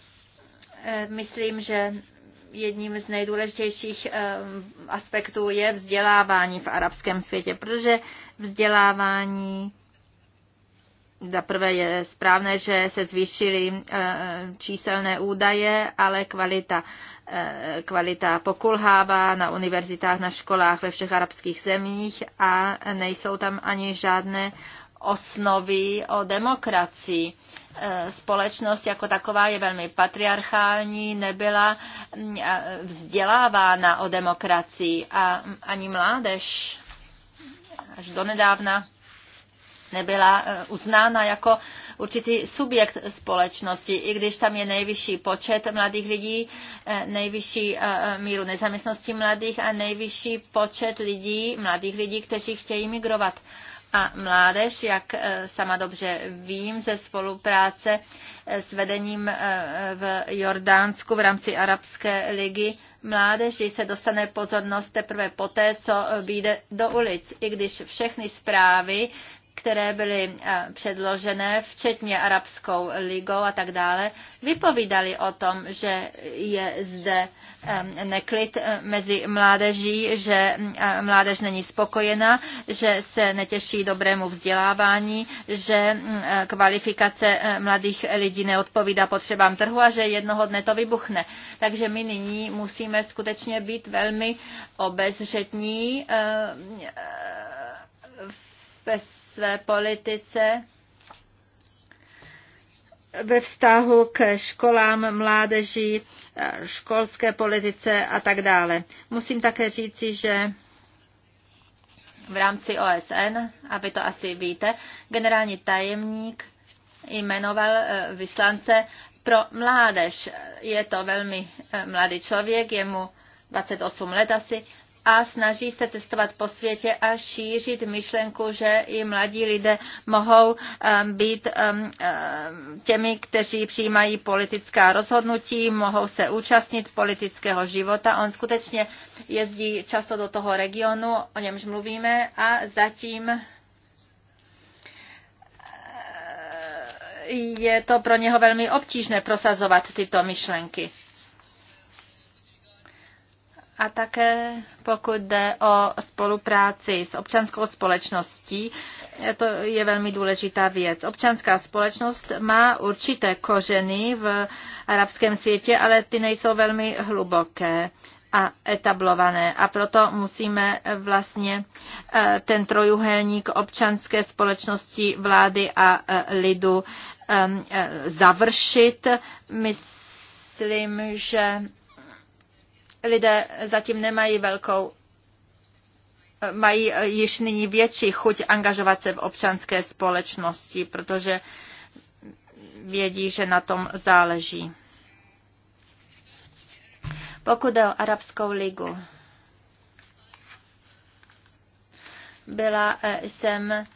myslím, že jedním z nejdůležitějších eh, aspektů je vzdělávání v arabském světě, protože vzdělávání za prvé je správné, že se zvýšily eh, číselné údaje, ale kvalita, eh, kvalita pokulhává na univerzitách, na školách ve všech arabských zemích a nejsou tam ani žádné osnovy o demokracii. E, společnost jako taková je velmi patriarchální, nebyla mm, vzdělávána o demokracii a mm, ani mládež až donedávna nebyla e, uznána jako určitý subjekt společnosti, i když tam je nejvyšší počet mladých lidí, e, nejvyšší míru nezaměstnosti mladých a nejvyšší počet lidí, mladých lidí, kteří chtějí migrovat a mládež, jak eh, sama dobře vím, ze spolupráce eh, s vedením eh, v Jordánsku v rámci Arabské ligy mládeži se dostane pozornost teprve poté, co vyjde do ulic. I když všechny zprávy které byly eh, předložené, včetně Arabskou ligou a tak dále, vypovídali o tom, že je zde eh, neklid eh, mezi mládeží, že mládež není spokojena, že se netěší dobrému vzdělávání, že kvalifikace mladých lidí neodpovídá potřebám trhu a že jednoho dne to vybuchne. Takže my nyní musíme skutečně být velmi obezřetní v ve své politice ve vztahu k školám, mládeži, školské politice a tak dále. Musím také říci, že v rámci OSN, a vy to asi víte, generální tajemník jmenoval eh, vyslance pro mládež. Je to velmi eh, mladý člověk, je mu 28 let asi, a snaží se cestovat po světě a šířit myšlenku, že i mladí lidé mohou ehm, být ehm, ehm, těmi, kteří přijímají politická rozhodnutí, mohou se účastnit politického života. On skutečně jezdí často do toho regionu, o němž mluvíme a zatím je to pro něho velmi obtížné prosazovat tyto myšlenky a také pokud jde o spolupráci s občanskou společností, to je velmi důležitá věc. Občanská společnost má určité kořeny v arabském světě, ale ty nejsou velmi hluboké a etablované. A proto musíme vlastně eh, ten trojuhelník občanské společnosti, vlády a eh, lidu eh, završit. Myslím, že lidé zatím nemají velkou mají již nyní větší chuť angažovat se v občanské společnosti, protože vědí, že na tom záleží. Pokud o Arabskou ligu, byla eh, jsem eh,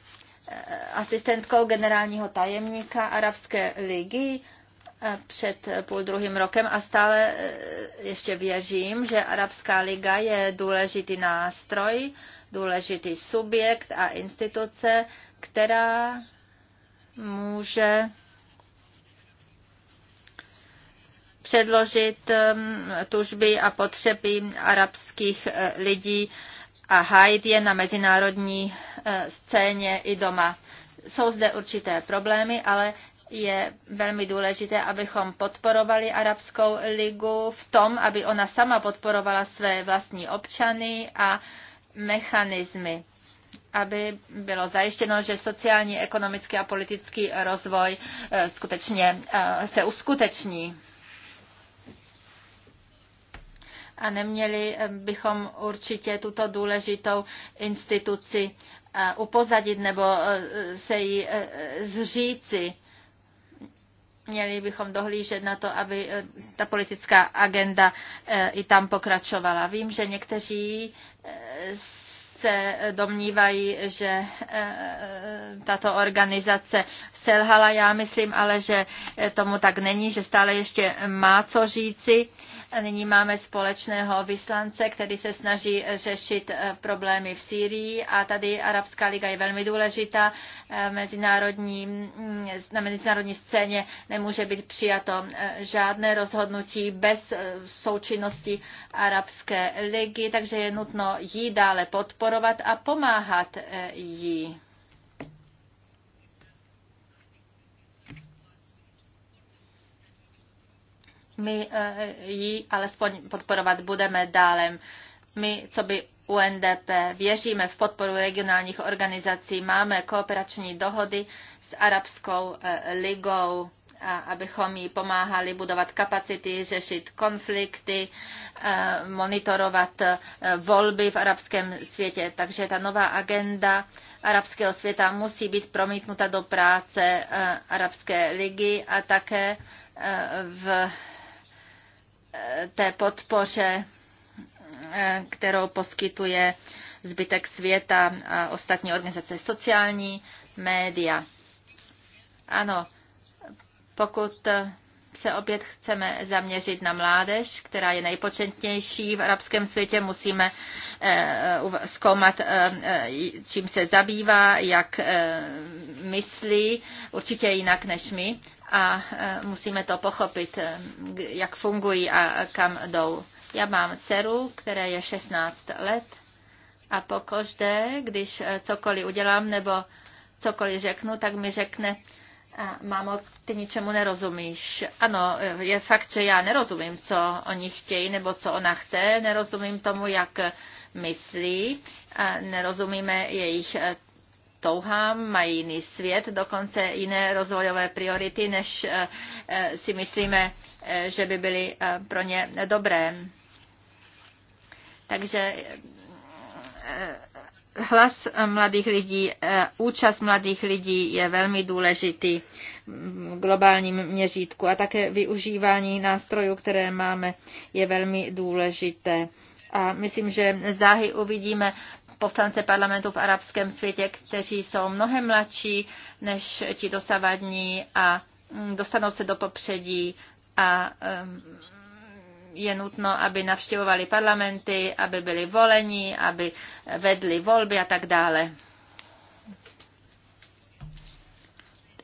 asistentkou generálního tajemníka Arabské ligy před půl druhým rokem a stále eh, ještě věřím, že Arabská liga je důležitý nástroj, důležitý subjekt a instituce, která může předložit ehm, tužby a potřeby arabských eh, lidí a hájit je na mezinárodní eh, scéně i doma. Jsou zde určité problémy, ale je velmi důležité, abychom podporovali Arabskou ligu v tom, aby ona sama podporovala své vlastní občany a mechanismy aby bylo zajištěno, že sociální, ekonomický a politický rozvoj eh, skutečně eh, se uskuteční. A neměli eh, bychom určitě tuto důležitou instituci upozadit nebo se jí zříci Měli bychom dohlížet na to, aby eh, ta politická agenda eh, i tam pokračovala. Vím, že někteří eh, se domnívají, že tato organizace selhala. Já myslím ale, že tomu tak není, že stále ještě má co říci Nyní máme společného vyslance, který se snaží řešit eh, problémy v Sýrii a tady Arabská liga je velmi důležitá. Eh, mezinárodní, mm, na mezinárodní scéně nemůže být přijato eh, žádné rozhodnutí bez součinnosti Arabské ligy, takže je nutno ji dále podporovat a pomáhat jí. My eh, ji alespoň podporovat budeme dále. My, co by UNDP, věříme v podporu regionálních organizací, máme kooperační dohody s Arabskou eh, ligou abychom jí pomáhali budovat kapacity, řešit konflikty, eh, monitorovat volby v arabském světě. Takže ta nová agenda arabského světa musí být promítnuta do práce Arabské ligy a také v té podpoře, eh, kterou poskytuje zbytek světa a ostatní organizace sociální média. Ano, pokud se opět chceme zaměřit na mládež, která je nejpočetnější v arabském světě, musíme eh, zkoumat, eh, čím se zabývá, jak myslí, určitě jinak než my a e, musíme to pochopit, e, jak fungují a kam jdou. Já mám dceru, která je 16 let a pokaždé, když e, cokoliv udělám nebo cokoliv řeknu, tak mi řekne, Mámo, ty ničemu nerozumíš. Ano, je fakt, že já nerozumím, co oni chtějí nebo co ona chce, nerozumím tomu, jak myslí, nerozumíme jejich touhám, mají jiný svět, dokonce jiné rozvojové priority, než eh, eh, si myslíme, eh, že by byly pro ně dobré. Takže hlas mladých lidí, účast mladých lidí je velmi důležitý v globálním měřítku a také využívání nástrojů, které máme, je velmi důležité. A myslím, že záhy uvidíme poslance parlamentu v arabském světě, kteří jsou mnohem mladší než ti dosavadní a mm, dostanou se do popředí a mm, je nutno, aby navštěvovali parlamenty, aby byli voleni, aby vedli volby a tak dále.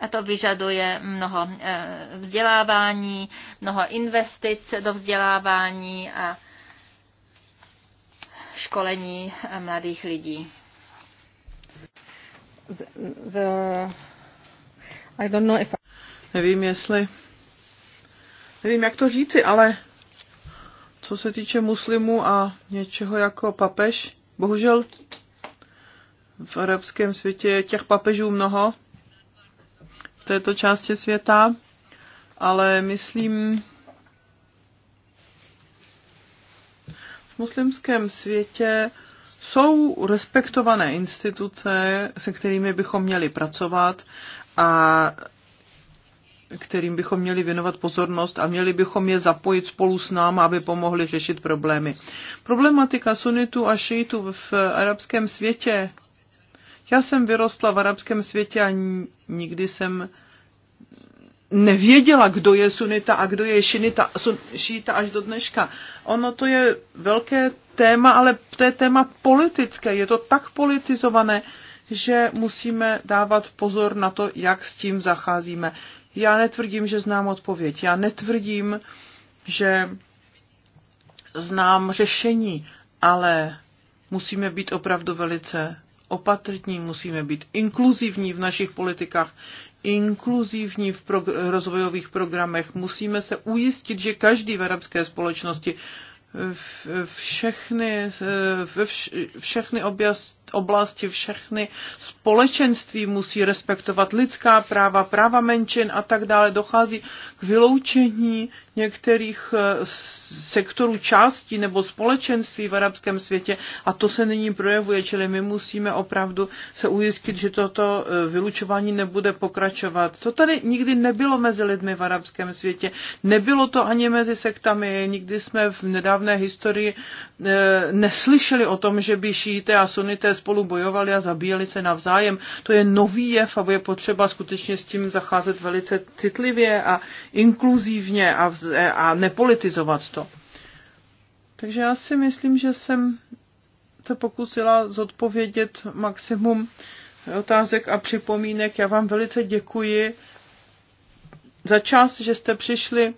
A to vyžaduje mnoho eh, vzdělávání, mnoho investic do vzdělávání a školení eh, mladých lidí. The, the, I don't know if I... Nevím, jestli... Nevím, jak to říci, ale co se týče muslimů a něčeho jako papež, bohužel v arabském světě je těch papežů mnoho v této části světa, ale myslím, muslimském světě jsou respektované instituce, se kterými bychom měli pracovat a kterým bychom měli věnovat pozornost a měli bychom je zapojit spolu s námi, aby pomohli řešit problémy. Problematika sunitu a šiitu v arabském světě. Já jsem vyrostla v arabském světě a nikdy jsem nevěděla, kdo je sunita a kdo je šinita, sun, šíta až do dneška. Ono to je velké téma, ale to je téma politické. Je to tak politizované, že musíme dávat pozor na to, jak s tím zacházíme. Já netvrdím, že znám odpověď. Já netvrdím, že znám řešení, ale musíme být opravdu velice opatrní, musíme být inkluzivní v našich politikách inkluzivní v prog- rozvojových programech. Musíme se ujistit, že každý v arabské společnosti všechny, vš, všechny oblast, oblasti všechny společenství musí respektovat lidská práva, práva menšin a tak dále. Dochází k vyloučení některých eh, sektorů částí nebo společenství v arabském světě a to se nyní projevuje, čili my musíme opravdu se ujistit, že toto eh, vylučování nebude pokračovat. To tady nikdy nebylo mezi lidmi v arabském světě, nebylo to ani mezi sektami, nikdy jsme v nedávné historii eh, neslyšeli o tom, že by šíité a sunité spolu bojovali a zabíjeli se navzájem. To je nový jev a je potřeba skutečně s tím zacházet velice citlivě a inkluzívně a, a nepolitizovat to. Takže já si myslím, že jsem se pokusila zodpovědět maximum otázek a připomínek. Já vám velice děkuji za čas, že jste přišli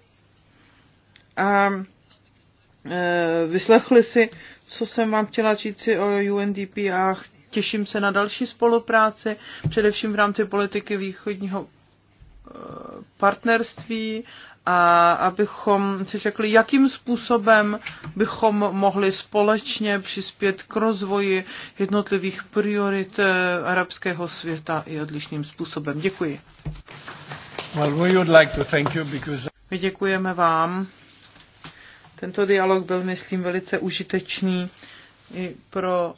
a e, vyslechli si co jsem vám chtěla si o UNDP a těším se na další spolupráci, především v rámci politiky východního eh, partnerství a abychom si řekli, jakým způsobem bychom mohli společně přispět k rozvoji jednotlivých priorit eh, arabského světa i odlišným způsobem. Děkuji. Well, we would like to thank you because... My děkujeme vám, tento dialog byl, myslím, velice užitečný i pro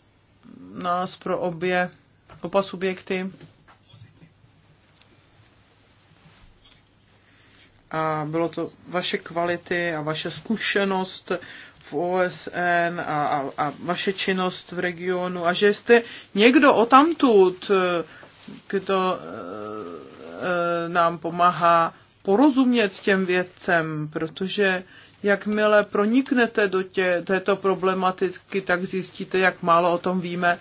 nás, pro obě, oba subjekty. A bylo to vaše kvality a vaše zkušenost v OSN a, a, a vaše činnost v regionu a že jste někdo o tamtud, kdo e, nám pomáhá porozumět těm věcem, protože Jakmile proniknete do tě, této problematiky, tak zjistíte, jak málo o tom víme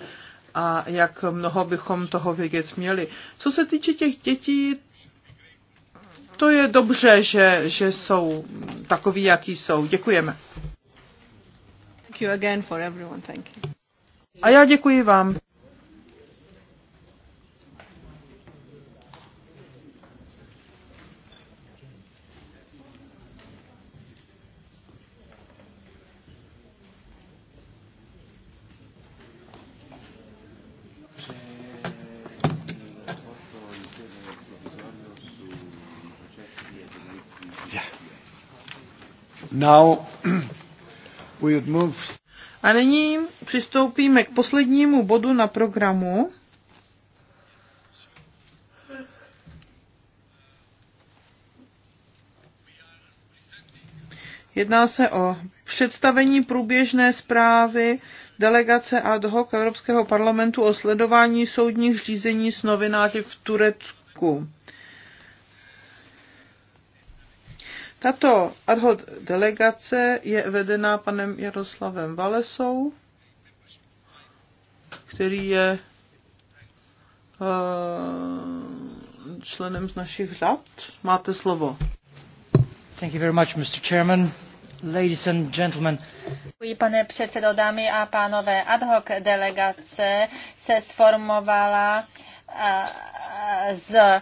a jak mnoho bychom toho vědět měli. Co se týče těch dětí, to je dobře, že, že jsou takový, jaký jsou. Děkujeme. Thank you again for everyone. Thank you. A já děkuji vám. Now we would move... A nyní přistoupíme k poslednímu bodu na programu. Jedná se o představení průběžné zprávy delegace ad hoc Evropského parlamentu o sledování soudních řízení s novináři v Turecku. Tato ad hoc delegace je vedená panem Jaroslavem Valesou, který je eh, členem z našich řad. Máte slovo. Thank you very much, Mr. Chairman. Ladies and gentlemen. Děkuji, pane předsedo, dámy a pánové. Ad hoc delegace se sformovala eh, z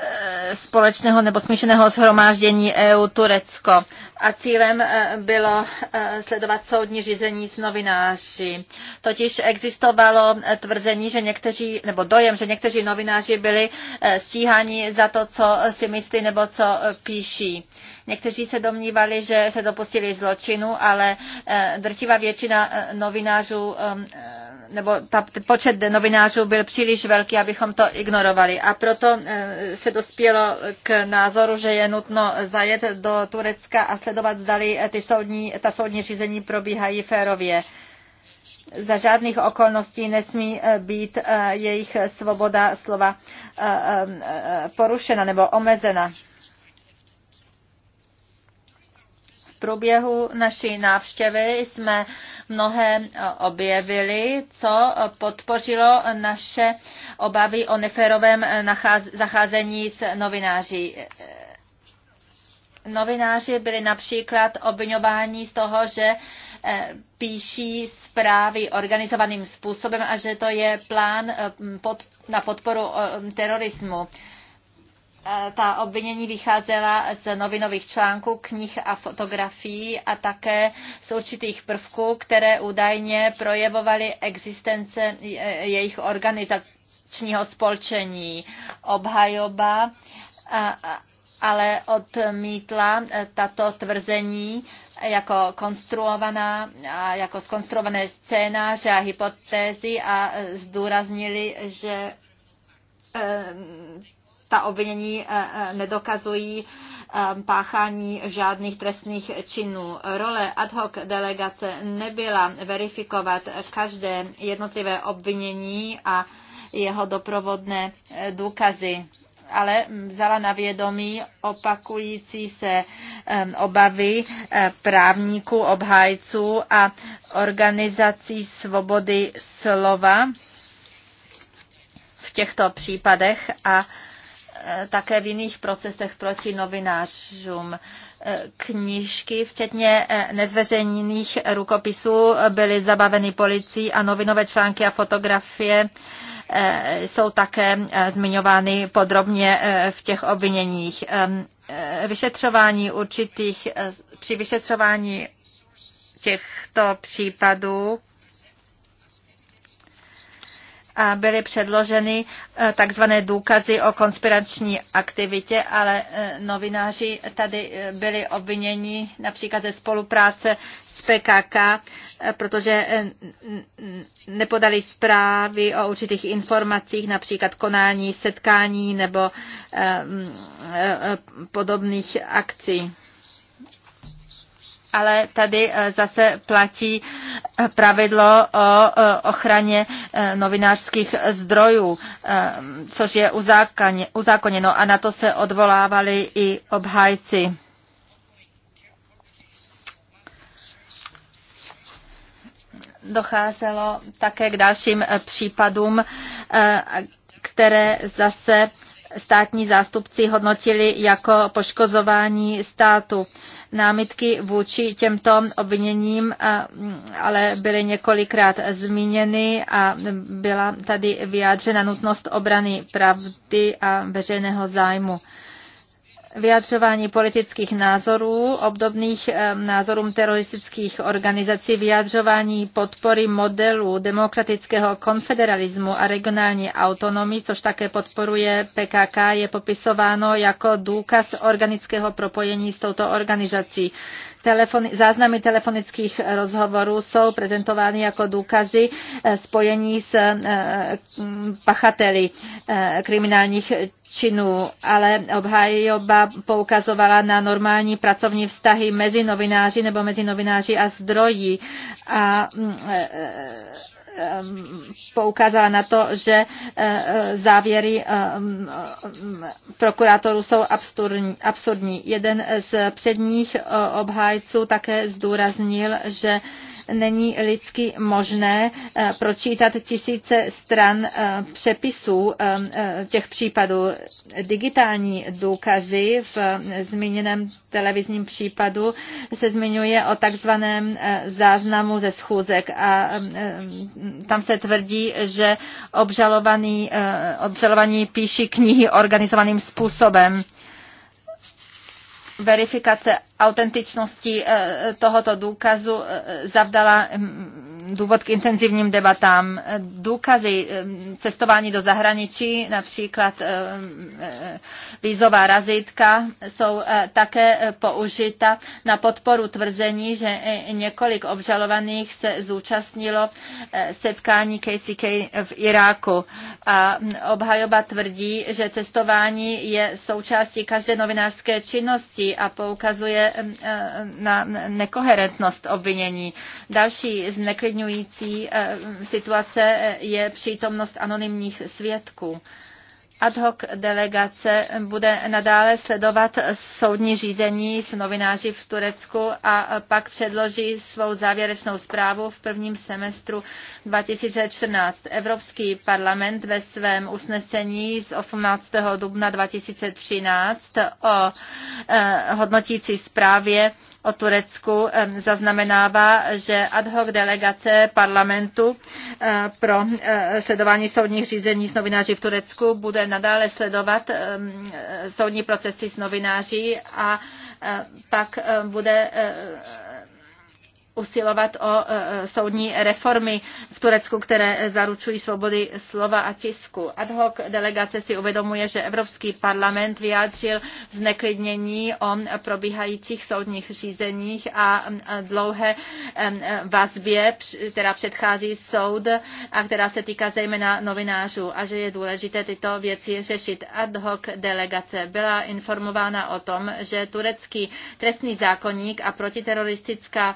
Eh, společného nebo smíšeného shromáždění EU-Turecko. A cílem eh, bylo eh, sledovat soudní řízení s novináři. Totiž existovalo tvrzení, že někteří, nebo dojem, že někteří novináři byli stíháni za to, co si myslí nebo co píší. Někteří se domnívali, že se dopustili zločinu, ale drtivá většina novinářů nebo ta, počet novinářů byl příliš velký, abychom to ignorovali. A proto eh, se dospělo k názoru, že je nutno zajet do Turecka a sledovat, zdali eh, ty soudní, ta soudní řízení probíhají férově. Za žádných okolností nesmí eh, být jejich svoboda slova porušena nebo omezena. průběhu naší návštěvy jsme mnohé e, objevili, co podpořilo naše obavy o neférovém e, zacházení s novináři. E, novináři byli například obvinováni z toho, že píší zprávy organizovaným způsobem a že to je plán pod, na podporu terorismu ta obvinění vycházela z novinových článků, knih a fotografií a také z určitých prvků, které údajně projevovaly existence jejich organizačního spolčení. Obhajoba ale odmítla tato tvrzení jako konstruovaná, jako skonstruované scénáře a hypotézy a zdůraznili, že ta obvinění eh, eh, nedokazují eh, páchání žádných trestných činů. Role ad hoc delegace nebyla verifikovat každé jednotlivé obvinění a jeho doprovodné důkazy ale vzala na vědomí opakující se obavy právníků, obhájců a organizací svobody slova v těchto případech a také v jiných procesech proti novinářům. E, knižky, včetně e, nezveřejněných rukopisů, byly zabaveny policií a novinové články a fotografie e, jsou také zmiňovány podrobně v těch obviněních. Vyšetřování určitých, při vyšetřování těchto případů byly předloženy e, takzvané důkazy o konspirační aktivitě, ale e, novináři tady e, byli obviněni například ze spolupráce s PKK, protože nepodali zprávy o určitých informacích, například konání setkání nebo podobných akcí ale tady eh, zase platí eh, pravidlo o eh, ochraně novinářských zdrojů, což je uzákoněno a na to se odvolávali i obhájci. Docházelo také k dalším případům, které zase státní zástupci hodnotili jako poškozování státu. Námitky vůči těmto obviněním mm, ale byly několikrát zmíněny a byla tady vyjádřena nutnost obrany pravdy a veřejného zájmu vyjadřování politických názorů, obdobných eh, názorům teroristických organizací, vyjadřování podpory modelu demokratického konfederalismu a regionální autonomii, což také podporuje PKK, je popisováno jako důkaz organického propojení s touto organizací telefony, záznamy telefonických rozhovorů jsou prezentovány jako důkazy eh, spojení s eh, mm, pachateli eh, kriminálních činů, ale obhajoba poukazovala na normální pracovní vztahy mezi novináři nebo mezi novináři a zdroji a mm, Ehm, poukázala na to, že eh, eh, závěry ehm, ehm, prokurátorů jsou absurdní. Jeden z předních eh, obhájců také zdůraznil, že není lidsky možné pročítat tisíce stran přepisů těch případů. Digitální důkazy v zmíněném televizním případu se zmiňuje o takzvaném záznamu ze schůzek a tam se tvrdí, že obžalovaní, eh, obžalovaní píší knihy organizovaným způsobem verifikace autentičnosti eh, tohoto důkazu eh, zavdala mm, důvod k intenzivním debatám. Důkazy eh, cestování do zahraničí, například vízová razítka, jsou také použita na podporu tvrzení, že několik obžalovaných se zúčastnilo setkání KCK v Iráku. A mm, obhajoba tvrdí, že cestování je součástí každé novinářské činnosti a poukazuje Eh, na nekoherentnost obvinění. Další zneklidňující eh, situace je přítomnost anonymních svědků. Ad hoc delegace bude nadále sledovat soudní řízení s novináři v Turecku a pak předloží svou závěrečnou zprávu v prvním semestru 2014. Evropský parlament ve svém usnesení z 18. dubna 2013 o eh, hodnotící zprávě o Turecku zaznamenává, že ad hoc delegace parlamentu pro sledování soudních řízení s novináři v Turecku bude nadále sledovat soudní procesy s novináři a pak bude usilovat o e, e, soudní reformy v Turecku, které zaručují svobody slova a tisku. Ad hoc delegace si uvědomuje, že Evropský parlament vyjádřil zneklidnění o probíhajících soudních řízeních a dlouhé e, vazbě, která předchází soud a která se týká zejména novinářů a že je důležité tyto věci řešit. Ad hoc delegace byla informována o tom, že turecký trestní zákonník a protiteroristická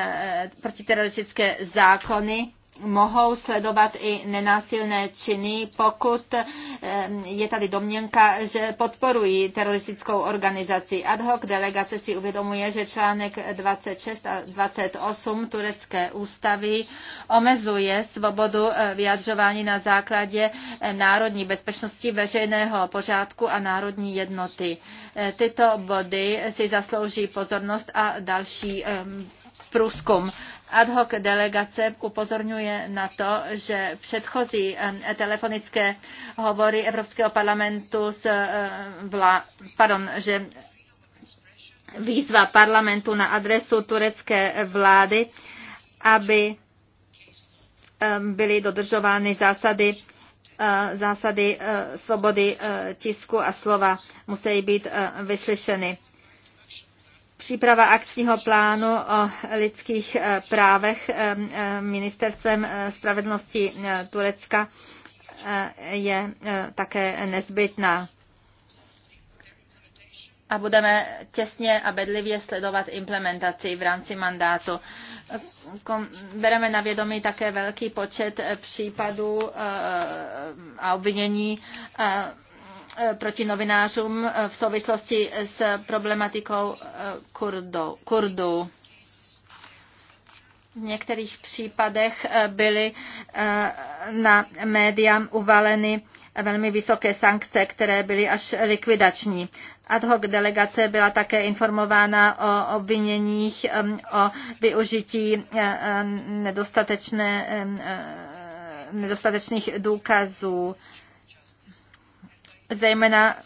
Eh, protiteroristické zákony mohou sledovat i nenásilné činy, pokud eh, je tady domněnka, že podporují teroristickou organizaci. Ad hoc delegace si uvědomuje, že článek 26 a 28 turecké ústavy omezuje svobodu eh, vyjadřování na základě národní bezpečnosti, veřejného pořádku a národní jednoty. Tyto body si zaslouží pozornost a další průzkum. Ad hoc delegace upozorňuje na to, že předchozí telefonické hovory Evropského parlamentu s eh, vla, pardon, že výzva parlamentu na adresu turecké vlády, aby byly dodržovány zásady eh, zásady eh, svobody tisku a slova musí být vyslyšeny. Příprava akčního plánu o lidských eh, právech eh, eh, ministerstvem spravedlnosti Turecka je také nezbytná. A budeme těsně a bedlivě sledovat implementaci v rámci mandátu. Bereme na vědomí také velký počet případů a obvinění Eh, proti novinářům eh, v souvislosti s problematikou eh, Kurdů. V některých případech byly na média uvaleny velmi vysoké sankce, které byly až likvidační. Ad hoc delegace byla také informována o obviněních, o využití nedostatečné, nedostatečných důkazů zejména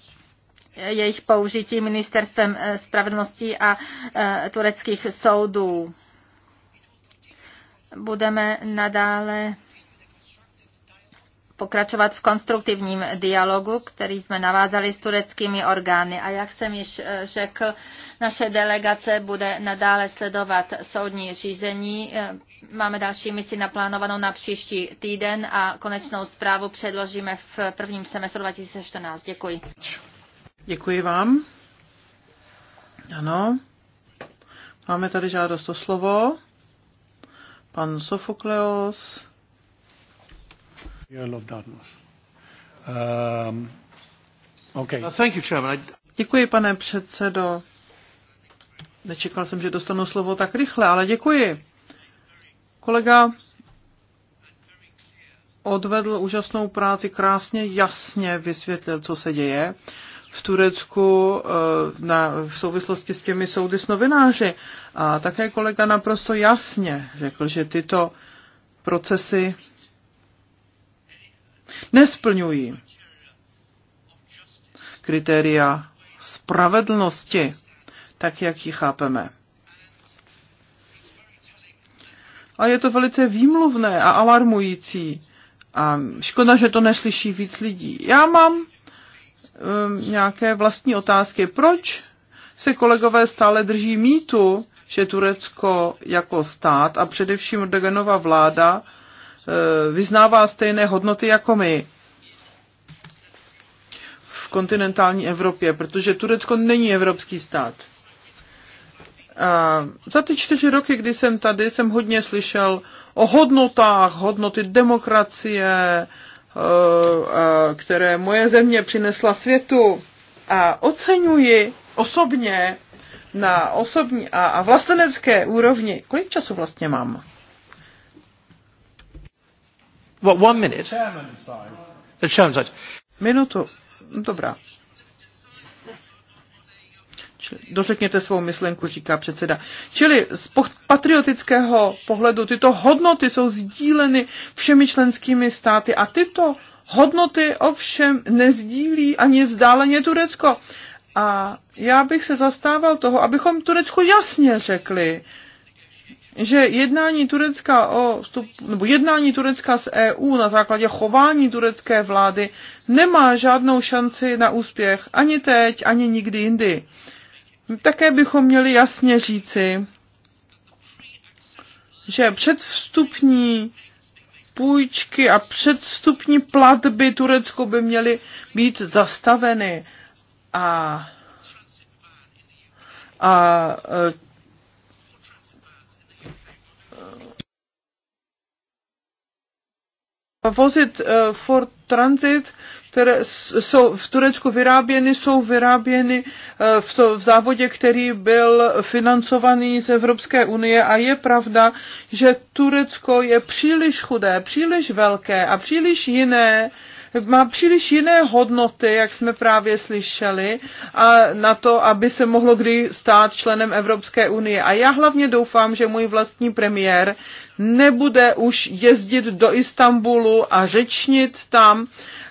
jejich použití ministerstvem eh, spravedlnosti a eh, tureckých soudů. Budeme nadále pokračovat v konstruktivním dialogu, který jsme navázali s tureckými orgány. A jak jsem již eh, řekl, naše delegace bude nadále sledovat soudní řízení. Eh, máme další misi naplánovanou na příští týden a konečnou zprávu předložíme v prvním semestru 2014. Děkuji. Děkuji vám. Ano. Máme tady žádost o slovo. Pan Sofokleos. Um, uh, děkuji, pane předsedo. Nečekal jsem, že dostanu slovo tak rychle, ale děkuji. Kolega odvedl úžasnou práci, krásně, jasně vysvětlil, co se děje v Turecku eh, na, v souvislosti s těmi soudy s novináři. A také kolega naprosto jasně řekl, že tyto procesy nesplňují kritéria spravedlnosti, tak jak ji chápeme. A je to velice výmluvné a alarmující. A škoda, že to neslyší víc lidí. Já mám um, nějaké vlastní otázky. Proč se kolegové stále drží mýtu, že Turecko jako stát a především Erdoganova vláda E, vyznává stejné hodnoty jako my v kontinentální Evropě, protože Turecko není evropský stát. A za ty čtyři roky, kdy jsem tady, jsem hodně slyšel o hodnotách, hodnoty demokracie, e, které moje země přinesla světu. A oceňuji osobně na osobní a, vlastenecké úrovni. Kolik času vlastně mám? What, one minute? The chairman side. Minutu. Dobrá. Dořekněte svou myšlenku, říká předseda. Čili z patriotického pohledu tyto hodnoty jsou sdíleny všemi členskými státy a tyto hodnoty ovšem nezdílí ani vzdáleně Turecko. A já bych se zastával toho, abychom Turecku jasně řekli, že jednání Turecka o vstup, nebo jednání Turecka s EU na základě chování turecké vlády nemá žádnou šanci na úspěch ani teď, ani nikdy jindy. Také bychom měli jasně říci, že předvstupní půjčky a předstupní platby turecko by měly být zastaveny a, a vozit eh, Ford Transit, které jsou v Turecku vyráběny, jsou vyráběny eh, v, to, v závodě, který byl financovaný z Evropské unie a je pravda, že Turecko je příliš chudé, příliš velké a příliš jiné má příliš jiné hodnoty, jak jsme právě slyšeli, a na to, aby se mohlo kdy stát členem Evropské unie. A já hlavně doufám, že můj vlastní premiér nebude už jezdit do Istanbulu a řečnit tam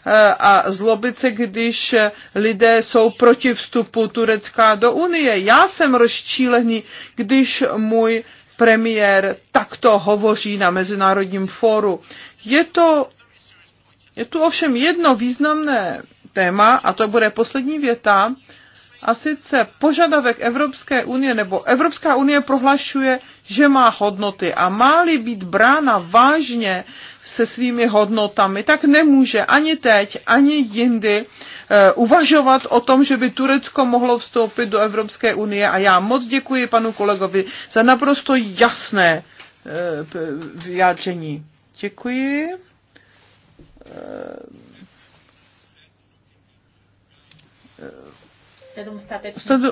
eh, a zlobit se, když lidé jsou proti vstupu Turecka do Unie. Já jsem rozčílený, když můj premiér takto hovoří na Mezinárodním fóru. Je to je tu ovšem jedno významné téma, a to bude poslední věta, a sice požadavek Evropské unie, nebo Evropská unie prohlašuje, že má hodnoty a má-li být brána vážně se svými hodnotami, tak nemůže ani teď, ani jindy eh, uvažovat o tom, že by Turecko mohlo vstoupit do Evropské unie. A já moc děkuji panu kolegovi za naprosto jasné eh, vyjádření. Děkuji. Sedm statečných.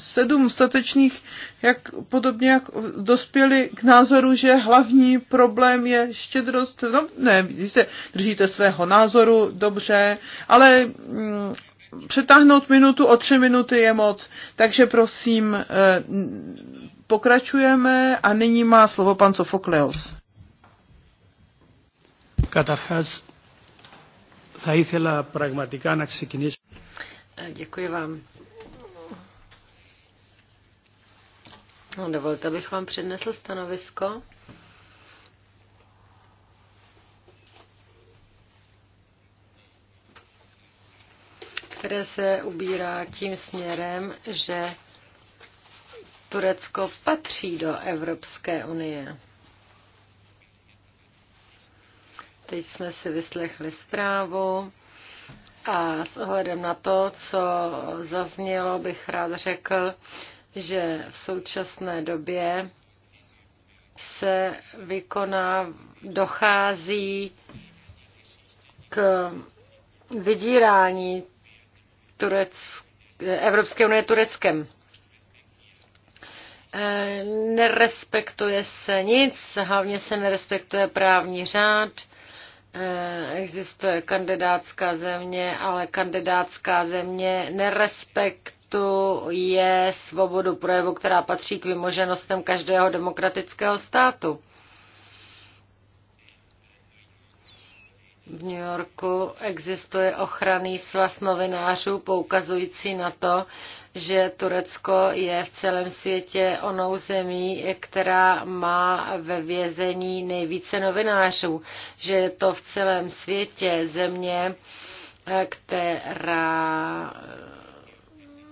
Sedm statečných, jak podobně jak dospěli k názoru, že hlavní problém je štědrost. No ne, když se držíte svého názoru, dobře, ale mm, přetáhnout minutu o tři minuty je moc. Takže prosím, eh, pokračujeme a nyní má slovo pan Sofokleos. Καταρχάς, θα ήθελα πραγματικά να ξεκινήσω. Děkuji vám. No, dovolte, abych vám přednesl stanovisko. které se ubírá tím směrem, že Turecko patří do Evropské unie. Teď jsme si vyslechli zprávu a s ohledem na to, co zaznělo, bych rád řekl, že v současné době se vykoná, dochází k vydírání Tureck, Evropské unie Tureckem. E, nerespektuje se nic, hlavně se nerespektuje právní řád, Eh, existuje kandidátská země, ale kandidátská země nerespektuje svobodu projevu, která patří k vymoženostem každého demokratického státu. v New Yorku existuje ochranný svaz novinářů poukazující na to, že Turecko je v celém světě onou zemí, která má ve vězení nejvíce novinářů, že je to v celém světě země, která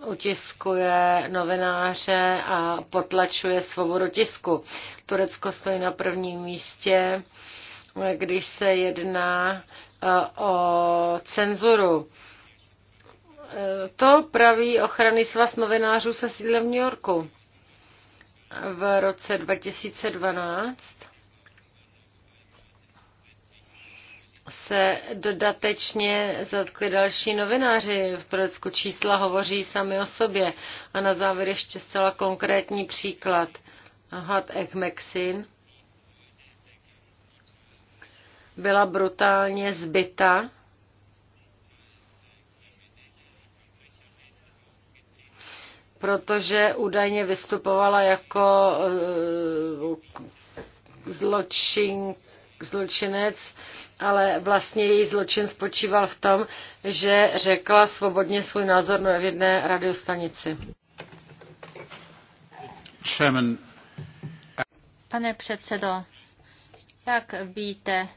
utiskuje novináře a potlačuje svobodu tisku. Turecko stojí na prvním místě když se jedná eh, o cenzuru. Eh, to praví ochrany svaz novinářů se sídlem v New Yorku v roce 2012 se dodatečně zatkli další novináři v Turecku. Čísla hovoří sami o sobě. A na závěr ještě zcela konkrétní příklad. Had Ekmeksin byla brutálně zbyta. protože údajně vystupovala jako eh, zločin, zločinec, ale vlastně její zločin spočíval v tom, že řekla svobodně svůj názor na jedné radiostanici. Pane předsedo, jak víte,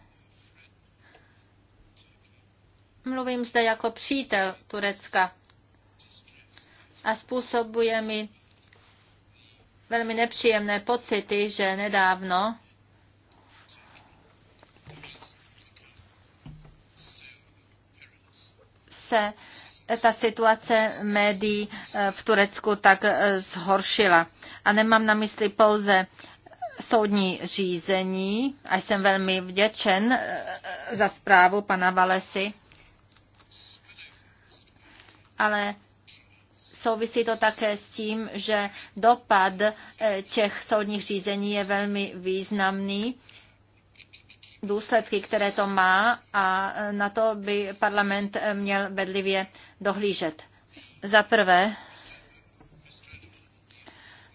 Mluvím zde jako přítel Turecka a způsobuje mi velmi nepříjemné pocity, že nedávno se ta situace médií eh, v Turecku tak eh, zhoršila. A nemám na mysli pouze soudní řízení a jsem velmi vděčen eh, za zprávu pana Valesy ale souvisí to také s tím, že dopad eh, těch soudních řízení je velmi významný důsledky, které to má a eh, na to by parlament eh, měl bedlivě dohlížet. Za prvé,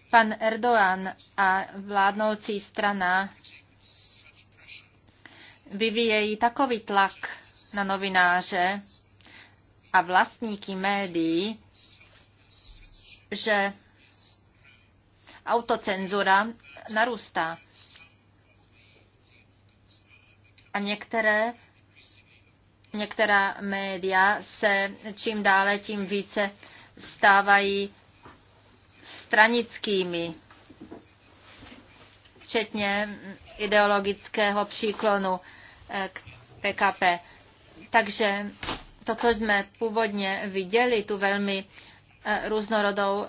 pan Erdogan a vládnoucí strana vyvíjejí takový tlak na novináře, a vlastníky médií, že autocenzura narůstá. A některé, některá média se čím dále tím více stávají stranickými, včetně ideologického příklonu eh, k PKP. Takže to, co jsme původně viděli, tu velmi eh, různorodou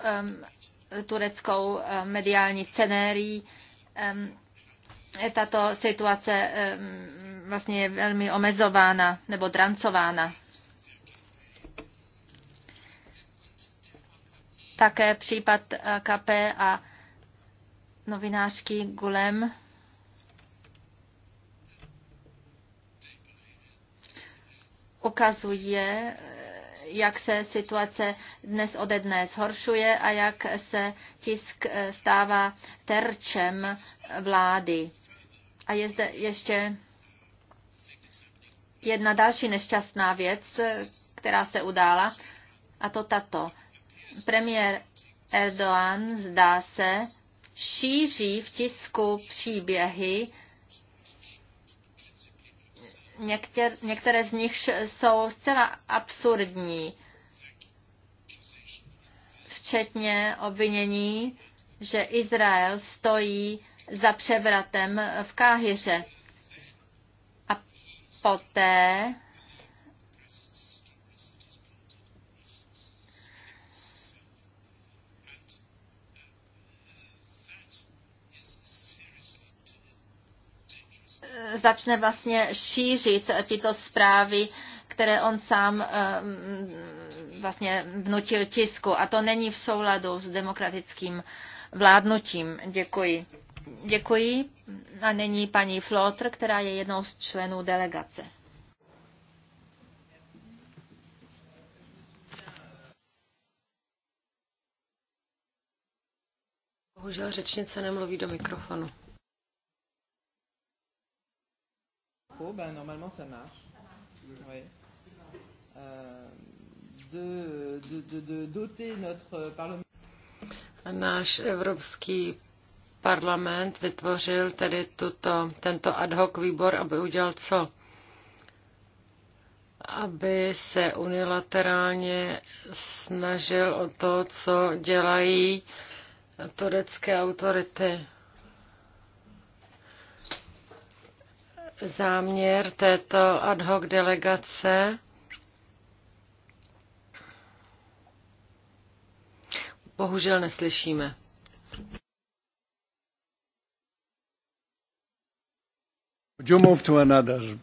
tureckou eh, mediální scenérii, tato situace vlastně je velmi omezována nebo drancována. Také případ eh, KP a novinářky Gulem ukazuje, eh, jak se situace dnes ode dne zhoršuje a jak se tisk eh, stává terčem vlády. A je zde ještě jedna další nešťastná věc, eh, která se udála, a to tato. Premiér Erdogan, zdá se, šíří v tisku příběhy Někter, některé z nich jsou zcela absurdní, včetně obvinění, že Izrael stojí za převratem v Káhyře. A poté začne vlastně šířit tyto zprávy, které on sám eh, mm, vlastně vnutil tisku. A to není v souladu s demokratickým vládnutím. Děkuji. Děkuji. A není paní Flotr, která je jednou z členů delegace. Bohužel řečnice nemluví do mikrofonu. Marco, ben, normalement ça marche. Ça marche. Oui. Euh, de, de, de, de doter notre parlement. Náš evropský parlament vytvořil tedy tuto, tento ad hoc výbor, aby udělal co? Aby se unilaterálně snažil o to, co dělají turecké autority. záměr této ad hoc delegace. Bohužel neslyšíme. Euh,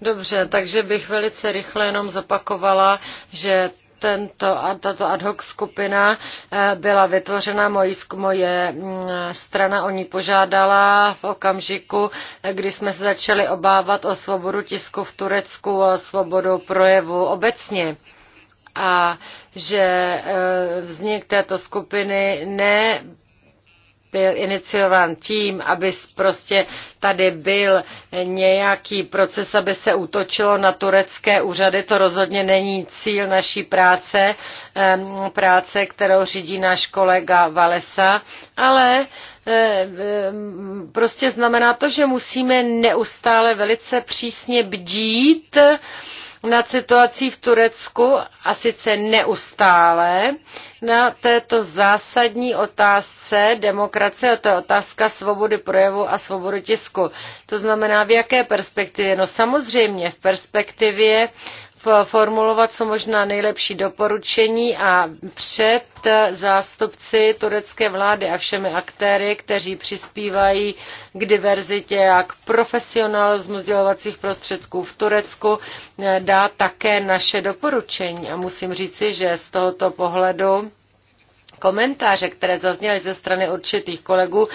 Dobře, takže bych velice rychle jenom zopakovala, že tento, tato ad hoc skupina eh, byla vytvořena, moji, moje mm, strana o ní požádala v okamžiku, kdy jsme se začali obávat o svobodu tisku v Turecku, o svobodu projevu obecně a že eh, vznik této skupiny ne byl iniciován tím, aby prostě tady byl nějaký proces, aby se útočilo na turecké úřady. To rozhodně není cíl naší práce, práce, kterou řídí náš kolega Valesa, ale prostě znamená to, že musíme neustále velice přísně bdít, nad situací v Turecku a sice neustále na této zásadní otázce demokracie, a to je otázka svobody projevu a svobody tisku. To znamená, v jaké perspektivě? No samozřejmě v perspektivě formulovat co možná nejlepší doporučení a před zástupci turecké vlády a všemi aktéry, kteří přispívají k diverzitě a k profesionalismu sdělovacích prostředků v Turecku, dá také naše doporučení. A musím říci, že z tohoto pohledu komentáře, které zazněly ze strany určitých kolegů,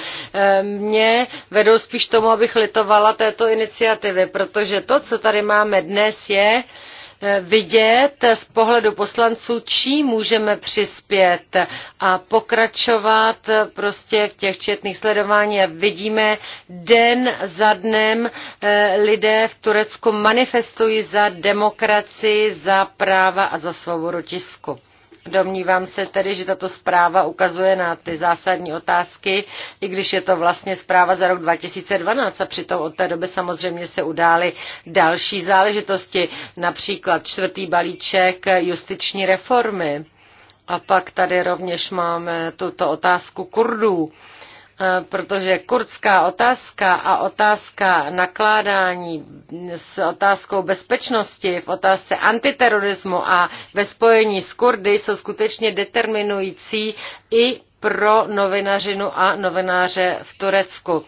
mě vedou spíš tomu, abych litovala této iniciativy, protože to, co tady máme dnes, je, Eh, vidět z pohledu poslanců, čím můžeme přispět a pokračovat prostě v těch četných sledování. A vidíme den za dnem eh, lidé v Turecku manifestují za demokracii, za práva a za svobodu tisku. Domnívám se tedy, že tato zpráva ukazuje na ty zásadní otázky, i když je to vlastně zpráva za rok 2012 a přitom od té doby samozřejmě se udály další záležitosti, například čtvrtý balíček justiční reformy. A pak tady rovněž máme tuto otázku Kurdů protože kurdská otázka a otázka nakládání s otázkou bezpečnosti v otázce antiterorismu a ve spojení s Kurdy jsou skutečně determinující i pro novinařinu a novináře v Turecku.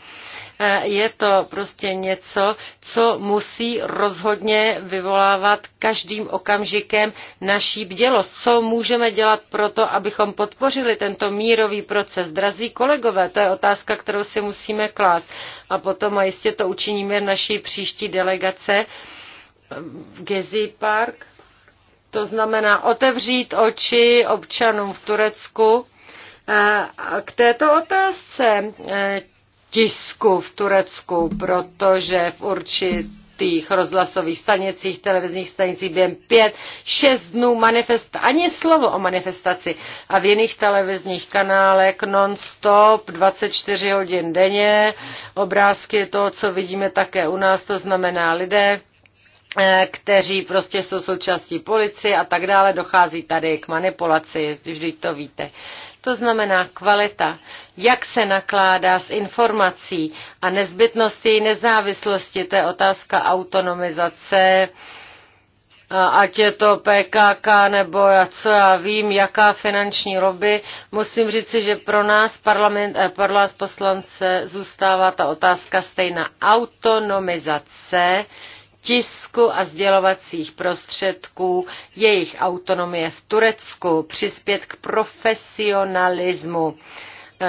Eh, je to prostě něco, co musí rozhodně vyvolávat každým okamžikem naší bdělost. Co můžeme dělat pro to, abychom podpořili tento mírový proces? Drazí kolegové, to je otázka, kterou si musíme klást. A potom, a jistě to učiníme v naší příští delegace, v eh, Gezi Park, to znamená otevřít oči občanům v Turecku eh, k této otázce tisku v Turecku, protože v určitých rozhlasových stanicích, televizních stanicích během pět, šest dnů manifest, ani slovo o manifestaci. A v jiných televizních kanálech non-stop, 24 hodin denně, obrázky toho, co vidíme také u nás, to znamená lidé, eh, kteří prostě jsou součástí policie a tak dále, dochází tady k manipulaci, vždyť to víte. To znamená kvalita, jak se nakládá s informací a nezbytnost její nezávislosti, to je otázka autonomizace, ať je to PKK nebo já co já vím, jaká finanční lobby. Musím říci, že pro nás parlament, eh, pro nás poslance zůstává ta otázka stejná. Autonomizace tisku a sdělovacích prostředků, jejich autonomie v Turecku, přispět k profesionalismu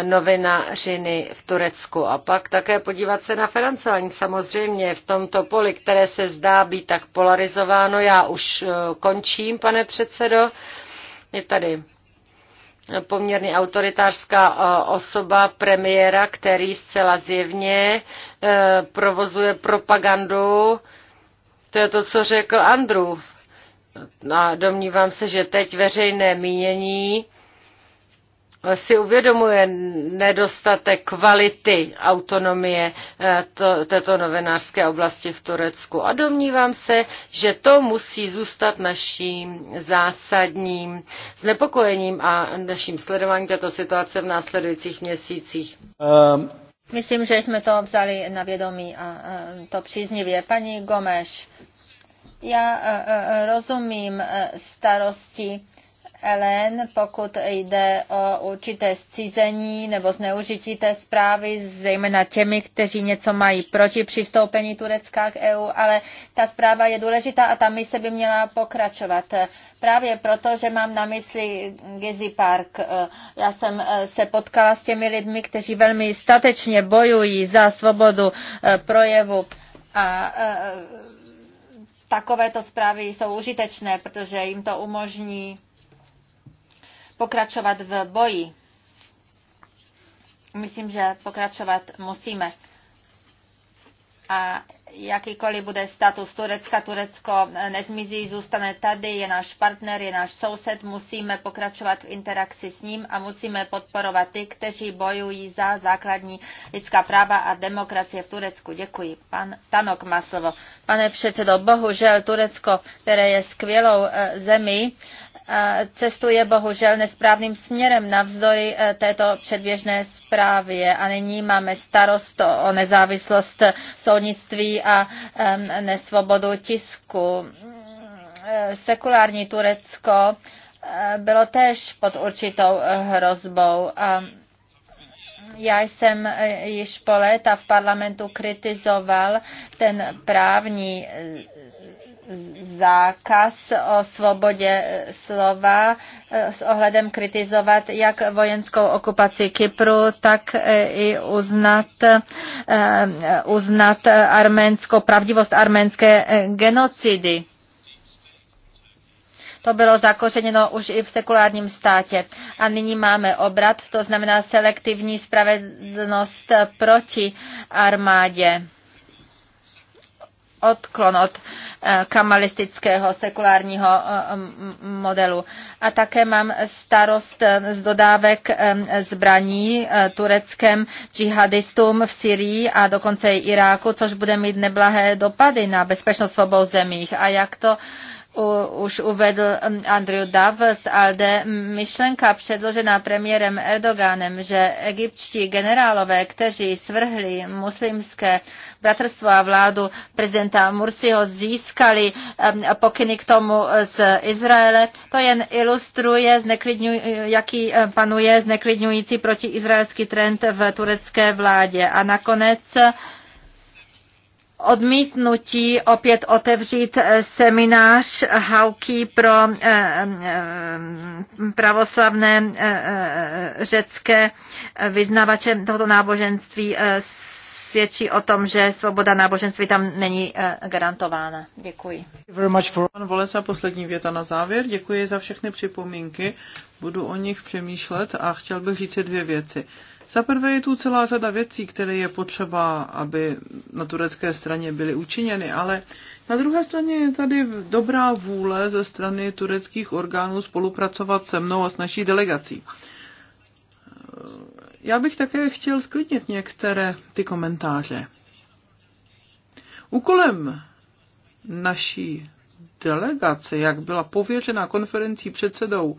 novinařiny v Turecku. A pak také podívat se na financování. Samozřejmě v tomto poli, které se zdá být tak polarizováno, já už eh, končím, pane předsedo. Je tady poměrně autoritářská eh, osoba premiéra, který zcela zjevně eh, provozuje propagandu to je to, co řekl Andrew. No a domnívám se, že teď veřejné mínění si uvědomuje nedostatek kvality autonomie eh, to, této novinářské oblasti v Turecku. A domnívám se, že to musí zůstat naším zásadním znepokojením a naším sledováním této situace v následujících měsících. Um. Myslím, že jsme to vzali na vědomí a to příznivě. Paní Gomeš, já rozumím e, starosti Ellen, pokud jde o určité zcizení nebo zneužití té zprávy, zejména těmi, kteří něco mají proti přistoupení Turecka k EU, ale ta zpráva je důležitá a ta mise by měla pokračovat. Právě proto, že mám na mysli Gezi Park. Já jsem eh, se potkala s těmi lidmi, kteří velmi statečně bojují za svobodu eh, projevu a eh, takovéto zprávy jsou užitečné, protože jim to umožní pokračovat v boji. Myslím, že pokračovat musíme. A jakýkoliv bude status Turecka, Turecko nezmizí, zůstane tady, je náš partner, je náš soused, musíme pokračovat v interakci s ním a musíme podporovat ty, kteří bojují za základní lidská práva a demokracie v Turecku. Děkuji. Pan Tanok má slovo. Pane předsedo, bohužel Turecko, které je skvělou eh, zemí, cestuje bohužel nesprávným směrem navzdory e, této předběžné zprávě. A nyní máme starost o nezávislost soudnictví a nesvobodu tisku. E, sekulární Turecko e, bylo též pod určitou hrozbou a já jsem eh, již po léta v parlamentu kritizoval ten právní eh, zákaz o svobodě eh, slova s ohledem kritizovat jak vojenskou okupaci Kypru, tak i uznat, uznat arménsko, pravdivost arménské genocidy. To bylo zakořeněno už i v sekulárním státě. A nyní máme obrat, to znamená selektivní spravedlnost proti armádě odklon od eh, kamalistického sekulárního eh, modelu. A také mám starost eh, z dodávek zbraní tureckém džihadistům v Syrii a dokonce i Iráku, což bude mít neblahé dopady na bezpečnost v obou zemích. A jak to už uvedl um, Andrew Davos, ale myšlenka předložená premiérem Erdoganem, že egyptští generálové, kteří svrhli muslimské bratrstvo a vládu prezidenta Mursiho, získali um, pokyny k tomu z Izraele, to jen ilustruje, jaký eh, panuje zneklidňující protiizraelský trend v turecké vládě. A nakonec odmítnutí opět otevřít eh, seminář Hauky pro eh, eh, pravoslavné řecké vyznavače tohoto náboženství svědčí o tom, že svoboda náboženství tam není garantována. Děkuji. Pan Volesa, poslední věta na závěr. Děkuji za všechny připomínky. Budu o nich přemýšlet a chtěl bych říct dvě věci. Za prvé je tu celá řada věcí, které je potřeba, aby na turecké straně byly učiněny, ale na druhé straně je tady dobrá vůle ze strany tureckých orgánů spolupracovat se mnou a s naší delegací. Já bych také chtěl sklidnit některé ty komentáře. Úkolem naší delegace, jak byla pověřena konferencí předsedou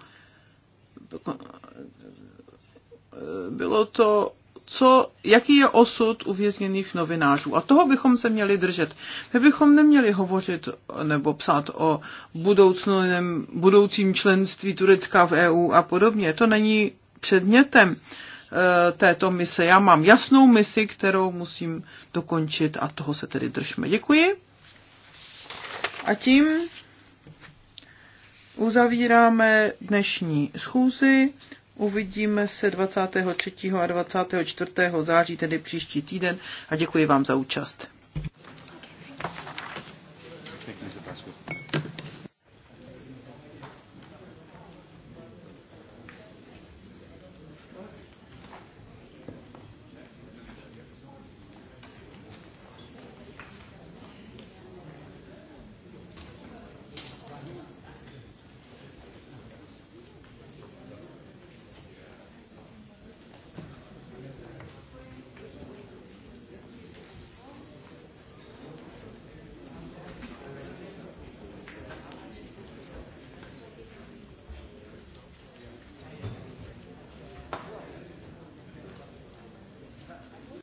Eh, bylo to co, jaký je osud uvězněných novinářů. A toho bychom se měli držet. My bychom neměli hovořit nebo psát o budoucnem, budoucím členství Turecka v EU a podobně. To není předmětem e, této mise. Já mám jasnou misi, kterou musím dokončit a toho se tedy držme. Děkuji. A tím uzavíráme dnešní schůzi. Uvidíme se 23. a 24. září, tedy příští týden a děkuji vám za účast.